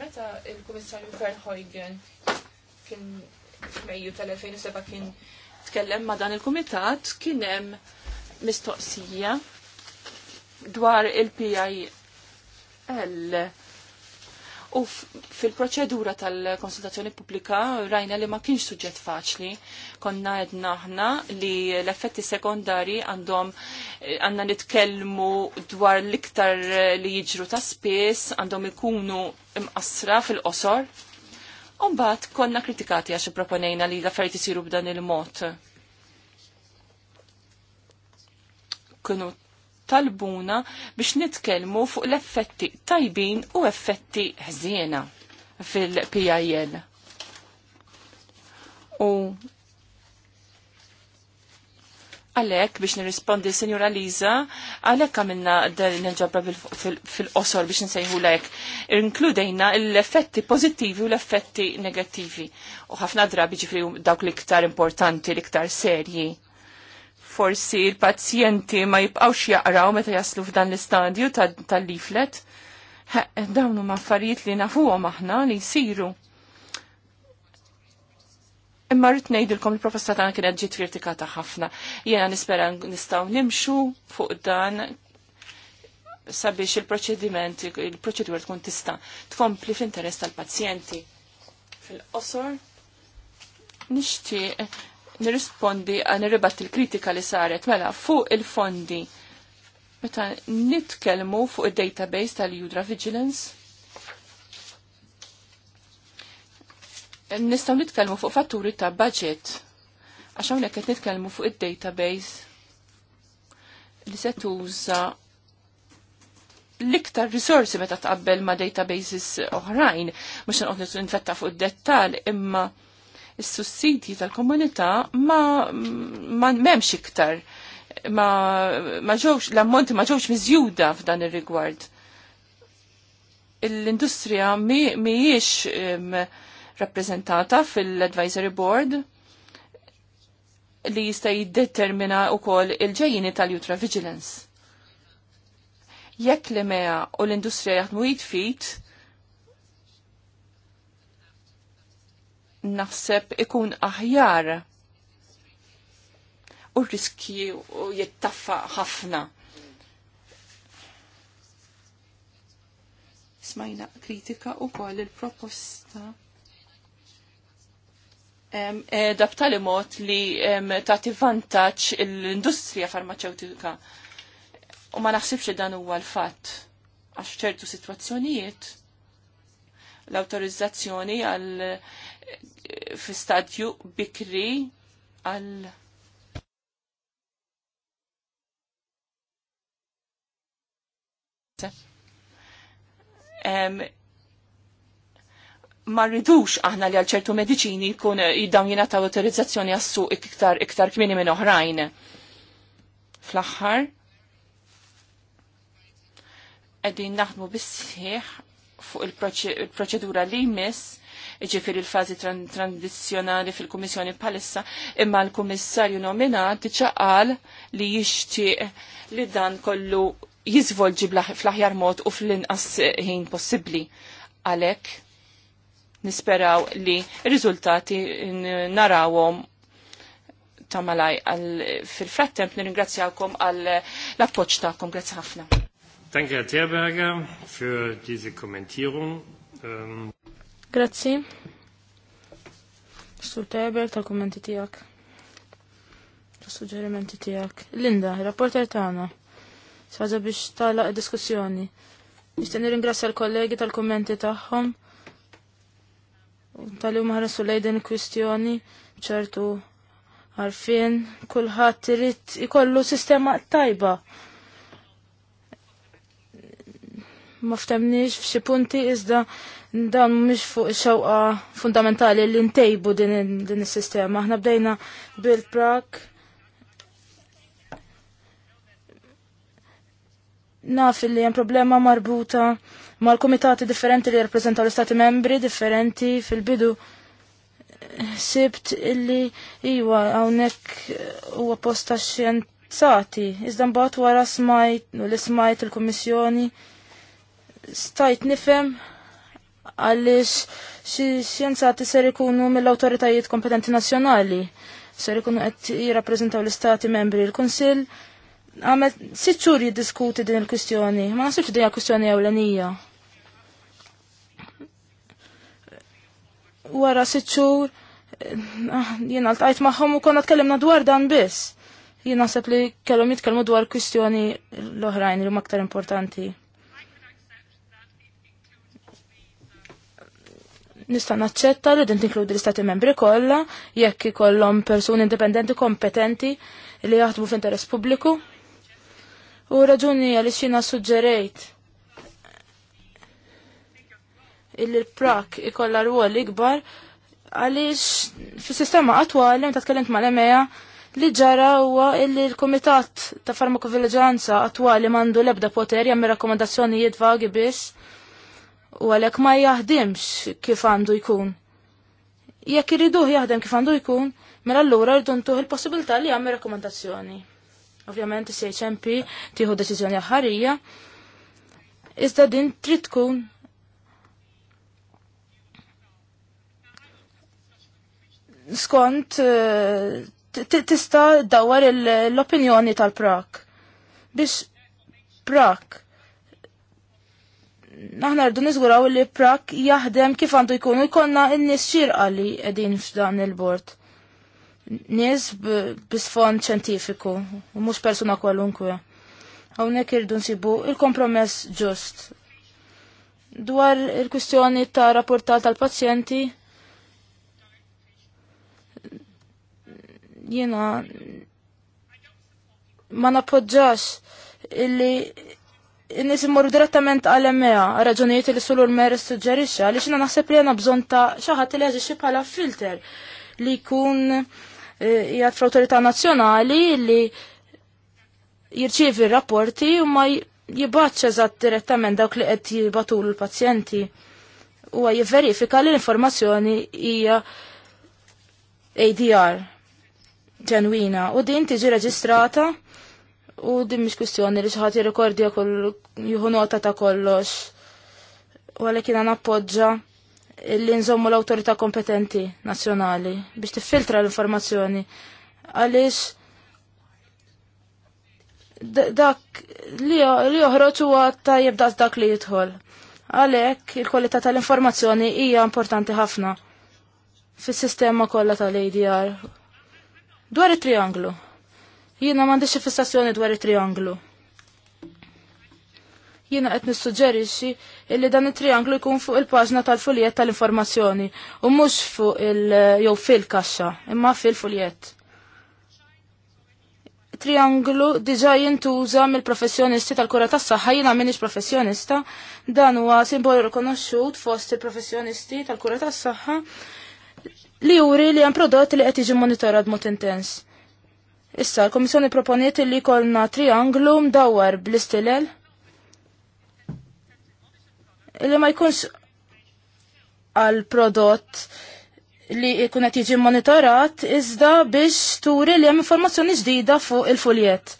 Meta il-Kummissarju Verhoeven kien f'Mejju tal-2007 kien tkellem ma' dan il-Kumitat kien hemm mistoqsija dwar il-PIL. U fil-proċedura tal-konsultazzjoni pubblika rajna li ma kienx suġġett faċli. Konna edna aħna li l-effetti sekondari għandhom għanna nitkellmu dwar l-iktar li jiġru ta' spis, għandhom ikunu imqasra fil-qosor. Umbat konna kritikati għax proponejna li l-affarijiet isiru b'dan il-mod kienu talbuna biex nitkellmu fuq l-effetti tajbin u effetti ħżiena fil-PIL. U għalek biex nirrispondi Senjora Liza, għalek għamilna nil-ġabra fil-qosor biex nsejħu lek, inkludejna l-effetti pozittivi u l-effetti negativi. U ħafna drabi ġifri dawk l-iktar importanti, l-iktar serji forsi l-pazjenti ma jibqawx jaqraw meta jaslu f'dan l-istadju tal-leaflet. Dawn huma affarijiet li nafuhom aħna li jsiru. Imma rrit ngħidilkom il-proposta tagħna kienet ġiet kritikata ħafna. Jiena nispera nistgħu nimxu fuq dan sabiex il-proċediment, il proċedur tkun tista' tkompli fl-interess tal-pazjenti. Fil-qosor nixtieq nirrispondi għan eh, il-kritika li saret mela fuq il-fondi. Meta nitkelmu fuq il-database tal-Judra Vigilance, nistaw nitkelmu fuq fatturi ta' budget. Għax hawnhekk qed nitkellmu fuq id-database li se tuża l-iktar risorsi meta tqabbel ma' databases oħrajn, mhux nqogħdu nfetta fuq id-dettall, imma is-sussidji tal-komunità ma, ma memx iktar ma, ma ġewx l-ammonti ma ġewx miżjuda f'dan ir-rigward. L-industrija mhijiex rappresentata rappreżentata fil-advisory board li jista' jiddetermina wkoll il-ġejjini tal-Jutra Vigilance. Jekk l-EMEA u l-industrija jaħdmu jitfit, naħseb ikun aħjar u riski u jittaffa ħafna. Smajna kritika u koll il-proposta eh, dabtali mod li tati vantaċ l-industrija farmaceutika. U ma naħsibx dan huwa l-fatt għax ċertu situazzjonijiet l-autorizzazzjoni għal fi stadju bikri għal um, ma rridux aħna li għal ċertu mediċini jkun jiddawn eh, jingħataw autorizzazzjoni għassu iktar iktar kmini minn oħrajn. Fl-aħħar qegħdin naħdmu bissieħ fuq il-proċedura li jmiss ġifir il-fazi tranzizjonali fil-Kummissjoni palissa, imma l-Kummissarju nominat ċaqal li jixtieq li dan kollu jizvolġi fl-aħjar mod u fl-inqas ħin possibbli. Għalhekk nisperaw li r-riżultati narawhom ta' malaj fil-frattemp nirringrazzjawkom għal l-appoċ ta'kom. Grazzi ħafna. Danke, Herr Terberger, für diese Kommentierung. Ähm, Grazzi. Su Tebel tal kummenti tijak. Tal-sugġerimenti tijak. Linda, il-rapporter tagħna. Saġa biex talaq diskussjoni. Nixtieq nirringrazzja l-kollegi tal-kommenti tagħhom. Tal-li huma ħarsu lejden kwistjoni ċertu għarfien kulħadd irid ikollu sistema tajba ma ftemniex f'xi punti iżda dan mhux fuq xewqa fundamentali li ntejbu din din is-sistema. Aħna bdejna bil-prak naf li hemm problema marbuta mal-komitati differenti li jirrappreżentaw l-istati membri differenti fil-bidu sibt illi iwa hawnhekk huwa posta xjenzati. Iżda mbagħad wara smajt u li smajt il-Kummissjoni stajt nifhem għalix xi xjenzati ser ikunu mill-awtoritajiet kompetenti nazzjonali, ser ikunu qed jirrappreżentaw l-istati membri l-Kunsill għamet sitxur jiddiskuti din il kustjoni ma nasibx din kwistjoni għawlenija. Wara sitxur eh, jien l-tajt maħħom u konna tkellimna dwar dan biss. Jiena għasab li kellhom jitkellmu dwar kustjoni l-oħrajn li huma aktar importanti. nista' naċċetta li din tinkludi l-istati membri kollha jekk ikollhom persuni indipendenti kompetenti li jaħdmu f'interess pubbliku. U raġuni għaliex jiena suġġerejt illi l-prak ikollha rwol ikbar għaliex fis-sistema attwali meta tkellimt mal-EMEA li ġara huwa illi l-Kumitat ta' Farmakovigilanza attwali mandu ebda poter jagħmel rakkomandazzjonijiet vagi biss u għalhekk ma jaħdimx kif għandu jkun. Jekk iriduh jaħdem kif għandu jkun, mela allura rridu ntuħ il-possibilità li għammi rakkomandazzjoni. Ovvjament is-CHMP tieħu deċiżjoni aħħarija, iżda din trid tkun skont eh, tista dawar l-opinjoni tal-Prak. Biex Prak aħna rridu niżguraw li prak jaħdem kif għandu jkunu jkollna n nis xirqa li qegħdin f'dan il-bord. Nies sfond ċentifiku, mhux persuna kwalunkwe. Hawnhekk irridu nsibu il-kompromess ġust. Dwar il-kwistjoni ta' rapportal tal-pazjenti, jiena ma napoġġax illi nis immorru direttament għal emmeja raġunijiet li sulu l-meris suġġerixxa li xina naħseb li għana bżon ta' xaħat li għagġi bħala filter li jkun e, jgħat fl autorita nazjonali li jirċievi rapporti u ma jibbaċċa eżatt direttament dawk li qed jibbatu l-pazjenti u jiverifika li l-informazzjoni hija ADR ġenwina u din tiġi reġistrata U dim mhix kwistjoni li xi ħadd kol juhunota ta' kollox. U għalhekk jiena nappoġġa li nżommu l-awtorità kompetenti nazzjonali biex tiffiltra l-informazzjoni. Għaliex dak li joħroġ huwa tajjeb das dak li jidħol. Għalhekk il-kwalità tal-informazzjoni hija importanti ħafna fis-sistema kollha tal-ADR. Dwar it-trianglu. Jiena m'għandix fissazzjoni dwar it-trianglu. Jiena qed nissuġġerixxi illi dan it-trianglu jkun fuq il-paġna tal-fuljet tal-informazzjoni u mhux fuq il- jew fil-kaxxa, imma fil-fuljet. Trianglu diġa jintuża mill-professjonisti tal-kura tas-saħħa jiena minix professjonista, dan huwa simbolu rikonoxxut fost il-professjonisti tal-kura tas-saħħa li juri li hemm prodotti li qed jiġi monitorat mod intens. Issa, l-Komissjoni proponiet li kolna trianglu mdawar bl-istilel Illi ma jkunx għal prodott li jkun qed jiġi monitorat iżda biex turi li hemm informazzjoni ġdida fuq il-fuljet.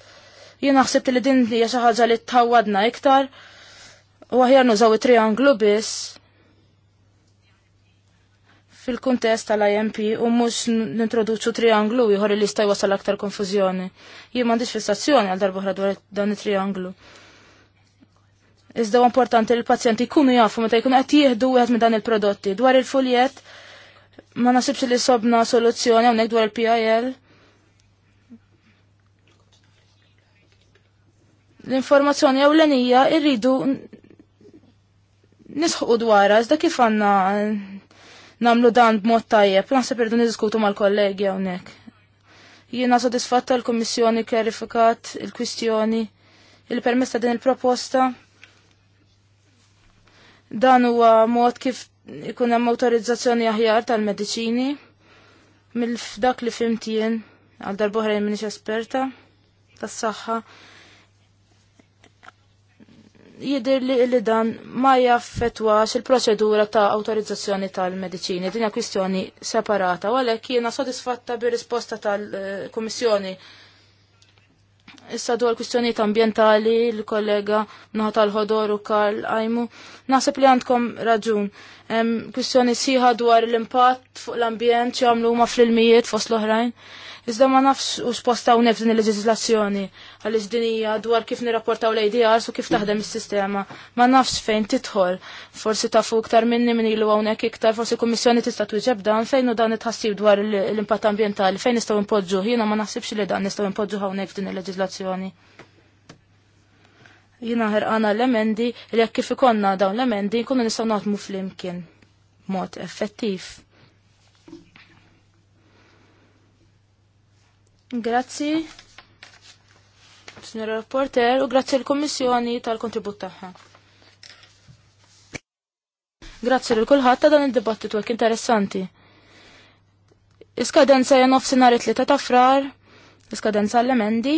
Jien naħseb li din hija xi ħaġa li tħawwadna iktar u aħjar nużaw it-trianglu biss fil-kuntest tal-IMP u mux nintroduċu trianglu jħor li jista' wasal aktar konfużjoni. Jien m'għandix fissazzjoni għal darba dwar dan it-trianglu. Iżda importanti li l-pazjenti jkunu jafu meta jkunu qed jieħdu wieħed minn dan il-prodotti. Dwar il foliet ma nasibx li sobna soluzzjoni hawnhekk dwar il-PIL. L-informazzjoni ewlenija irridu nisħu dwarha iżda kif għandna namlu dan b'mod tajjeb. Naħseb irridu niskutu mal-kollegi hawnhekk. Jiena sodisfatta l-Kummissjoni klarifikat il-kwistjoni il-permess ta' din il-proposta. Dan huwa mod kif ikun hemm awtorizzazzjoni aħjar tal-mediċini mill-fdak li fimtien għal darbohra minix esperta tas-saħħa jidir li, li dan ma jaffetwa il-proċedura ta' autorizzazzjoni tal-medicini. Dinja kwistjoni separata, u għalek jiena sodisfatta bi risposta tal-Komissjoni. Issa dwar kwistjoni ambientali, l-kollega naħat tal ħodoru Karl Ajmu. Naħseb li għandkom raġun. Kwistjoni siħa dwar l-impatt fuq l-ambjent xi għamlu ma fl-ilmijiet fost l-oħrajn. Iżda ma nafx u sposta hawnhekk il il leġiżlazzjoni għal-izdinija dwar kif nirrapportaw l idrs u kif taħdem is-sistema. Ma nafx fejn tidħol. Forsi tafu iktar minni minn ilu hawnhekk iktar, forsi kummissjoni tista' twieġeb dan fejn u dan ħassib dwar l-impatt ambjentali, fejn nistgħu npoġġu. Jiena ma naħsibx li dan nistgħu npoġġu hawnhekk f'din il-leġiżlazzjoni jina ħerqana l-emendi li jekk kif ikonna dawn l-emendi nkunu nistgħu naħdmu flimkien mod effettiv. Grazzi. Signora Rapporter, u grazzi l-Kommissjoni tal-kontribut tagħha. Grazzi l kulħadd ta' dan id-dibattitu għek interessanti. Iskadenza hija nofsinhar it-tlieta tafrar, iskadenza l-emendi.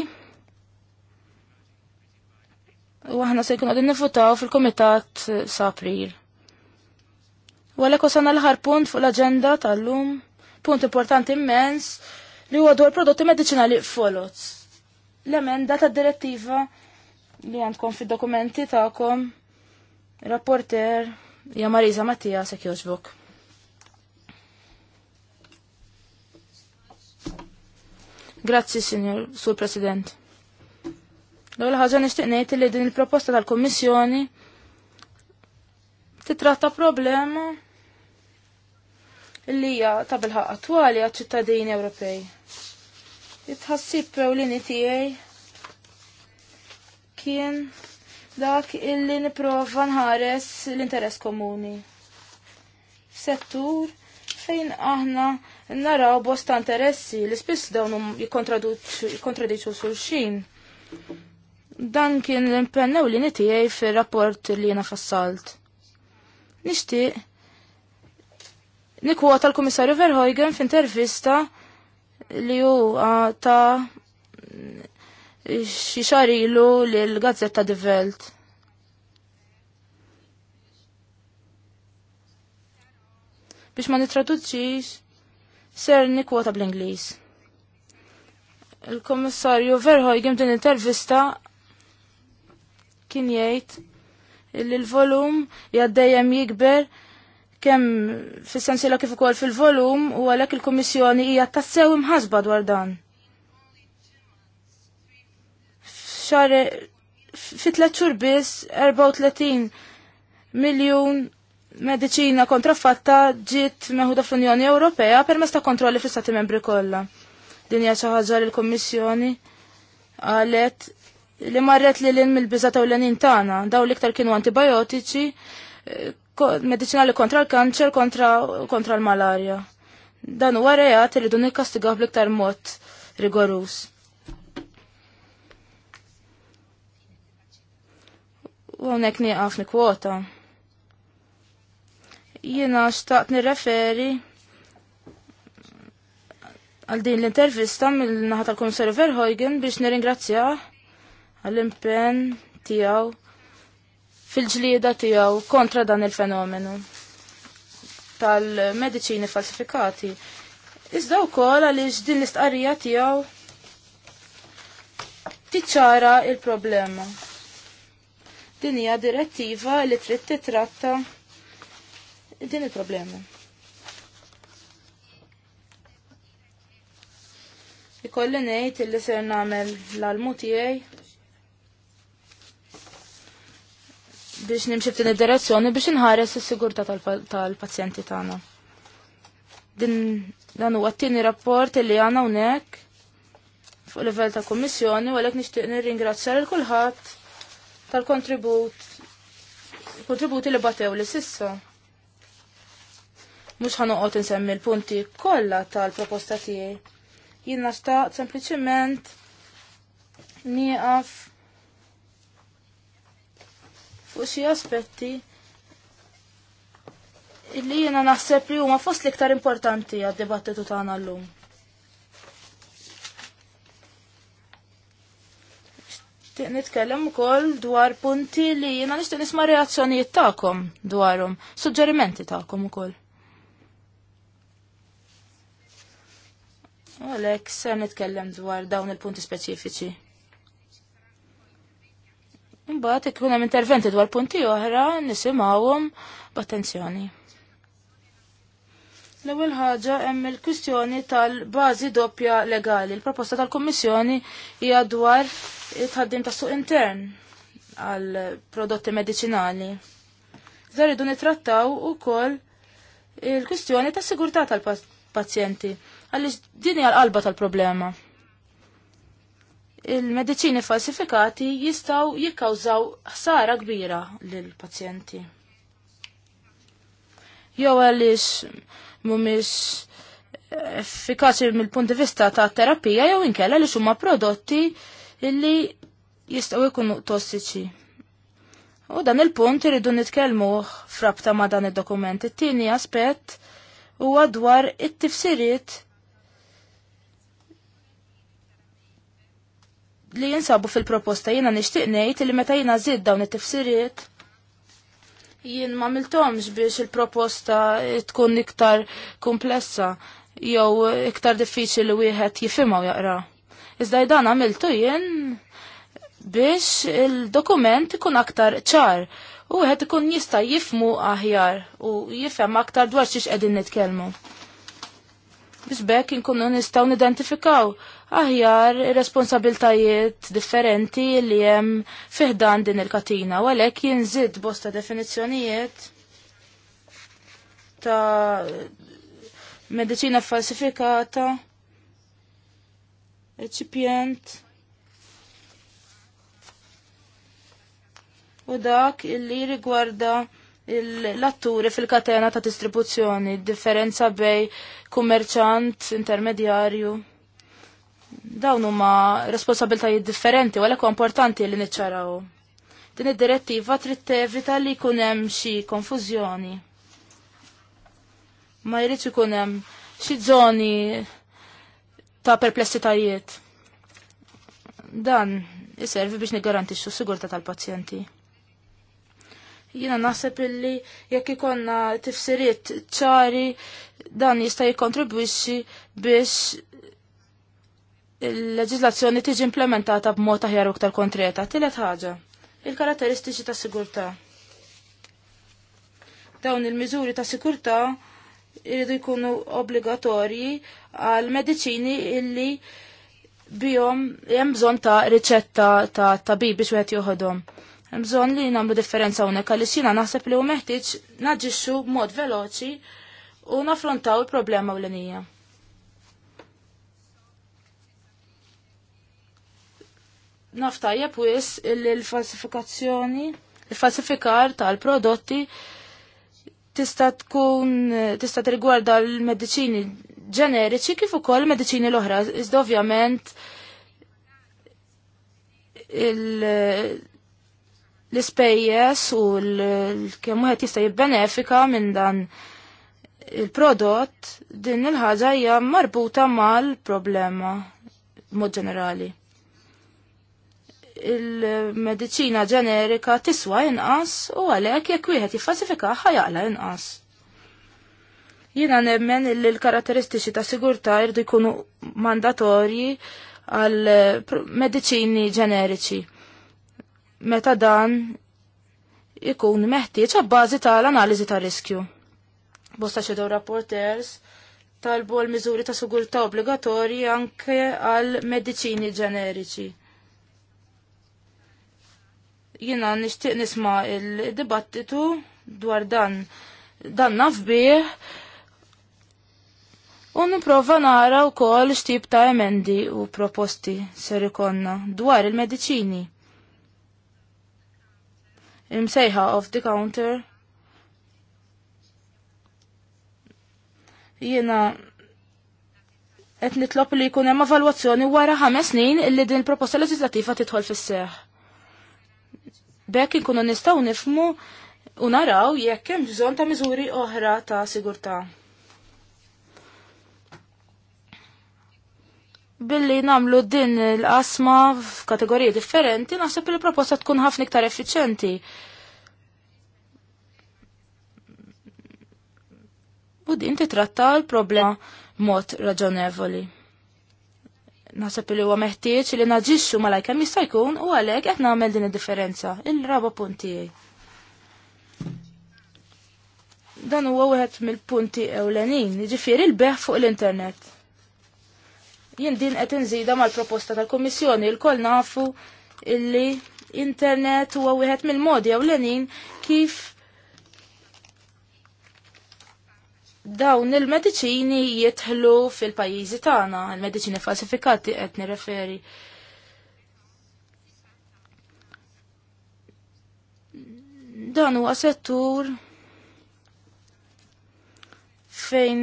U aħna se jkunu nifutaw fil-Kumitat sa' April. Walek osana l-ħar punt fuq l-agenda tal-lum, punt importanti immens, li huwa dwar prodotti medicinali folots l-emenda ta' direttiva li għandkom fi dokumenti ta'kom rapporter ja Marisa Mattia Sekjosbuk. Grazzi, Signor Sur President. l għol ħaġa nixtieq ngħid li din il-proposta tal-Kummissjoni titratta problema li hija ta' bil-ħaq attwali ċittadini Ewropej. Itħassib ewlieni tiegħi kien dak illi niprofa nħares l-interess komuni. Settur fejn aħna naraw bosta interessi li spiss dawn jikontradiċu xulxin. Dan kien l-impennew li nitijaj fil-rapport li jena fassalt. Nishtiq, nikwota l-Komissarju Verhoeven f'intervista intervista li huwa ta' xi li l Gazzetta di Welt. Biex ma nitraduċix ser nikwota bl-Ingliż. il Verħoj Verhoeven din intervista kien jgħid li l-volum jgħaddejjem jikber kemm fis la kif ukoll fil-volum u għalhekk il-Kummissjoni hija tassew imħasba dwar dan. Xar fi tliet xhur biss 34 miljun mediċina kontrafatta ġiet meħuda fl-Unjoni Ewropea permezz ta' kontrolli fl-Stati Membri kollha. Din hija xi ħaġa l-Kummissjoni qalet li marret li l-in mill-biża ta' l tagħna daw l-iktar kienu antibiotiċi eh, medicinali kontra l-kanċer kontra, kontra l-malarja. Dan huwa reat li dun ikkastigaw bl-iktar mod rigorus. U hawnhekk nieqaf nikwota. Jiena xtaqt nirreferi għal din l-intervista mill-naħa tal-Komissarju Verhoegen biex nirringrazzjah għall-impenn tiegħu fil-ġlieda tiegħu kontra dan il-fenomenu tal-mediċini falsifikati. Iżda wkoll għaliex din l-istqarrija tiegħu tiċċara il-problema. Din hija direttiva li trid titratta din il-problema. Ikolli ngħid illi ser nagħmel l-almu tiegħi biex nimxi f'din id-direzzjoni biex inħares is-sigurtà tal-pazjenti tagħna. Din dan huwa t-tieni rapport li għandna hawnhekk fuq livell ta' kummissjoni u għalhekk nixtieq nirringrazzjar il kulħadd tal-kontribut kontributi li batew li sissa. Mhux ħanoqgħod insemmi l-punti kollha tal-proposta tiegħi. Jien nasta sempliċement nieqaf fuq xi aspetti illi jiena naħseb li huma fost l-iktar importanti għad-dibattitu tagħna llum. Tiq nitkellem ukoll dwar punti li jiena nixtieq nisma' reazzjonijiet tagħkom dwarhom, suġġerimenti tagħkom ukoll. Għalek, ser nitkellem dwar dawn il-punti speċifiċi. Mbagħad ikun hemm interventi dwar punti oħra nisimgħuhom b'attenzjoni. L-ewwel ħaġa hemm il-kwistjoni tal-bażi doppja legali. Il-proposta tal-Kummissjoni hija dwar it-ħaddim tas-suq intern għal prodotti medicinali. Iżda rridu nitrattaw ukoll il-kwistjoni tas-sigurtà tal-pazjenti għaliex din hija l-qalba tal-problema il-medicini falsifikati jistaw jikkawżaw ħsara kbira lill-pazjenti. Jew għaliex mhumiex effikaċi mill-punt di vista ta' terapija jew inkella li huma prodotti illi jistgħu jkunu tossiċi. U dan il-punt iridu nitkellmu frabta ma' dan id-dokument. It-tieni aspett huwa dwar it-tifsiriet li jinsabu fil-proposta jiena nixtieq ngħid li meta jiena żid dawn it-tifsiriet jien ma miltomx biex il-proposta tkun iktar komplessa jew iktar diffiċli li wieħed jifhimha u jaqra. Iżda dan għamiltu jien biex il-dokument ikun aktar ċar u għed ikun jista jifmu aħjar u jifhem aktar dwar xiex qegħdin nitkellmu. Biex bekk inkunu nistgħu nidentifikaw aħjar responsabiltajiet differenti li hemm fiħdan din il-katina u għalhekk jinżid bosta definizzjonijiet ta' medicina falsifikata, recipient u dak illi rigwarda l-atturi fil-katena ta' distribuzzjoni, differenza bej kummerċant intermedjarju. Dawn huma responsabiltajiet differenti u għalhekk importanti li niċċaraw. Din id-direttiva trid tevita li jkun hemm xi konfużjoni. Ma jridx ikun hemm xi żoni ta' perplessitajiet. Dan jiservi biex niggarantixxu s-sigurta tal-pazjenti. Jiena naħseb illi jekk ikonna tifsiriet ċari dan jista' jikkontribwixxi biex il leġislazzjoni tiġi implementata b'mod aħjar u ktar konkreta. Tielet ħaġa, il-karatteristiċi ta' sigurtà. Dawn il-miżuri ta' sigurtà jridu jkunu obbligatorji għal mediċini illi bihom hemm bżonn ta' riċetta ta' tabib biex wieħed joħodhom. Hemm bżonn li nagħmlu differenza hawnhekk għaliex jiena naħseb li hu meħtieġ naġixxu b'mod veloċi u naffrontaw il-problema ewlenija. naftajja tajjeb wis illi l-falsifikazzjoni, l-falsifikar tal-prodotti tista' tkun tista' tirgwarda l medicini ġeneriċi kif ukoll medicini l-oħra. Iżda ovvjament l-ispejjeż u l-kemm wieħed jista' jibbenefika minn dan il-prodott din il-ħaġa hija marbuta mal-problema mod ġenerali il-medicina ġenerika tiswa inqas u għalhekk jekk wieħed jiffasifika ħajaqla inqas. Jiena nemmen li l-karatteristiċi ta' sigurtà jridu jkunu mandatorji għal mediċini ġeneriċi. Meta dan ikun meħtieġ għabbażi tal-analiżi ta' riskju. Bosta xedaw rapporters talbu għal miżuri ta' sigurtà obbligatorji anke għal mediċini ġeneriċi Jina nishtiq nisma il-dibattitu dwar dan dan nafbiħ u niprofa nara u kol xtib ta' emendi u proposti ser ikonna dwar il-medicini. Imsejħa off the counter. Jina qed nitlob li jkun hemm evalwazzjoni wara ħames snin illi din il-proposta leġislattiva tidħol fis-seħħ. Bekk inkunu nistgħu nifmu u naraw jekk hemm bżonn ta' miżuri oħra ta' sigurtà. Billi namlu din l-qasma f'kategoriji differenti, naħseb li proposta tkun ħafna iktar effiċenti. U din titratta l-problema mod raġonevoli. Nasab li huwa meħtieġ li naġixxu malaj jista' jkun u għalhekk qed nagħmel din id-differenza. Il-raba punt tiegħi. Dan huwa wieħed mill-punti ewlenin, jiġifieri il-beħ fuq l-internet. Jien din qed inżida mal-proposta tal-Kummissjoni il kol nafu illi internet huwa wieħed mill-modi ewlenin kif dawn il-mediċini jitħlu fil-pajjiżi tagħna, il-mediċini falsifikati qed nirreferi. Dan huwa settur fejn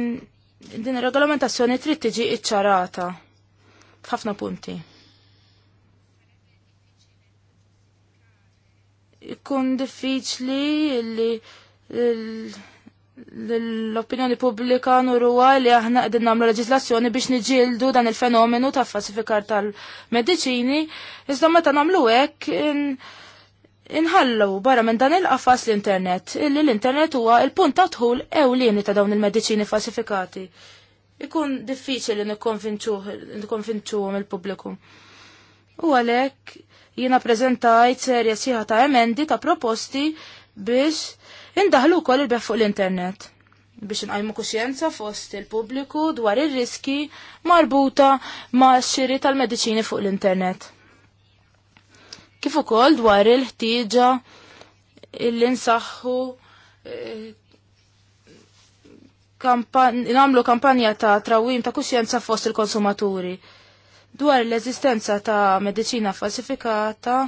din ir-regolamentazzjoni trid tiġi iċċarata f'ħafna punti. Ikun diffiċli li l l-opinjoni pubblika nurruwa li aħna qegħdin nagħmlu leġislazzjoni biex nġildu dan il-fenomenu ta' falsifikar tal-mediċini, iżda meta nagħmlu hekk inħallu barra minn dan il-qafas l-internet, illi l-internet huwa il-punt ta' tħul ewlieni ta' dawn il-mediċini falsifikati. Ikun diffiċli nikkonvinċuhom il-pubbliku. U għalhekk jiena preżentajt serja sieħa ta' emendi ta' proposti biex Indaħlu wkoll il bef fuq l-internet biex nqajmu kuxjenza fost il-pubbliku dwar ir-riski marbuta ma' xiri tal-mediċini fuq l-internet. Kif ukoll dwar il-ħtieġa illi nsaħħu eh, nagħmlu kampanja ta' trawim ta' kuxjenza fost il-konsumaturi dwar l-eżistenza ta' mediċina falsifikata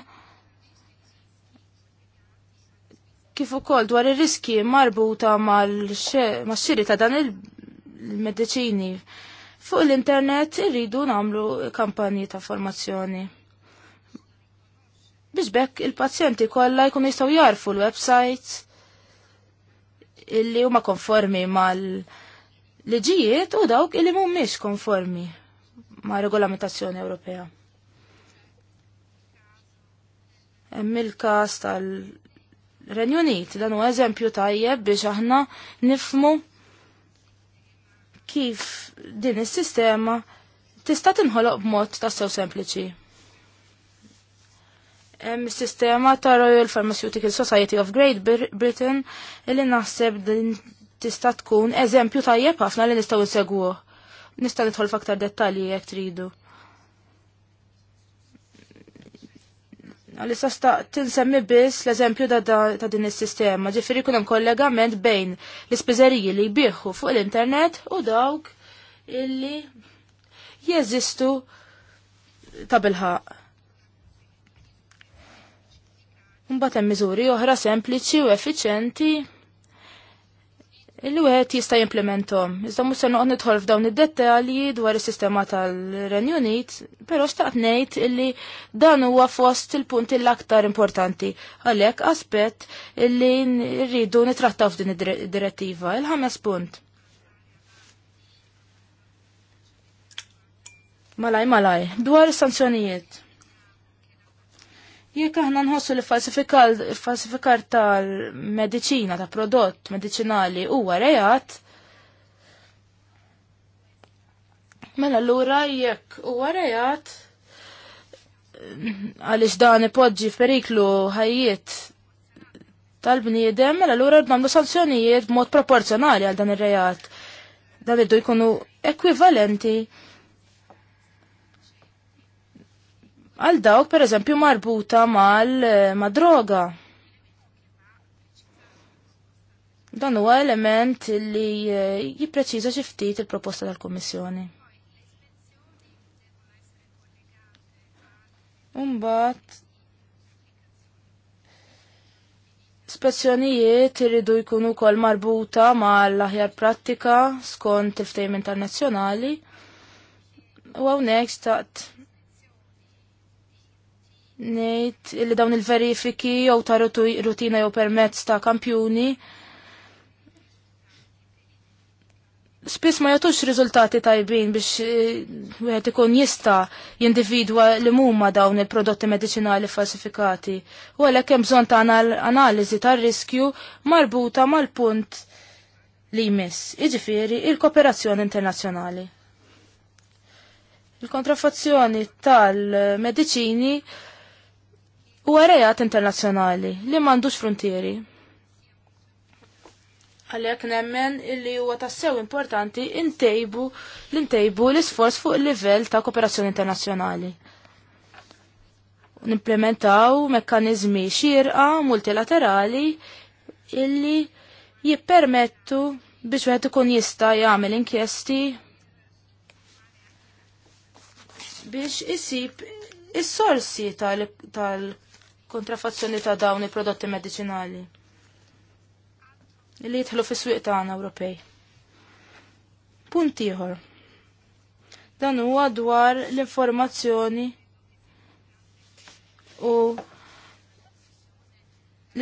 kif ukoll dwar ir-riski marbuta mal-xiri ta' dan il-mediċini fuq l-internet irridu nagħmlu kampanji ta' formazzjoni. Biex bekk il-pazjenti kollha jkunu jistgħu jarfu l-websites illi huma konformi mal-liġijiet u dawk illi mhumiex konformi ma' regolamentazzjoni Ewropea. Hemm il-każ tal- Renjunit, dan huwa eżempju tajjeb biex aħna nifmu kif din is-sistema tista' tinħoloq b'mod tassew sempliċi. Hemm is-sistema ta' Royal Pharmaceutical Society of Great Britain li naħseb din tista' tkun eżempju tajjeb ħafna li nistgħu nseguh. Nista' nidħol f'aktar dettalji jekk tridu. Għalli sasta tinsemmi biss l-eżempju ta' din is-sistema, ġifiri kun hemm kollegament bejn l-ispiżeriji li jbieħu fuq l-internet u dawk illi jeżistu ta' bilħaq. Mbagħad hemm miżuri oħra sempliċi u effiċenti il-wieħed jista' jimplementom. Iżda mhux se noqgħod f'dawn id-dettalji dwar is-sistema tal-Renju Unit, però xtaqt ngħid illi dan huwa fost il-punti l-aktar importanti. Għalhekk aspett illi rridu nitrattaw f'din id-direttiva, il-ħames punt. Malaj, malaj, dwar is-sanzjonijiet. Jekk aħna nħossu li falsifikar tal-medicina, ta' prodott medicinali huwa għarajat, mela l-ura jekk huwa għarajat, għalix dan ipoġġi f'periklu ħajjiet tal-bniedem, mela l-ura namlu sanzjonijiet b'mod proporzjonali għal dan ir-rejat. Dan iddu jkunu ekwivalenti għal dawk per eżempju marbuta mal eh, ma droga. Dan huwa element li eh, jippreċiża xi ftit il-proposta tal-Kummissjoni. Umbat Spezzjonijiet iridu jkunu kol marbuta mal-aħjar prattika skont il-ftejm internazzjonali u hawnhekk staqt Nejt li dawn il-verifiki jew ta' rutina jew permezz ta' kampjuni spiss ma jagħtux riżultati tajbin biex eh, wieħed ikun jista' jindividwa li huma dawn il-prodotti mediċinali falsifikati. U għalhekk hemm bżonn ta' analiżi tar-riskju marbuta mal-punt li jmiss, iġifieri il-kooperazzjoni internazzjonali. Il-kontraffazzjoni tal-mediċini u għarajat internazzjonali li mandux frontieri. Għalek nemmen illi huwa tassew importanti intejbu l-intejbu l-isforz fuq il-livell ta' kooperazzjoni internazzjonali. Nimplementaw mekkanizmi xirqa multilaterali illi jippermettu biex wieħed ikun jista' jagħmel inkjesti biex isib is-sorsi tal-konflitti. tal tal kontrafazzjoni ta' dawn il-prodotti medicinali li jitħlu fis ta' tagħna Ewropej. Punt ieħor. Dan huwa dwar l-informazzjoni u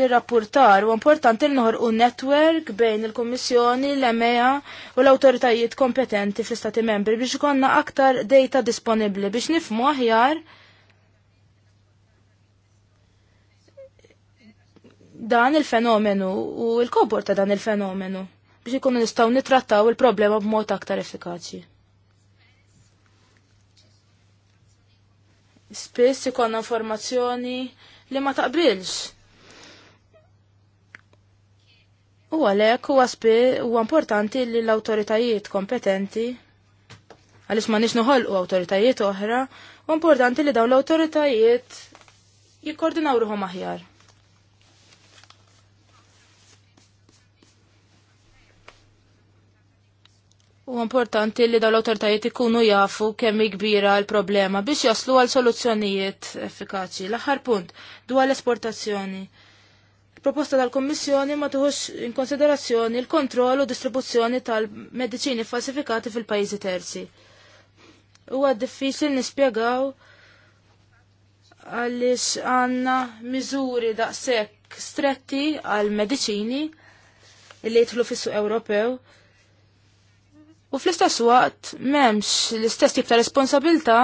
li rapportar u importanti li noħorqu netwerk bejn il-Kommissjoni, l-EMEA u l-autoritajiet kompetenti fl-Istati membri biex ikonna aktar data disponibli biex nifmu aħjar dan il-fenomenu u l-kobor ta' dan il-fenomenu biex ikunu nistgħu nitrattaw il-problema b'mod aktar effikaċi. Spiss ikonna informazzjoni li ma taqbilx. U għalhekk huwa huwa importanti li l-awtoritajiet kompetenti għaliex ma nix noħolqu awtoritajiet oħra, u importanti li dawn l-awtoritajiet jikkordinaw ruħhom aħjar. U importanti li dawn l-autoritajiet ikunu jafu kemm kbira l-problema biex jaslu għal soluzzjonijiet effikaċi. L-aħħar punt, dwar l-esportazzjoni. Proposta tal-Kommissjoni ma tuħux in konsiderazzjoni l-kontroll u distribuzzjoni tal-mediċini falsifikati fil-pajjiżi terzi. Huwa diffiċli nispjegaw għaliex għandna miżuri daqshekk stretti għal mediċini li jidħlu fis-suq Ewropew U fl-istess waqt m'hemmx l-istess tip ta' responsabilta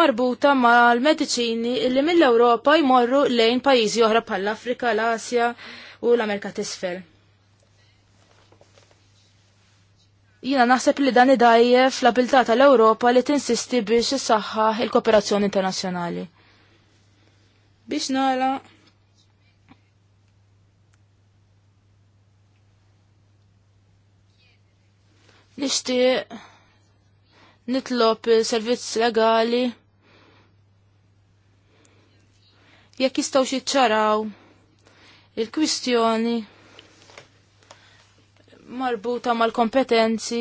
marbuta ma' l-mediċini li mill-Ewropa jmorru lejn pajjiżi oħra bħal afrika l-Asja u l-Amerika t-isfel. Jina naħseb li dan idajjef l-abilità tal-Ewropa li tinsisti biex issaħħaħ il-kooperazzjoni internazzjonali. Biex nara, Nixtieq nitlob servizz legali jekk jistgħu jiċċaraw il-kwistjoni marbuta mal-kompetenzi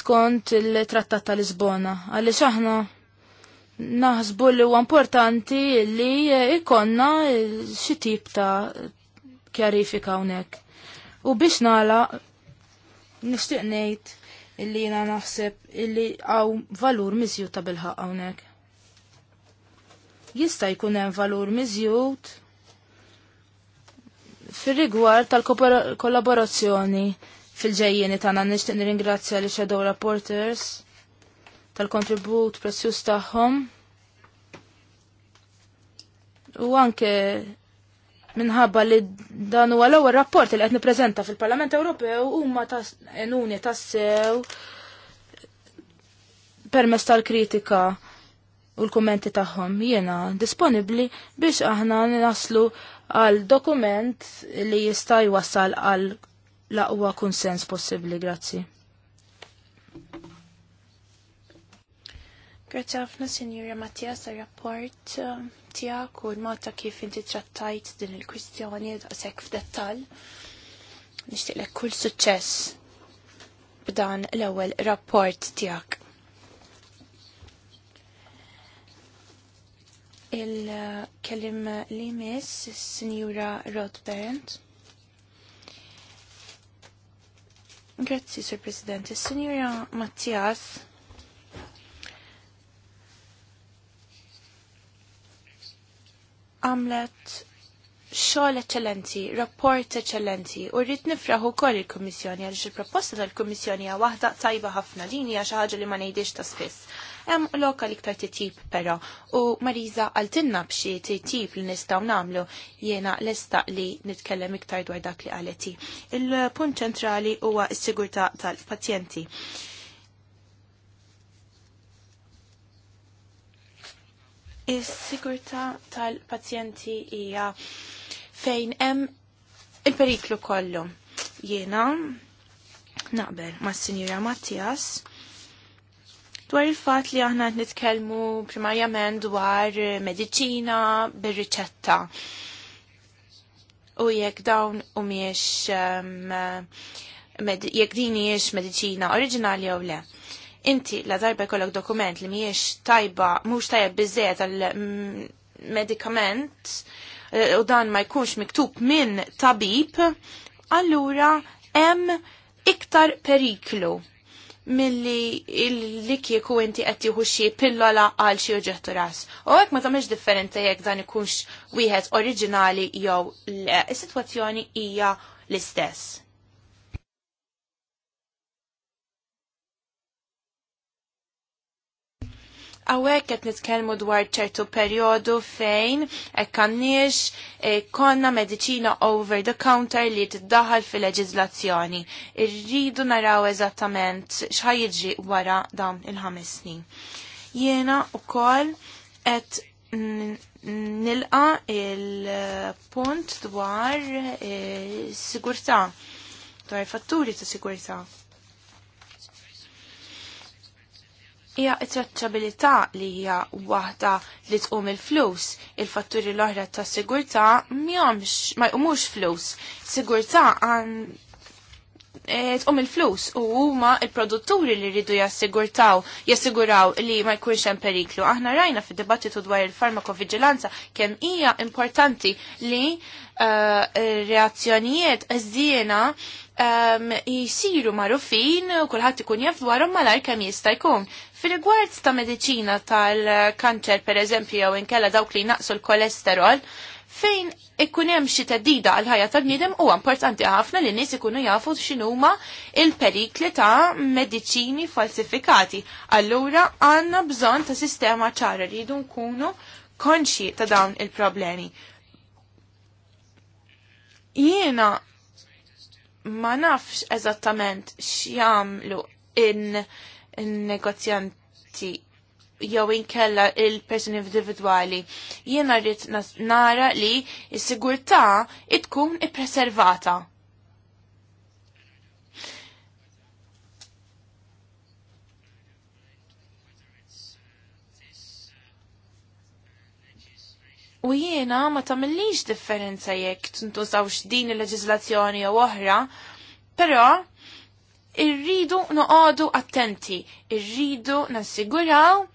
skont il-Trattat ta' Lisbona. Għaliex aħna naħsbu li huwa importanti li ikonna xi tip ta' kjarifika hawnhekk. U biex nagħlaq. Nishtiq ngħid illi jina naħseb illi għaw valur miżjud ta' bilħaq hawnhekk. Jista' jkun hemm valur miżjud fir-rigward tal-kollaborazzjoni fil-ġejjeni tagħna nixtieq nirringrazzja li shadow rapporters tal-kontribut prezzjuż tagħhom u anke minħabba li dan huwa l-ewwel rapport li qed nippreżenta fil-Parlament Ewropew huma ta' enuni tassew permess tal-kritika u l-kummenti tagħhom jiena disponibbli biex aħna naslu għal dokument li jista' jwassal għal l-aqwa konsens possibbli. Grazzi. Grazie ħafna Sinjura Mattias għal rapport um, tiegħek u l-mod ta' kif inti trattajt din il-kwistjoni daqshekk f'dettall. Nixtieqlek kull suċċess b'dan l-ewwel rapport tiegħek. Il-kelim li miss Sinjura Rodberent. Grazzi, Sur President. is Mattias għamlet xogħol eċċellenti, rapport eċċellenti u rrid nifraħ ukoll il-Kummissjoni għaliex il-proposta tal-Kummissjoni hija waħda tajba ħafna din hija xi ħaġa li ma ngħidix ta' spiss. Hemm lokal iktar titjib però u Mariza għaltinna b'xi titjib li nistgħu nagħmlu jiena esta li nitkellem iktar dwar dak li qaleti. Il-punt ċentrali huwa s-sigurtà tal-pazjenti. tal pazjenti Is-sigurtà tal-pazjenti hija fejn hemm il-periklu kollu. Jiena naqbel mas-Sinjura Mattias dwar il-fat li aħna nitkellmu primarjament dwar medicina bir-riċetta. U jekk dawn u miex ehm, jekk din miex medicina oriġinali jew le. Inti la darba jkollok dokument li mhijiex tajba, mhux tajjeb bizzet għal mm, medikament eh, u dan ma jkunx miktub minn tabib, allura hemm iktar periklu milli li kieku inti qed tieħu xi pillola għal xi uġeħtu ras. U hekk ma tamiex differenti jekk dan ikunx wieħed oriġinali jew le. Is-sitwazzjoni hija l-istess. Għawek qed nitkellmu dwar ċertu perjodu fejn hekk għandniex eh, konna mediċina over the counter li tiddaħħal fil-leġiżlazzjoni. Irridu naraw eżattament x'ħajjiġri wara dawn il-ħames snin. Jiena wkoll qed nilqa il-punt dwar eh, sigurtà dwar fatturi ta' sigurtà hija it-traċċabilità li hija waħda li tqum il-flus. Il-fatturi l-oħra ta' sigurtà m'hemmx ma jqumux flus. Sigurtà għan e, tqum il-flus u huma il-produtturi li rridu jassigurtaw, jassiguraw li ma jkunx hemm periklu. Aħna rajna fid-dibattitu dwar il-farmakovigilanza kemm hija importanti li e, reazzjonijiet żiena um, jisiru marufin u kullħat ikun jaf dwarhom malar kemm jista' jkun. fil gwart ta' mediċina tal-kanċer pereżempju jew inkella dawk li naqsu l-kolesterol, fejn ikun hemm xi teddida għal ħajja tal-bniedem huwa importanti ħafna li nies ikunu jafu x'inhuma il-perikli ta' mediċini falsifikati. Allura għandna bżonn ta' sistema ċara rridu nkunu konxi ta' dawn il-problemi. Jiena ma nafx eżattament x'jamlu in, negozjanti jew inkella il-persuni individwali. Jiena rrid nara li s-sigurtà tkun ippreservata. U jiena ma tamillix differenza jekk tuntużawx din il-leġizlazzjoni jew oħra, però irridu noqogħdu attenti, irridu nassiguraw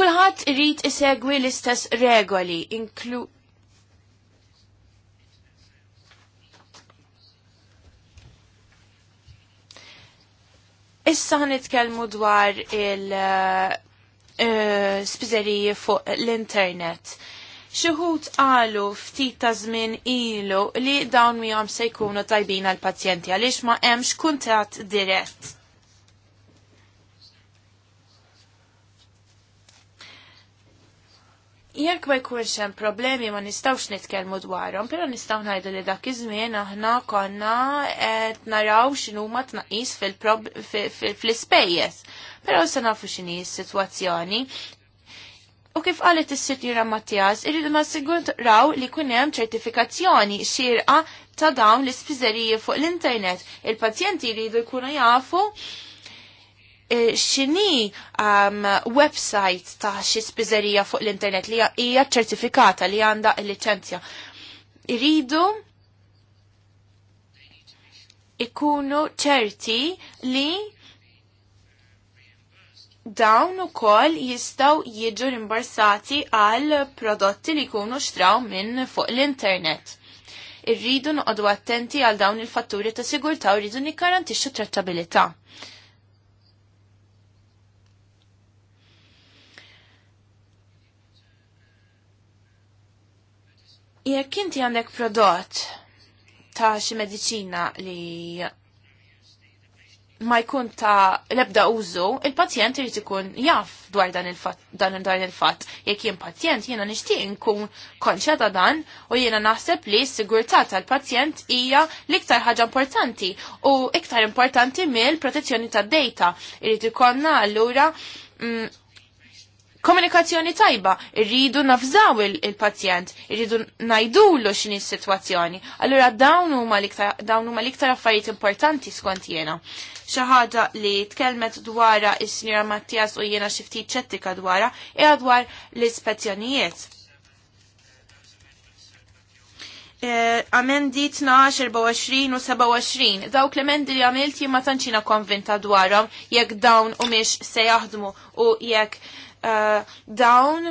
Kulħadd irid isegwi l-istess regoli, inklu Issa nitkellmu dwar il eh, eh, spizzeriji fuq l-internet. Xuhut għalu ftit ta' żmien ilu li dawn miegħhom se jkunu tajbin għall pazjenti għaliex ma hemmx kuntatt dirett Jekk ma jkunx hemm problemi ma nistgħux nitkellmu dwarhom, però nistgħu ngħidu li dak iż-żmien aħna konna qed naraw x'inhuma tnaqqis fil-ispejjeż. Però se nafu x'inhi s-sitwazzjoni, U kif qalet is-Sinjura Mattias, irridu nassiguraw li kun hemm ċertifikazzjoni xirqa ta' dawn l-ispiżeriji fuq l-internet. Il-pazjenti jridu jkunu jafu Eh, xini um, website ta' xi spiżerija fuq l-internet li hija ċertifikata li għandha l-liċenzja. Iridu ikunu ċerti li dawn ukoll jistgħu jiġu rimbarsati għal prodotti li jkunu xtraw minn fuq l-internet. Irridu noqogħdu attenti għal dawn il-fatturi ta' sigurtà u rridu nikkarantixxu trattabilità. Jekk inti għandek prodott ta' xi medicina li ma jkun ta' lebda użu, il-pazjent irid ikun jaf dwar dan il-fatt, dan il-fatt. Jekk jien pazjent jiena nixtieq inkun konxa ta' dan u jiena naħseb li s-sigurtà tal-pazjent hija l-iktar ħaġa importanti u iktar importanti mill-protezzjoni tad-data. Irid ikollna allura mm, komunikazzjoni tajba, irridu nafżaw il-pazjent, irridu najdullu x'inhi s-sitwazzjoni. Allura dawn huma liktar affarijiet importanti skont jiena. Xaħġa ħaġa li tkellmet dwara is-Sinjora Mattias u jiena xi ftit ċettika dwara e dwar l-ispezzjonijiet. E, amendi 12, 24 u 27, dawk l-emendi li għamilt ma tantxina konvinta dwarhom jekk dawn u miex se jaħdmu u jekk Uh, dawn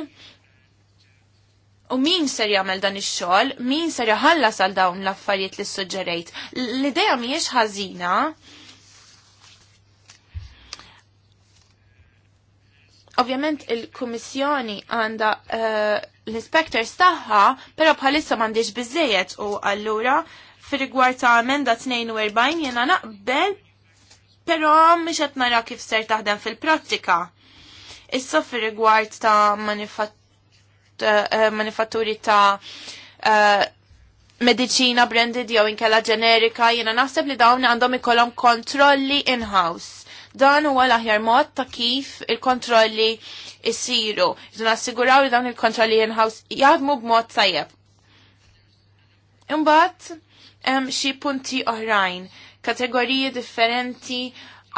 U min ser jagħmel dan ix-xogħol, min ser jaħallas għal dawn l-affarijiet li suġġerejt. L-idea mhijiex ħażina. Ovvjament il-Kummissjoni għandha uh, l-inspectors tagħha, però bħalissa m'għandix biżejjed u allura fir-rigward ta' emenda 42 jiena naqbel, però mhix qed nara kif ser taħdem fil-prattika Issa fir rigward ta' eh, manifatturi ta' uh, medicina branded jew inkella ġenerika, jiena naħseb li dawn għandhom ikollhom kontrolli in-house. Dan huwa l-aħjar mod ta' kif il-kontrolli jsiru. Iżda nassiguraw li dawn il-kontrolli in-house jaħdmu b'mod tajjeb. Imbagħad hemm xi punti oħrajn, kategoriji differenti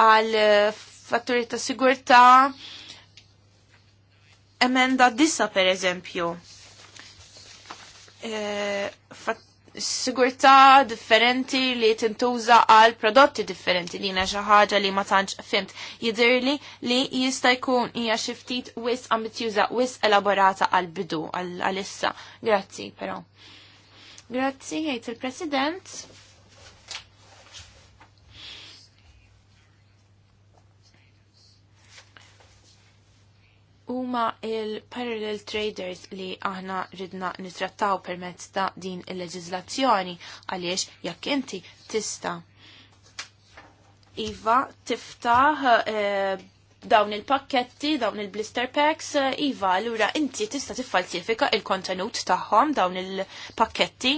għal fatturi ta' sigurtà, emenda dissa per eżempju. E, differenti li tintuża għal prodotti differenti li xi ħaġa li ma tantx fimt. Jidirli li jista' jkun hija xi ftit wis ambizjuża wis elaborata għal bidu għal issa. Grazzi però. Grazzi jgħid il-President. huma il-parallel traders li aħna ridna nitrattaw permezz ta' din il-leġizlazzjoni għaliex jekk inti tista' Iva tiftaħ eh, dawn il-pakketti, dawn il-blister packs, eh, Iva, allura inti tista' tiffalsifika il-kontenut tagħhom dawn il-pakketti.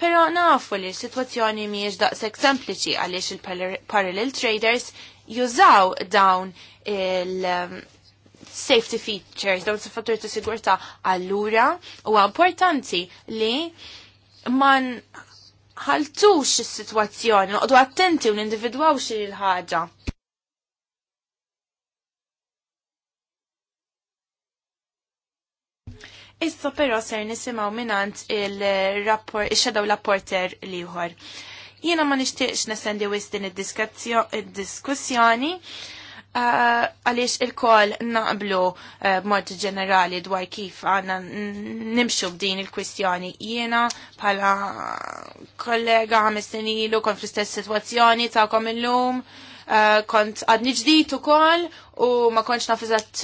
Pero nafu li s-situazzjoni miex daqseg sempliċi għaliex il-parallel traders jużaw dawn il- safety features, dawn fattur ta' sigurta allura huwa importanti li man ħaltux is-sitwazzjoni, noqdu attenti u nindividwaw xi l-ħaġa. Issa però ser nisimaw minant il-rapport, il-shadow rapporter liħor. Jiena ma nishtiqx nesendi wis din id-diskussjoni, Eh, għaliex il kol naqblu eh, b'mod ġenerali dwar kif għanna nimxu b'din il-kwistjoni. Jiena bħala kollega ħames ilu kon fl-istess situazzjoni ta' kom illum, eh, kont għadni ġdijt u kol u ma konċ nafizat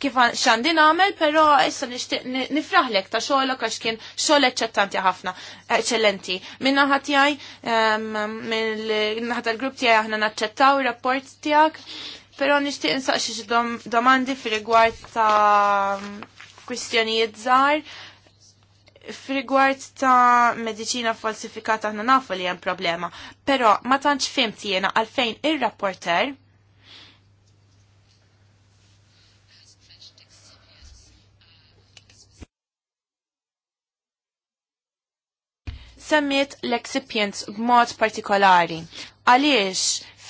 kif xandin għamel, pero issa nifraħlek ta' xolok għax kien xol eċċettanti ħafna, eċċellenti. Minna ħatijaj, ehm, minna ħat l-grupp tijaj aħna naċċettaw il-rapport tijak, Pero nishtiq insaqxi xi domandi fil ta' kwistjonijiet żgħar. f'rigward ta' mediċina falsifikata aħna nafu li hemm problema, però ma tantx fimt jiena għalfejn ir-rapporter semmiet l-excipients b'mod partikolari. Għaliex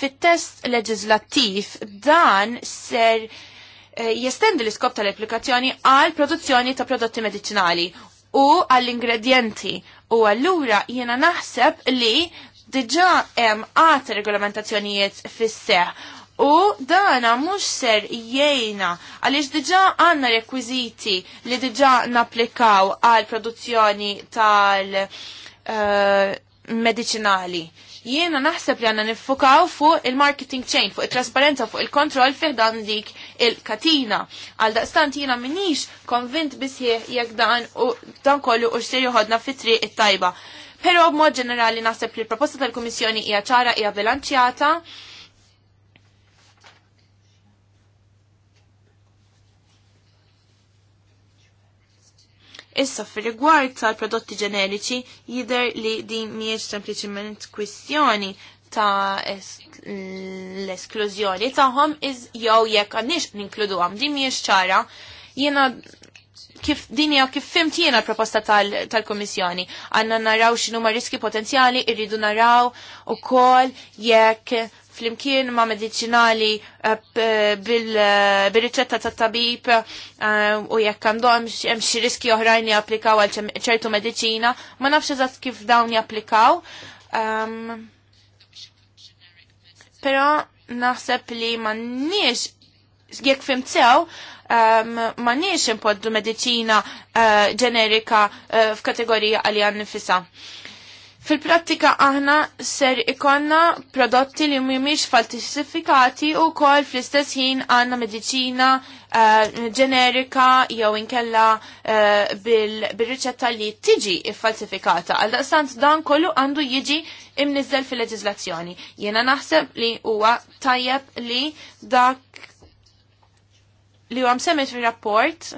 fit-test leġislattiv dan ser eh, jestendi l-iskop tal-applikazzjoni għal produzzjoni ta' prodotti medicinali u għall-ingredienti u għallura jiena naħseb li diġa hemm għat regolamentazzjonijiet fis-seħ u dana mhux ser jgħina għaliex diġa għandna rekwiżiti li diġa napplikaw għal produzzjoni tal uh, Jiena naħseb li għanna nifukaw fuq il-marketing chain, fuq il-trasparenza, fuq il-kontroll dan dik il-katina. Għal daqstant jiena minix konvint bisħie jekk dan u dan kollu u xsir ħodna fitri it-tajba. Pero b'mod ġenerali naħseb li l-proposta tal-Komissjoni hija ċara hija bilanċjata Issa fir rigward tal-prodotti ġenerici jider li din miex sempliciment kwistjoni ta' l-esklużjoni tagħhom iż jew jekk għandniex ninkludu għam din miex ċara jiena kif dinja kif fimt jiena proposta tal-Komissjoni. għandna naraw x'numa riski potenzjali, irridu naraw ukoll jekk flimkien ma' medicinali eh, eh, bil-riċetta ta' tabib eh, u jekk għandhom hemm xi riski oħrajn japplikaw għal ċertu mediċina, ma nafx eżatt kif dawn japplikaw. Ehm, però naħseb li ma nix jekk fim ehm, ma nix impoddu medicina ġenerika f'kategorija għalija nifisa. Fil-prattika aħna ser ikonna prodotti li mhumiex falsifikati u kol fl-istess ħin għandna mediċina eh, ġenerika jew inkella uh, bil-riċetta bil li tiġi falsifikata. Għal daqstant dan kollu għandu jiġi imnizzel fil-leġizlazzjoni. Jena naħseb li huwa tajjeb li dak li huwa msemmet fil rapport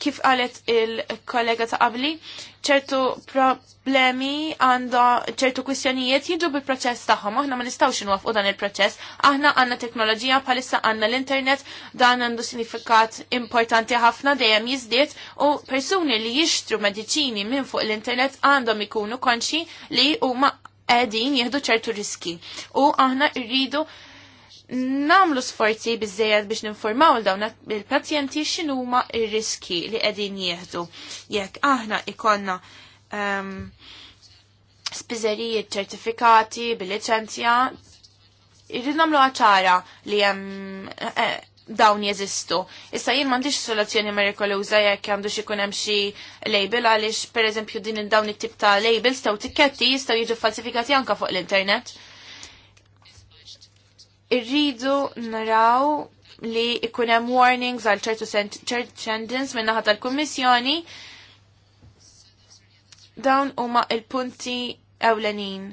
kif qalet il-kollega ta' qabli, ċertu problemi għanda ċertu kwistjonijiet jiġu bil-proċess tagħhom. Aħna ma nistgħux inwafqu dan il-proċess. Aħna għandna teknoloġija bħalissa għandna l-internet dan għandu sinifikat importanti ħafna dejjem jiżdied u persuni li jixtru mediċini minn fuq l-internet għandhom ikunu konxi li huma qegħdin jieħdu ċertu riski. U aħna rridu namlu sforzi bizzejad biex ninformaw l dawn il-pazjenti x'inhuma il riski li qegħdin jieħdu. Jekk aħna ikonna um, ehm, spizzerijiet ċertifikati bil-liċenzja, irrid nagħmlu ċara li hemm eh, eh, dawn jeżistu. Issa jien m'għandix soluzzjoni merikoluża jekk għandu xi jkun hemm xi label għaliex pereżempju din dawn it-tip ta' labels taw tikketti jistgħu jiġu falsifikati anke fuq l-internet irridu naraw li ikunem hemm warnings għal ċertu sentence minna naħa tal-Kummissjoni dawn huma il-punti ewlenin.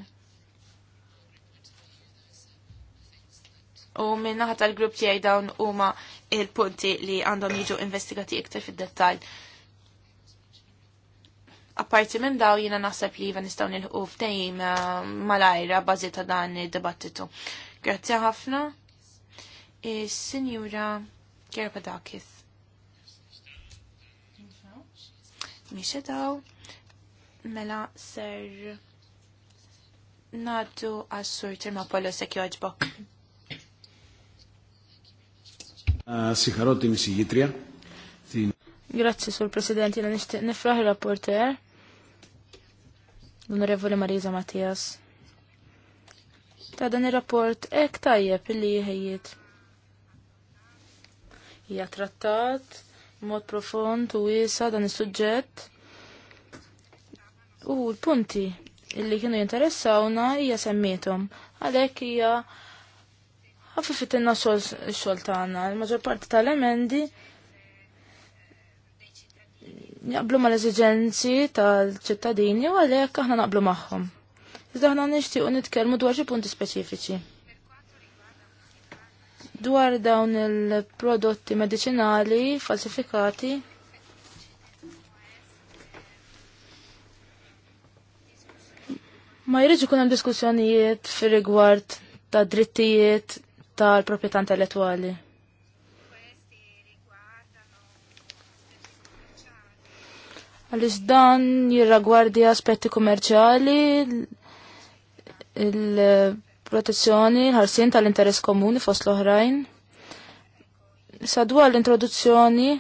U minn naħa tal-grupp tiegħi dawn huma il-punti li għandhom jiġu investigati iktar fid-dettall. Apparti minn daw jiena naħseb li jiva nistgħu nilħu ftehim malajra bażi ta' dan id-dibattitu. Uh, Grazie ħafna. E signora Gerbadakis. Miex daw, mela ser naddu għas-sur tirma pollo sekk joġbok. Ah, Sikarot din sijitrija. Grazzi, sur President, jena nishtiq nifraħi rapporter. L-Onorevoli Marisa Mattias ta' dan ir-rapport hekk tajjeb illi ħejjiet. Hija trattat mod profond u wiesa dan is-suġġett. U l-punti illi kienu jinteressawna hija semmietom. Għalhekk hija ħaffifit inna xogħol tagħna. Il-maġġor parti tal-emendi jaqblu ma l tal-ċittadini u għalek aħna naqblu magħhom. Zdaħna nishti nixtiequ nitkellmu dwar xi punti speċifiċi. Dwar dawn il-prodotti medicinali falsifikati, Ma jridx ikun hemm diskussjonijiet fir-rigward ta' drittijiet tal-proprjetà intellettwali. Għaliex dan jirragwardi aspetti komerċali il-protezzjoni ħarsin tal-interess komuni fost l-oħrajn. Sadwar l-introduzzjoni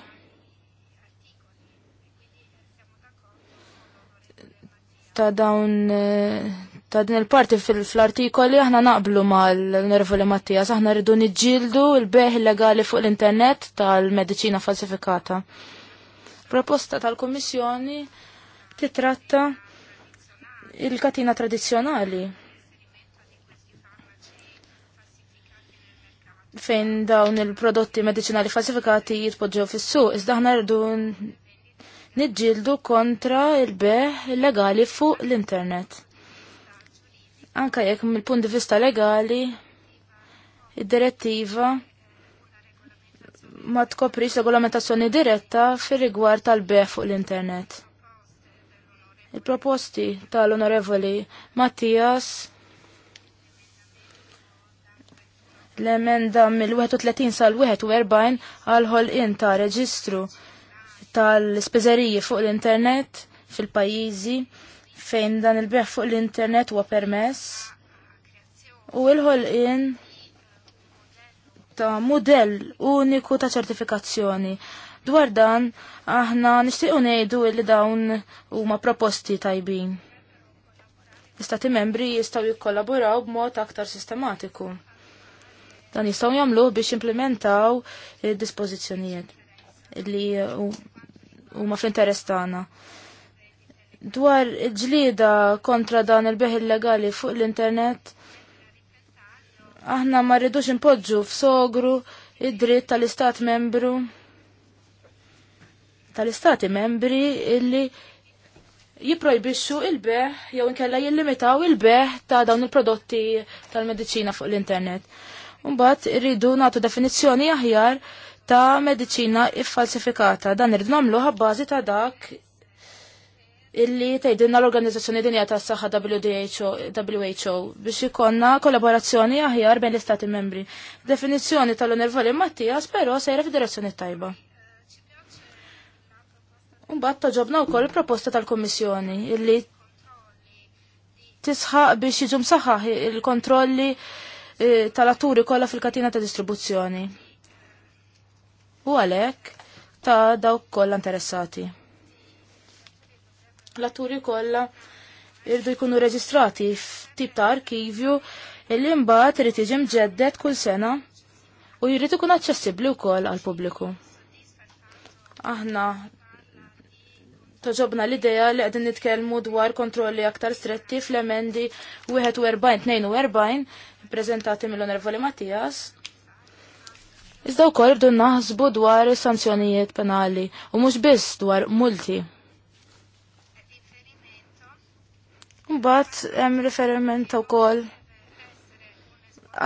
ta' dawn eh, ta' din il-parti fil-artikoli aħna naqblu mal-nervu li Mattias, aħna rridu niġġieldu il-beħ illegali fuq l-internet tal-medicina falsifikata. Proposta tal komissjoni titratta il-katina tradizjonali fejn dawn il-prodotti medicinali falsifikati jitpoġġew fis-suq, iżda aħna rridu niġġieldu kontra il-beħ illegali fuq l-internet. Anka jekk mill-punt di vista legali, id-direttiva ma tkoprix regolamentazzjoni diretta fir rigward tal-beħ fuq l-internet. Il-proposti tal-Onorevoli Mattias l-emenda mill-31 sal-41 għal in ta' reġistru tal-speżeriji fuq l-internet fil-pajjiżi fejn dan il-beħ fuq l-internet huwa permess u l-ħolqien ta' modell uniku ta' ċertifikazzjoni. Dwar dan, aħna nixtiequ ngħidu li dawn huma proposti tajbin. L-istati membri jistgħu jikkollaboraw b'mod aktar sistematiku. Dan jistgħu jamlu biex implementaw dispożizzjonijiet li huma fl-interess tagħna. Dwar ġlieda kontra dan il-beħ illegali fuq l-internet, aħna ma rridux impoġġu f'sogru id-dritt tal-istat membru tal-istati membri illi jiprojbixxu il-beħ jew inkella jillimitaw il-beħ ta' dawn il-prodotti tal-mediċina fuq l-internet. Mbagħad irridu nagħtu definizzjoni aħjar ta' mediċina iffalsifikata. Dan irridu nagħmluha bbażi ta' dak illi tgħidilna l-Organizzazzjoni Dinja tas-Saħħa WHO, WHO biex ikonna kollaborazzjoni aħjar bejn l-Istati membri. Definizzjoni tal-Onervali Mattias però sejra f'direzzjoni tajba. Mbagħad toġobna wkoll proposta tal-Kummissjoni illi tisħaq biex jiġu msaħħaħ il-kontrolli il kontrolli Eh, tal-atturi kollha fil-katina ta' distribuzzjoni. U għalhekk ta' dawk kollha interessati. L-atturi kollha irdu jkunu reġistrati f'tip ta' arkivju illi mbagħad irid jiġi mġeddet kull sena u jrid ikun aċċessibbli wkoll għall pubbliku. Aħna toġobna l-idea li għedin nitkellmu dwar kontrolli aktar stretti fl-emendi 41-42 prezentati mill-onervoli Mattias. Iżda wkoll bdu naħsbu dwar sanzjonijiet penali u mhux biss dwar multi. Mbagħad hemm riferiment wkoll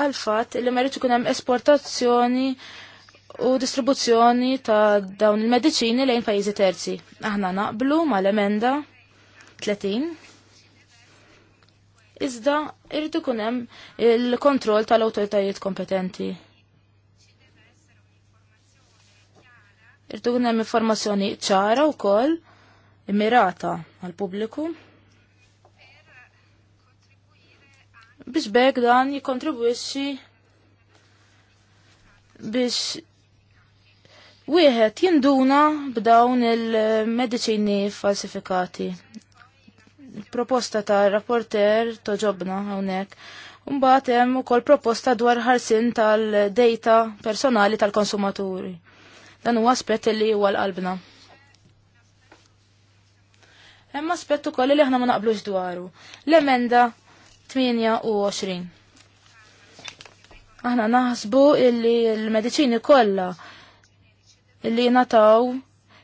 għal fatt li meritu ikun hemm esportazzjoni u distribuzzjoni ta' dawn il-medicini lejn pajjiżi terzi. Aħna naqblu mal-emenda 30. Iżda irridu kun hemm il-kontroll tal-awtoritajiet kompetenti. Irridu hemm informazzjoni ċara wkoll immirata għal pubbliku. Biex bek dan jikontribwixxi biex Wieħed jinduna b'dawn il-mediċini falsifikati. Proposta ta' rapporter toġobna hawnhekk. Mbagħad hemm ukoll proposta dwar ħarsin tal-data personali tal-konsumaturi. Dan huwa aspett li huwa l-qalbna. Hemm aspett ukoll li aħna ma naqblux dwaru. L-emenda 28. Aħna naħsbu illi l-mediċini kollha li nataw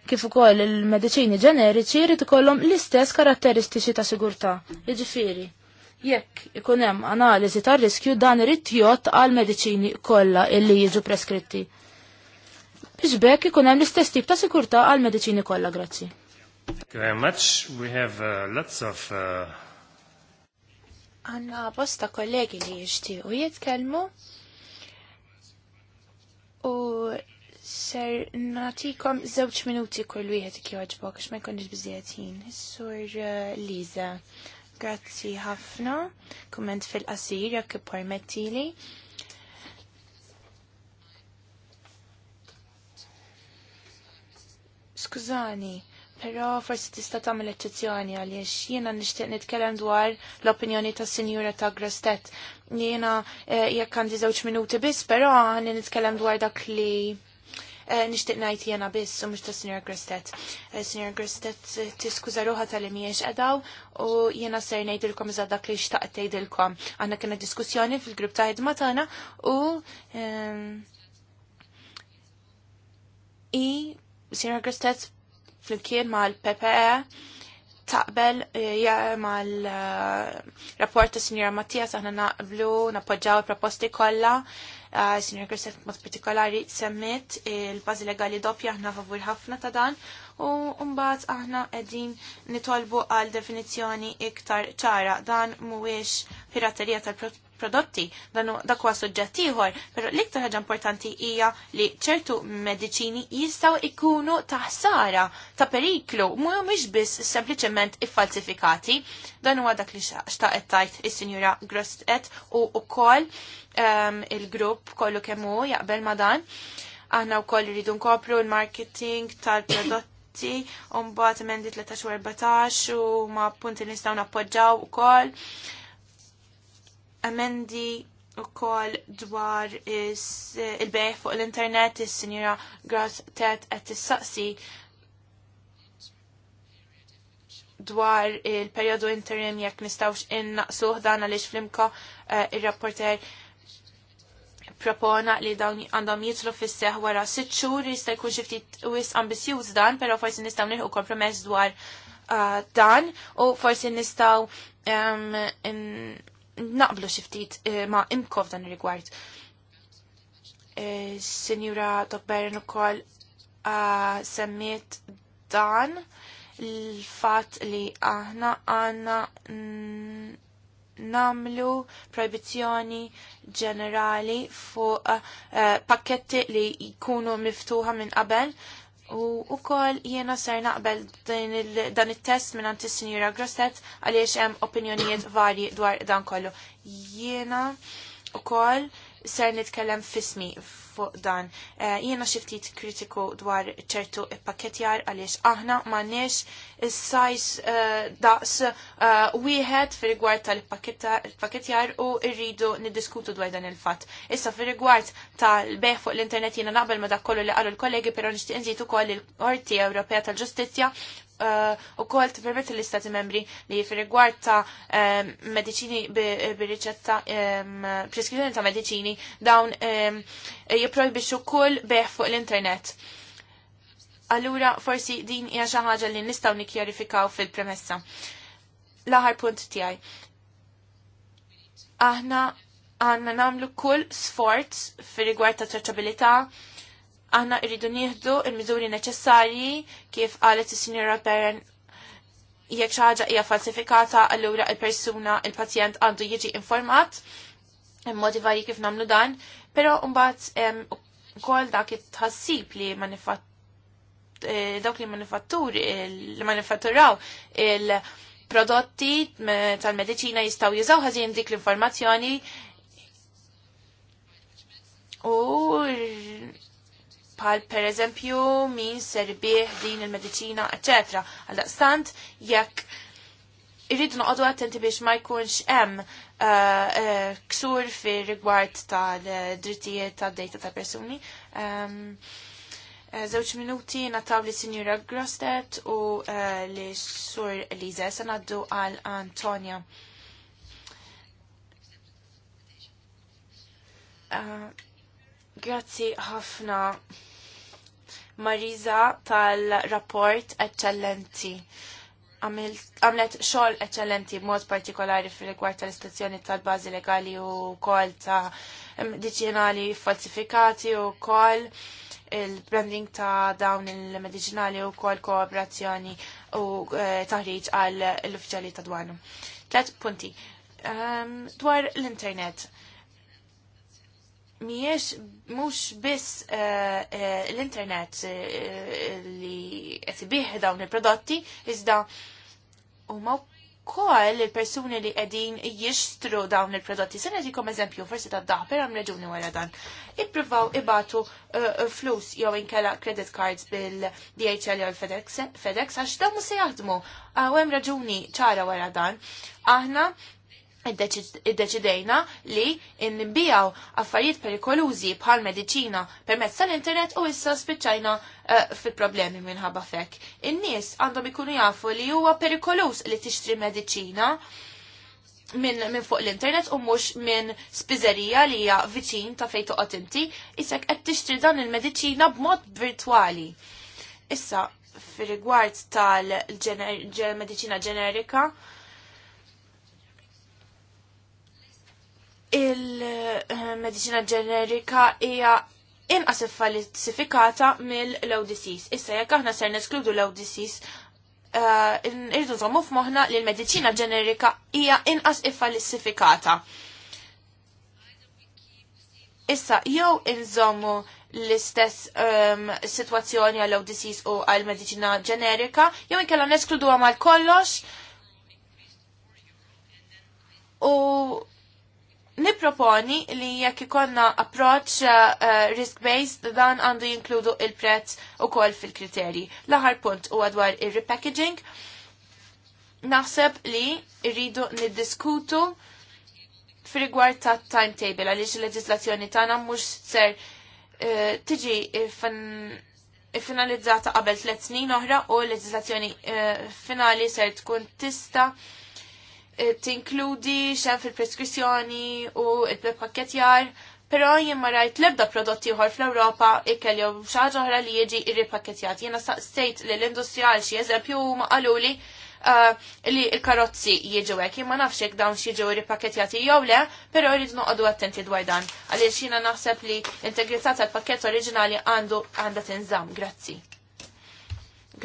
kif ukoll il-mediċini ġeneriċi jrid ikollhom l-istess karatteristiċi ta' sigurtà. Jiġifieri, jekk ikun hemm analiżi tar-riskju dan irid jgħod għal mediċini kollha illi jiġu preskritti. Biex bekk ikun hemm l-istess tip ta' sigurtà għal mediċini kollha, grazzi. Thank you very much. We have uh, lots of uh... Anna bosta kollegi li jishtiqu jitkellmu u Ser natikom zewċ minuti kull wieħed kjoġbok, għax ma jkunx biżiet Sur eh, Liza, grazzi ħafna, komment fil-qasir jek permettili. Skużani, però forsi tista' tagħmel eċċezzjoni għaliex jiena nixtieq nitkellem dwar l-opinjoni tas Sinjura ta' Grostet. Jiena eh, jekk għandi żewġ minuti biss, però ħani nitkellem dwar dak li Eh, nixtieq ngħid jiena biss u mhux ta' Sinjor Gristet. Eh, Sinjor Gristet eh, tiskuża ruħa tal-li mhijiex qedaw u jiena ser ngħidilkom iżda dak li xtaqt tgħidilkom. Għanna kena diskussjoni fil-grupp ta' id tagħna u ehm, i Sinjor Gristet flimkien mal-PPE taqbel mal rapport ta' Sinjora Mattias aħna naqblu, nappoġġaw il-proposti kollha Ah, Sr. Kristof mod partikolari semmet il-bazi legali doppja aħna favur ħafna ta' dan u mbagħad aħna qegħdin nitolbu għal definizzjoni iktar ċara dan mhuwiex piraterija tal-prodotti prodotti dak huwa suġġett ieħor, però l-iktar ħaġa importanti hija li ċertu mediċini jistgħu ikunu ta' ħsara ta' periklu, mhumiex biss sempliċement iffalsifikati. Dan huwa dak li xtaqet tajt is-Sinjura Grostet u wkoll um, il-grupp kollu kemm hu jaqbel ma' dan. Aħna wkoll iridu nkopru l-marketing tal-prodotti un bat emendi 13 u 14 u ma punti nistaw nappoġġaw u kol, emendi u kol dwar eh, il-bej fuq l-internet il-sinjura Gross Tet għet t saqsi dwar il-periodu interim jekk nistawx innaqsuħ dan għalix flimko eh, il-rapporter propona li dawn għandhom jitlu fis-seħ wara sitt xhur jista' jkun xi ftit wis ambisjuż dan, però forsi nistgħu nieħu kompromess dwar eh, dan u forsi nistgħu naqblu xiftit eh, ma' imkov dan il-rigward. Eh, Senjura Dokberin u kol ah, semmiet dan l-fat li aħna għanna namlu proibizjoni ġenerali fuq eh, pakketti li jkunu miftuħa minn qabel U u jiena jena ser naqbel dan il-test minn għanti sinjura Grosset għaliex hemm opinjonijiet varji dwar dan kollu. Jena u koll ser nitkellem fismi fuq dan. Eh, jiena xi ftit kritiku dwar ċertu pakketjar għaliex aħna m'għandniex is-sajs eh, daqs eh, wieħed fir-rigward tal-pakketjar u rridu niddiskutu dwar dan il-fatt. Issa fir-rigward tal-beħ fuq l-internet jiena naqbel ma dak kollu li qalu l-kollegi però nixtieq nżid ukoll il-Qorti Ewropea tal-Ġustizzja Eh, u kol t-permetti l-istati membri li fil ta' eh, medicini bi-riċetta eh, preskrizzjoni ta' medicini dawn jiprojbixu kull beħ fuq l-internet. Allura forsi din hija xi ħaġa li nistgħu nikkjarifikaw fil-premessa. L-aħar punt tiegħi. Aħna għandna nagħmlu kull sforz fir-rigward ta' traċabilità, aħna irridu nieħdu il-miżuri neċessarji kif qalet is-Sinjora Peren jekk xi ħaġa hija falsifikata allura il-persuna il-pazjent għandu jiġi informat immodi varji kif nagħmlu dan, però mbagħad ukoll dak it-tħassib li eh, dawk li manifattur li manifatturaw il-prodotti tal-mediċina jistgħu jużaw ħażin dik l-informazzjoni u pal per eżempju min ser bih din il-medicina, etc. għal stant, jekk irridu noqogħdu attenti biex ma jkunx hemm uh, uh, ksur fi rigward tal-drittijiet tad-dejta ta' persuni. Um, uh, żewġ minuti nataw li Sinjura Grostet u li Sur Elisa se naddu għal Antonia. Grazzi ħafna Marisa tal-rapport eccellenti. Għamlet xogħol eccellenti b'mod partikolari fil-rigward tal-istazzjoni tal-bażi legali u kol ta' medicinali falsifikati u kol il-branding ta' dawn il-medicinali u kol kooperazzjoni u eh, taħriġ għal l-uffiċjali ta' dwanu. Tlet punti. Um, dwar l-internet miex mux biss uh, uh, l-internet uh, li jtibih dawn il-prodotti, iżda u ma koll il-persuni li edin jixtru dawn il-prodotti. Sena ġikom eżempju, forsi ta' daħ, għam raġuni wara dan. Ippruvaw ibatu flus jew inkella credit cards bil-DHL jew FedEx, għax dawn mu se jaħdmu. Ah, hemm raġuni ċara wara dan. Aħna iddeċidejna li nbijaw affarijiet perikolużi bħal mediċina permezz tal-internet u issa spiċċajna eh, fil-problemi minħabba fek. In-nies għandhom ikunu jafu li huwa perikolus li tixtri mediċina minn min fuq l-internet u mhux minn spiżerija li hija viċin ta' fejn toqgħod inti, issa qed tixtri dan il-mediċina b'mod virtwali. Issa fir-rigward tal-mediċina ġenerika, il-medicina ġenerika hija inqas falsifikata mill-ODCs. Issa jekk aħna ser neskludu l-ODCs, eh, irridu nżommu f'moħħna li l-medicina ġenerika hija inqas ifalsifikata. Issa jew inżommu l-istess um, situazzjoni għal disease u għal medicina ġenerika, jew inkella neskludu għamal kollox. U Niproponi li jekk ikonna approach eh, uh, risk-based dan għandu jinkludu il-prezz u kol fil-kriteri. L-aħar punt u għadwar il-repackaging. Naħseb li rridu niddiskutu fil-rigward ta' timetable għaliex il-leġislazzjoni tagħna mhux ser uh, tiġi finalizzata qabel tliet snin oħra u l-leġislazzjoni uh, finali ser tkun tista' Eh, tinkludi xem fil-preskrizzjoni u il-pakketjar, pero jien ma rajt lebda prodotti uħor fl-Europa ikkel jew xaġa oħra li jiġi irripakketjat. Jiena staqsejt li l industrijal xi eżempju ma qaluli eh, li l-karozzi jiġu hekk, jien ma nafx jekk dawn jiġu irripakketjati jew le, però jrid noqogħdu attenti dwar dan. Għaliex jiena naħseb li l-integrità tal-pakkett oriġinali għandu għandha tinżamm. Grazzi.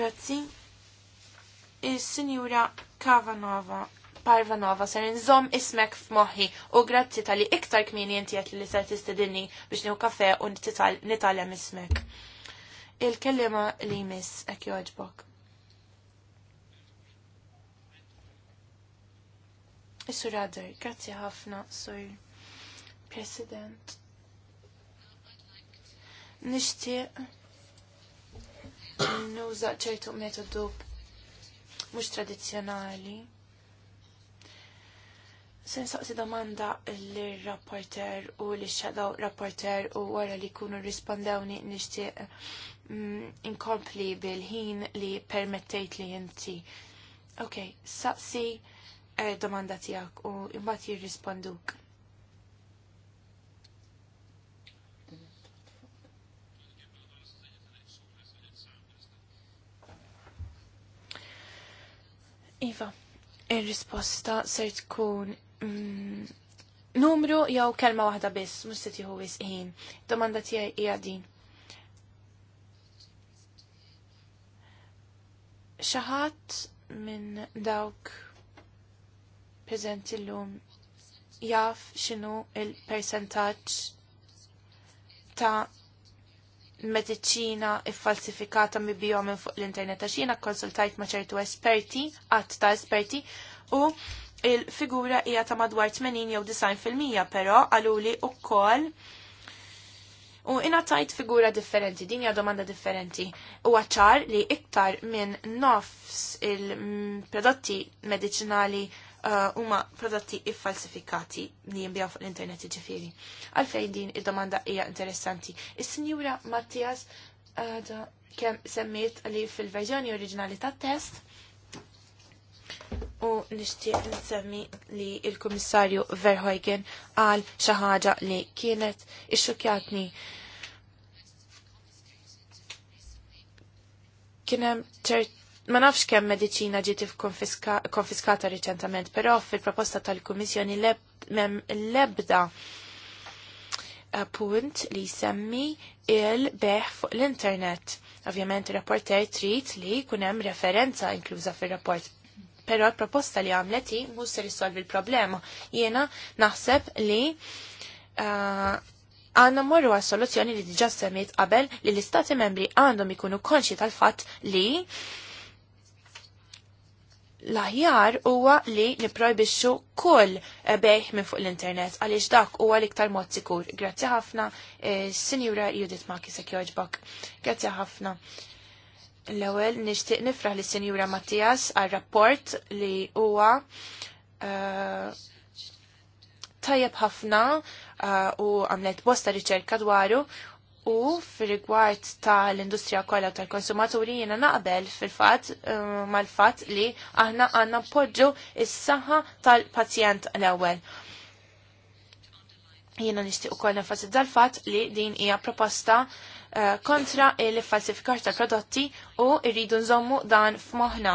Grazzi. Is-Sinjura Kavanova Parva Nova ser nżomm ismek f'moħħi u grazzi tal-li iktar kmini inti għet li ser tistedinni biex nieħu kafe u nitalja ismek. Il-kellima li jmiss hekk joġbok. Isur Adder, grazzi ħafna, sur President. Nixtieq nuża ċertu metodu mhux tradizzjonali Sen saqsi domanda l-rapporter u l-shadow rapporter u għara li kunu rispondewni nishti mm, inkompli bil-ħin li permettejt li jinti. Ok, saqsi eh, domanda tijak u imbat jirrisponduk. Iva, il-risposta ser tkun Mm, numru jew kelma waħda biss, mhux se tieħu wis ħin. Domanda tiegħi hija din. Xaħat minn dawk preżenti llum jaf x'inhu il-persentaġġ ta' mediċina iffalsifikata mibijom minn fuq l-internet għax jiena konsultajt ma' ċertu esperti, għatt ta' esperti, u il-figura hija ta' madwar 80 jew 90% però għaluli wkoll U tajt figura differenti, din hija domanda differenti. U għacċar li iktar minn nofs il-prodotti medicinali uh, huma uh, prodotti iffalsifikati li jimbjaw fuq l-internet ġifiri. Għalfejn din id-domanda hija interessanti. Is-sinjura Mattias uh, kem semmiet li fil-verżjoni oriġinali ta' test u nixtieq nsemmi li il-Kummissarju Verhoeken qal xi ħaġa li kienet ixxukjatni. Kien hemm ċert ma nafx kemm mediċina ġiet konfiskata riċentament, però fil-proposta tal-Kummissjoni l lebda punt li semmi il-beħ fuq l-internet. Ovvjament, il-rapporter trid li kunem referenza inkluża fil-rapport Pero l-proposta li għamleti mhux se risolvi l-problema. Jiena naħseb li uh, għandna morru għal soluzzjoni li diġa semmit qabel li l-istati membri għandhom ikunu konxi tal-fatt li l-aħjar huwa li niprojbixxu kull bejħ minn fuq l-internet għaliex dak huwa l-iktar mod sikur. Grazzi ħafna, eh, Sinjura Judith Maki se jogħġbok. Grazzi ħafna. L-ewwel nixtieq nifraħ li sinjura Mattias għar-rapport li huwa uh, tajjeb ħafna uh, u għamlet bosta riċerka dwaru U fil-rigward tal-industrija kollha tal-konsumaturi jiena naqbel fil-fatt uh, mal-fatt li aħna għandna poġġu is-saħħa tal-pazjent l-ewwel. Jiena nixtieq ukoll nefasizza l-fatt li din hija proposta Eh, kontra il-falsifikar ta' prodotti u rridu nżommu dan f'moħħna.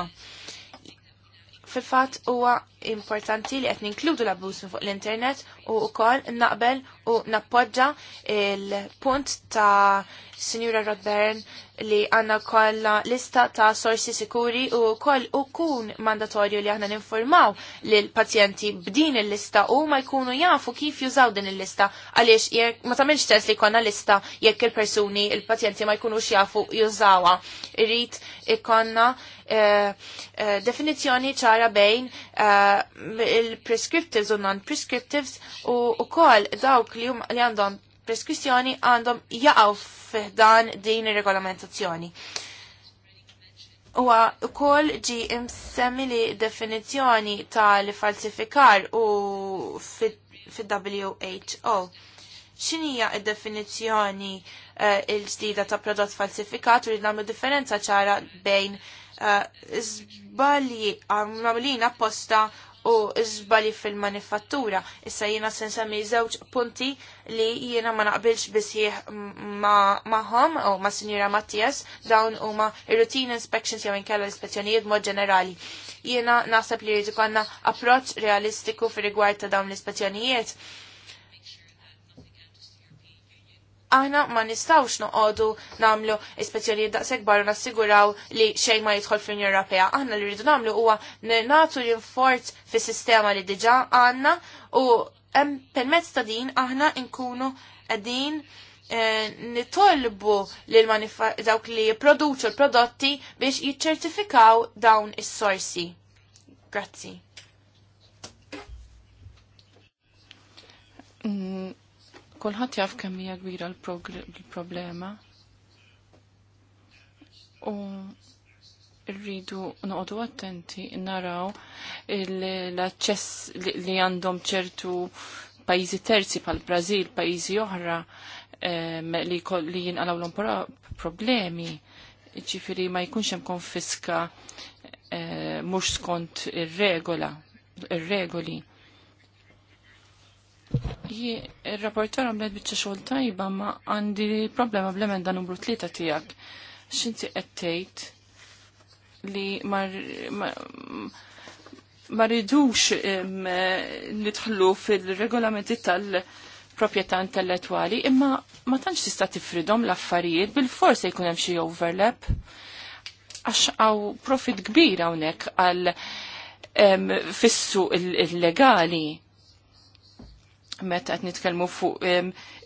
Fil-fatt huwa importanti li qed ninkludu l-abbuż fuq l-internet u wkoll naqbel u nappoġġa il-punt ta' Signora Rodbern li għanna kolla lista ta' sorsi sikuri u koll u kun mandatorju li għanna ninformaw l-pazjenti b'din il-lista u ma jkunu jafu kif jużaw din il-lista għaliex jek ma tamilx sens li konna lista jekk il-persuni il-pazjenti ma jkunux jafu jużawa. Irrit ikonna eh, eh definizjoni ċara bejn eh, il-prescriptives u non-prescriptives u, u koll dawk li li għandhom preskrizzjoni għandhom jaqaw fiħdan din ir-regolamentazzjoni. Huwa wkoll ġi imsemmi li definizzjoni tal-falsifikar u fid-WHO. X'inhija d-definizzjoni eh, il-ġdida ta' prodott falsifikat u li nagħmlu differenza ċara bejn eh, żbalji għamlin apposta u iżbali fil-manifattura. Issa jiena se nsemmi żewġ punti li jiena ma naqbilx bisħieħ magħhom u ma' Sinjura Mattias dawn huma routine inspections jew inkella ispezzjonijiet mod ġenerali. Jiena naħseb li jrid konna approċċ realistiku fir rigward ta' dawn l-ispezzjonijiet aħna ma nistawx noqogħdu namlu ispeċjalijiet daqshekk barra nassiguraw li xejn ma jidħol fl-Unjoni Ewropea. Aħna li rridu namlu huwa nagħtu l-infort fis-sistema li diġà għandna u permezz ta' din aħna nkunu qegħdin eh, nitolbu lil dawk li jipproduċu l-prodotti biex jiċċertifikaw dawn is-sorsi. Grazzi. Mm, Kulħadd jaf kemm hija kbira l-problema. U rridu noqogħdu attenti naraw l-aċċess li għandhom ċertu pajjiżi terzi pal brażil pajjiżi oħra ehm, li lhom problemi ċifiri ma jkunx hemm konfiska ehm, mhux skont ir-regola ir-regoli. Il-rapportar għamlet bieċa xogħol tajba ma għandi problema bl-emenda numru tlieta tiegħek. X'inti qed tgħid li ma ridux nidħlu fil-regolamenti tal- proprjetà intellettuali, imma ma tantx tista' tifridhom l-affarijiet bil-fors jkun hemm xi overlap għax għaw profit kbir hawnhekk għal fissu illegali meta qed nitkellmu fuq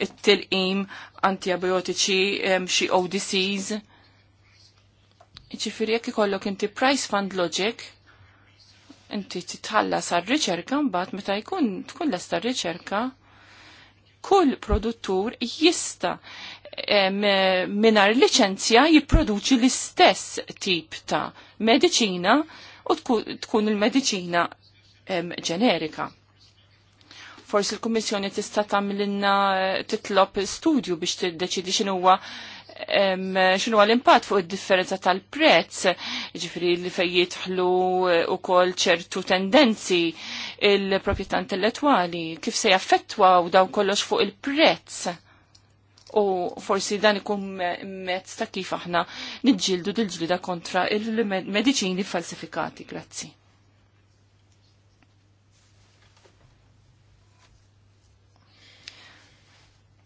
it-tilqim antibiotiċi xi ODCs. Ġifieri jekk ikollok inti price fund logic, inti titħallas għar-riċerka mbagħad meta jkun tkun lesta riċerka kull produttur jista minar liċenzja jipproduċi l-istess tip ta' mediċina u tkun il-mediċina ġenerika Forsi l-Kummissjoni tista' tagħmilna eh, titlob studju biex tiddeċidi x'inhu huwa xinu għal-impat fuq id-differenza tal-prezz, ġifri li fejn jidħlu eh, u kol ċertu tendenzi il-propieta intellettuali, kif se jaffettwa u daw kollox fuq il-prezz. U forsi dan ikun mezz ta' kif aħna nġildu dil-ġlida kontra il-medicini falsifikati. Grazzi.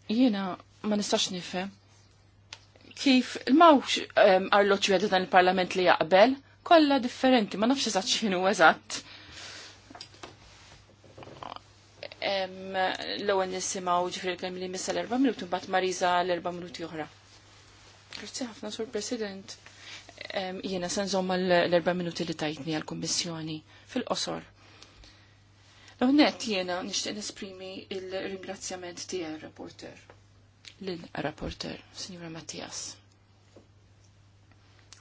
Jiena ma nistax nifhem kif il-mawx um, arloċ dan il-parlament li jaqbel, kollha differenti, ma nafx eżatt x'inhu eżatt. L-ewwel nisimaw ġifri l kelm li missa l-erba' minuti bat Mariza l-erba' minuti oħra. Grazzi ħafna sur President. Jiena se nżomm l-erba' minuti li tajtni għall-Kummissjoni fil-qosor. L-għonet jena nishtiq nesprimi il-ringrazzjament tiegħi rapporter Lill-rapporter, Signora Mattias.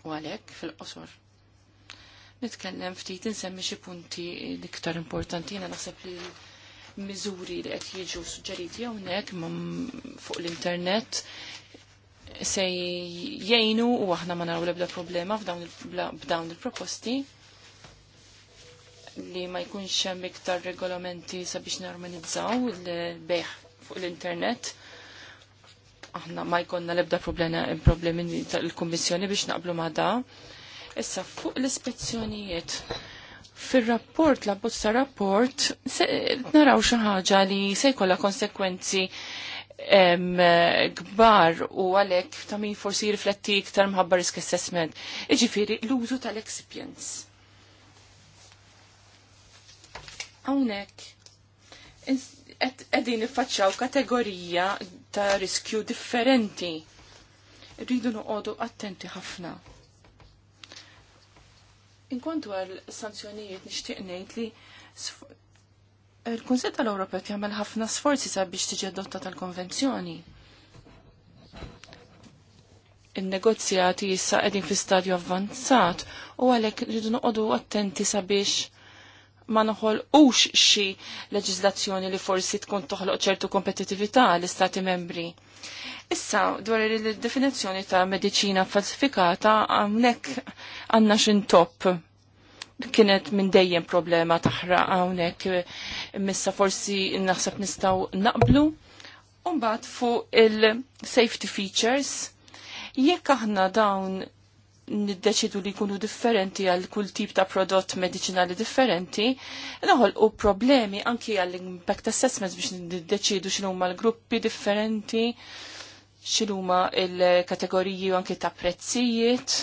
U għalek fil-qosor. Nitkellem ftit insemmi xi punti l-iktar importanti jena naħseb li miżuri li qed jiġu suġġeriti hawnhekk fuq l-internet se jgħinu u aħna ma naraw l-ebda problema f'dawn il-proposti. il proposti li ma jkunx hemm iktar regolamenti sabiex normalizzaw il beħ fuq l-internet. Aħna ma jkonna lebda problemi tal-Kummissjoni biex naqblu ma da. Issa fuq l-ispezzjonijiet fil-rapport, la bozza rapport, naraw xi ħaġa li se jkollha konsekwenzi kbar u għalhekk ta' min forsi jirfletti iktar mħabbar risk assessment. Iġifiri l-użu tal experience Hawnhekk qegħdin iffaċċaw kategorija ta' riskju differenti. Rridu noqogħdu attenti ħafna. Inkontu għal sanzjonijiet nixtieq li il-Kunsill tal-Ewropa jagħmel ħafna sforzi sabiex tiġi adotta tal-konvenzjoni il-negozjati issa qegħdin fi stadju avvanzat u għalek rridu noqogħdu attenti sabiex ma noħol ux xi leġizlazzjoni li forsi tkun toħloq ċertu kompetitività l-istati membri. Issa, dwar il-definizjoni ta' medicina falsifikata, għamnek għanna xintop kienet minn dejjem problema taħra għawnek missa forsi naħseb nistaw naqblu. Umbat fuq il-safety features, jekk aħna dawn niddeċidu li jkunu differenti għal kull tip ta' prodott medicinali differenti, noħol u problemi anki għall impact assessments biex niddeċidu ma' l-gruppi differenti, x'inhuma il-kategoriji u anki ta' prezzijiet.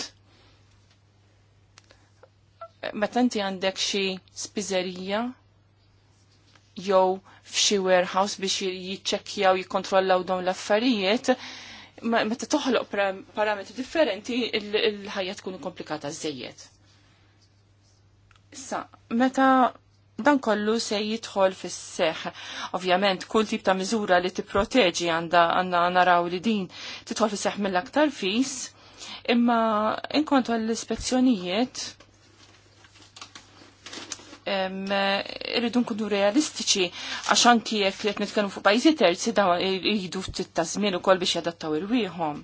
Meta inti għandek xi spiżerija jew f'xi warehouse biex jiċċekkjaw jikkontrollaw dawn l-affarijiet, meta toħloq parametri differenti il-ħajja tkun komplikata żejjed. Issa, meta dan kollu se jidħol fis seħ Ovvjament, kull tip ta' miżura li tipproteġi għandha għandna naraw li din tidħol fis seħ mill-aktar fis, imma inkontu għall-ispezzjonijiet irridu nkunu realistiċi għax anki jekk qed nitkellmu fuq pajjiżi terzi dawn jridu ftit ta' żmien ukoll biex jadattaw irwieħhom.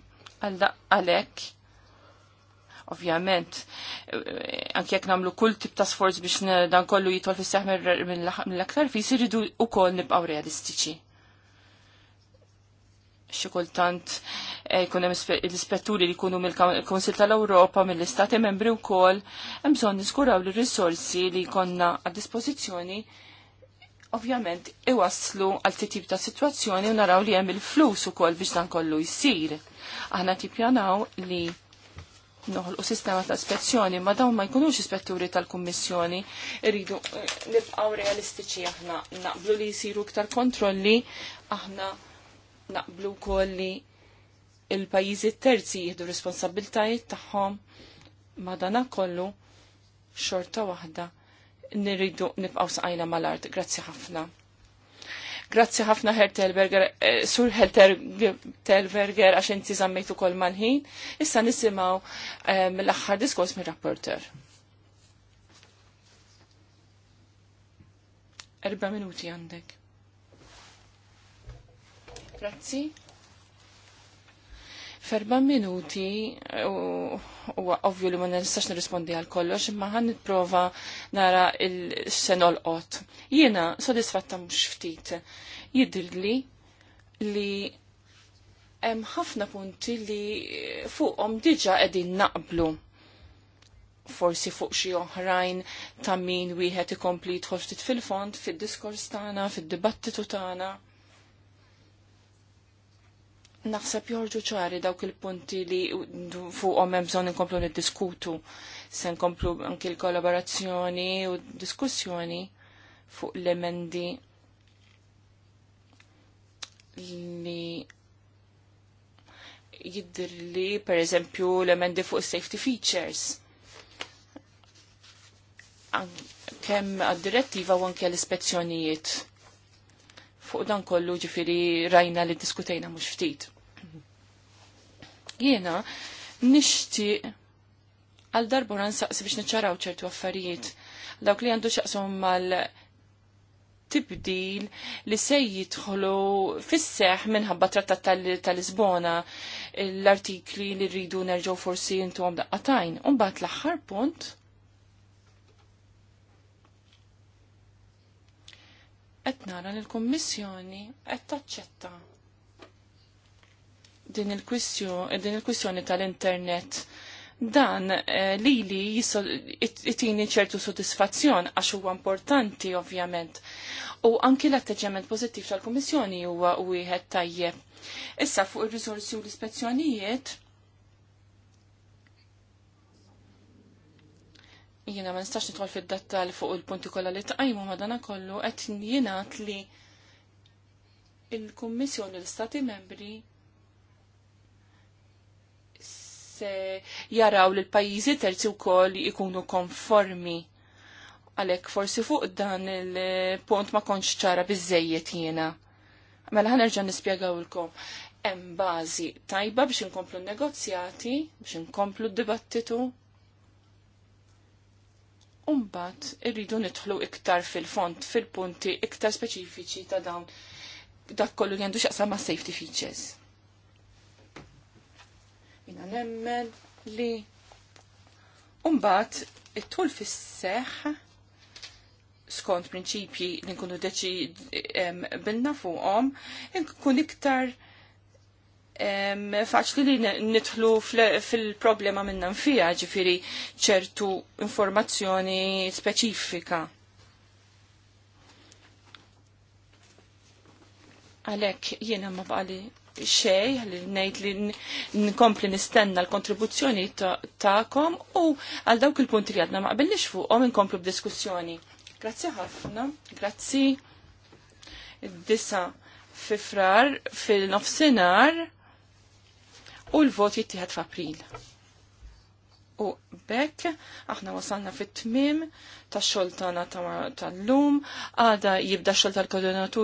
Għalhekk ovvjament anki jekk nagħmlu kull tip ta' sforz biex dan kollu jitol fis seħ mill-aktar fis irridu wkoll nibqgħu realistiċi. Xi kultant Eh, jkun hemm l-ispetturi li jkunu mill-Kunsil tal-Ewropa mill-Istati membri wkoll hemm bżonn niskuraw l risorsi li jkollna għad dispożizzjoni ovvjament iwaslu għal titjib ta' sitwazzjoni u naraw li hemm il-flus ukoll biex dan kollu jsir. Aħna tippjanaw li noħolqu sistema ta' ispezzjoni, ma dawn ma jkunux ispetturi tal-Kummissjoni, irridu eh, nibqgħu realistiċi aħna naqblu li jsiru iktar kontrolli, aħna naqblu wkoll li il-pajizi terzi jihdu responsabiltajiet tagħhom madana kollu xorta waħda nirridu nibqaw saqajna mal-art. Grazzi ħafna. Grazzi ħafna Hertelberger, eh, Sur Telberger, għax inti zammejtu kol mal-ħin. Issa nisimaw eh, mill-axħar diskors mir-rapporter. Erba minuti għandek. Grazzi. Ferba minuti, u ovvju li ma nistax nirrispondi għal kollox, imma ħan nipprova nara il-senol qot. Jiena sodisfatta mhux ftit. Jidhirli li hemm ħafna punti li fuqhom diġa qegħdin naqblu forsi fuq xi oħrajn ta' min wieħed ikompli jidħol ftit fil-fond, fid-diskors tagħna, fid-dibattitu tagħna. Naħseb jorġu ċari dawk il-punti li fuqhom hemm bżonn inkomplu niddiskutu se nkomplu anke l-kollaborazzjoni u diskussjoni fuq l-emendi li jiddir li per eżempju l-emendi fuq safety features. Kemm għad-direttiva u anke l-ispezzjonijiet Fuq dan kollu ġifiri rajna li diskutejna mux ftit. Jena, nishti għal darbura nsaqsi biex neċaraw ċertu affarijiet. Dawk li għandu xaqsom mal tibdil li se jidħlu fisseħ minħabba trattat tal-Lisbona tal lisbona l artikli li rridu nerġaw forsi jintu għom daqqatajn. bat l-axħar punt qed nara li l-Kummissjoni qed taċċetta din il-kwissjoni tal-internet dan lili eh, itini ċertu sodisfazzjon għax huwa importanti ovvjament. U anki l-atteġġament pożittiv tal-Kummissjoni huwa wieħed tajjeb. Issa fuq ir-riżorsi u l-ispezzjonijiet Jiena ma nistax nitħol fid-dettal fuq il-punti kollha li tqajmu madana kollu qed jingħad li il-Kummissjoni l-Stati Membri se jaraw li l-pajjiżi terzi wkoll ikunu konformi għalek forsi fuq dan il-punt ma konċ ċara bizzejiet jiena. Mela ħanerġa nispjegawilkom. Hemm bażi tajba biex inkomplu negozjati, biex inkomplu d-dibattitu, Umbat irridu nidħlu iktar fil-font, fil-punti iktar speċifiċi ta' dawn dak kollu li għandu xaqsa ma' safety features. Jina nemmen li umbat it-tul fis-seħ skont prinċipji li nkunu deċi bilna fuqhom, nkun iktar faċli li nidħlu fil-problema minna fija ġifiri ċertu informazzjoni speċifika. Għalek jiena ma baqali xej li nejt li nkompli nistenna l-kontribuzzjoni ta'kom u għal dawk il-punti li għadna ma qbellix fuqhom inkomplu b'diskussjoni. Grazzi ħafna, grazzi Dissa fifrar fil-nofsinar u l-vot jittieħed f'April. U bekk aħna wasalna fit-tmim tax-xogħol tal-lum, għada jibda x-xogħol tal-koordinatur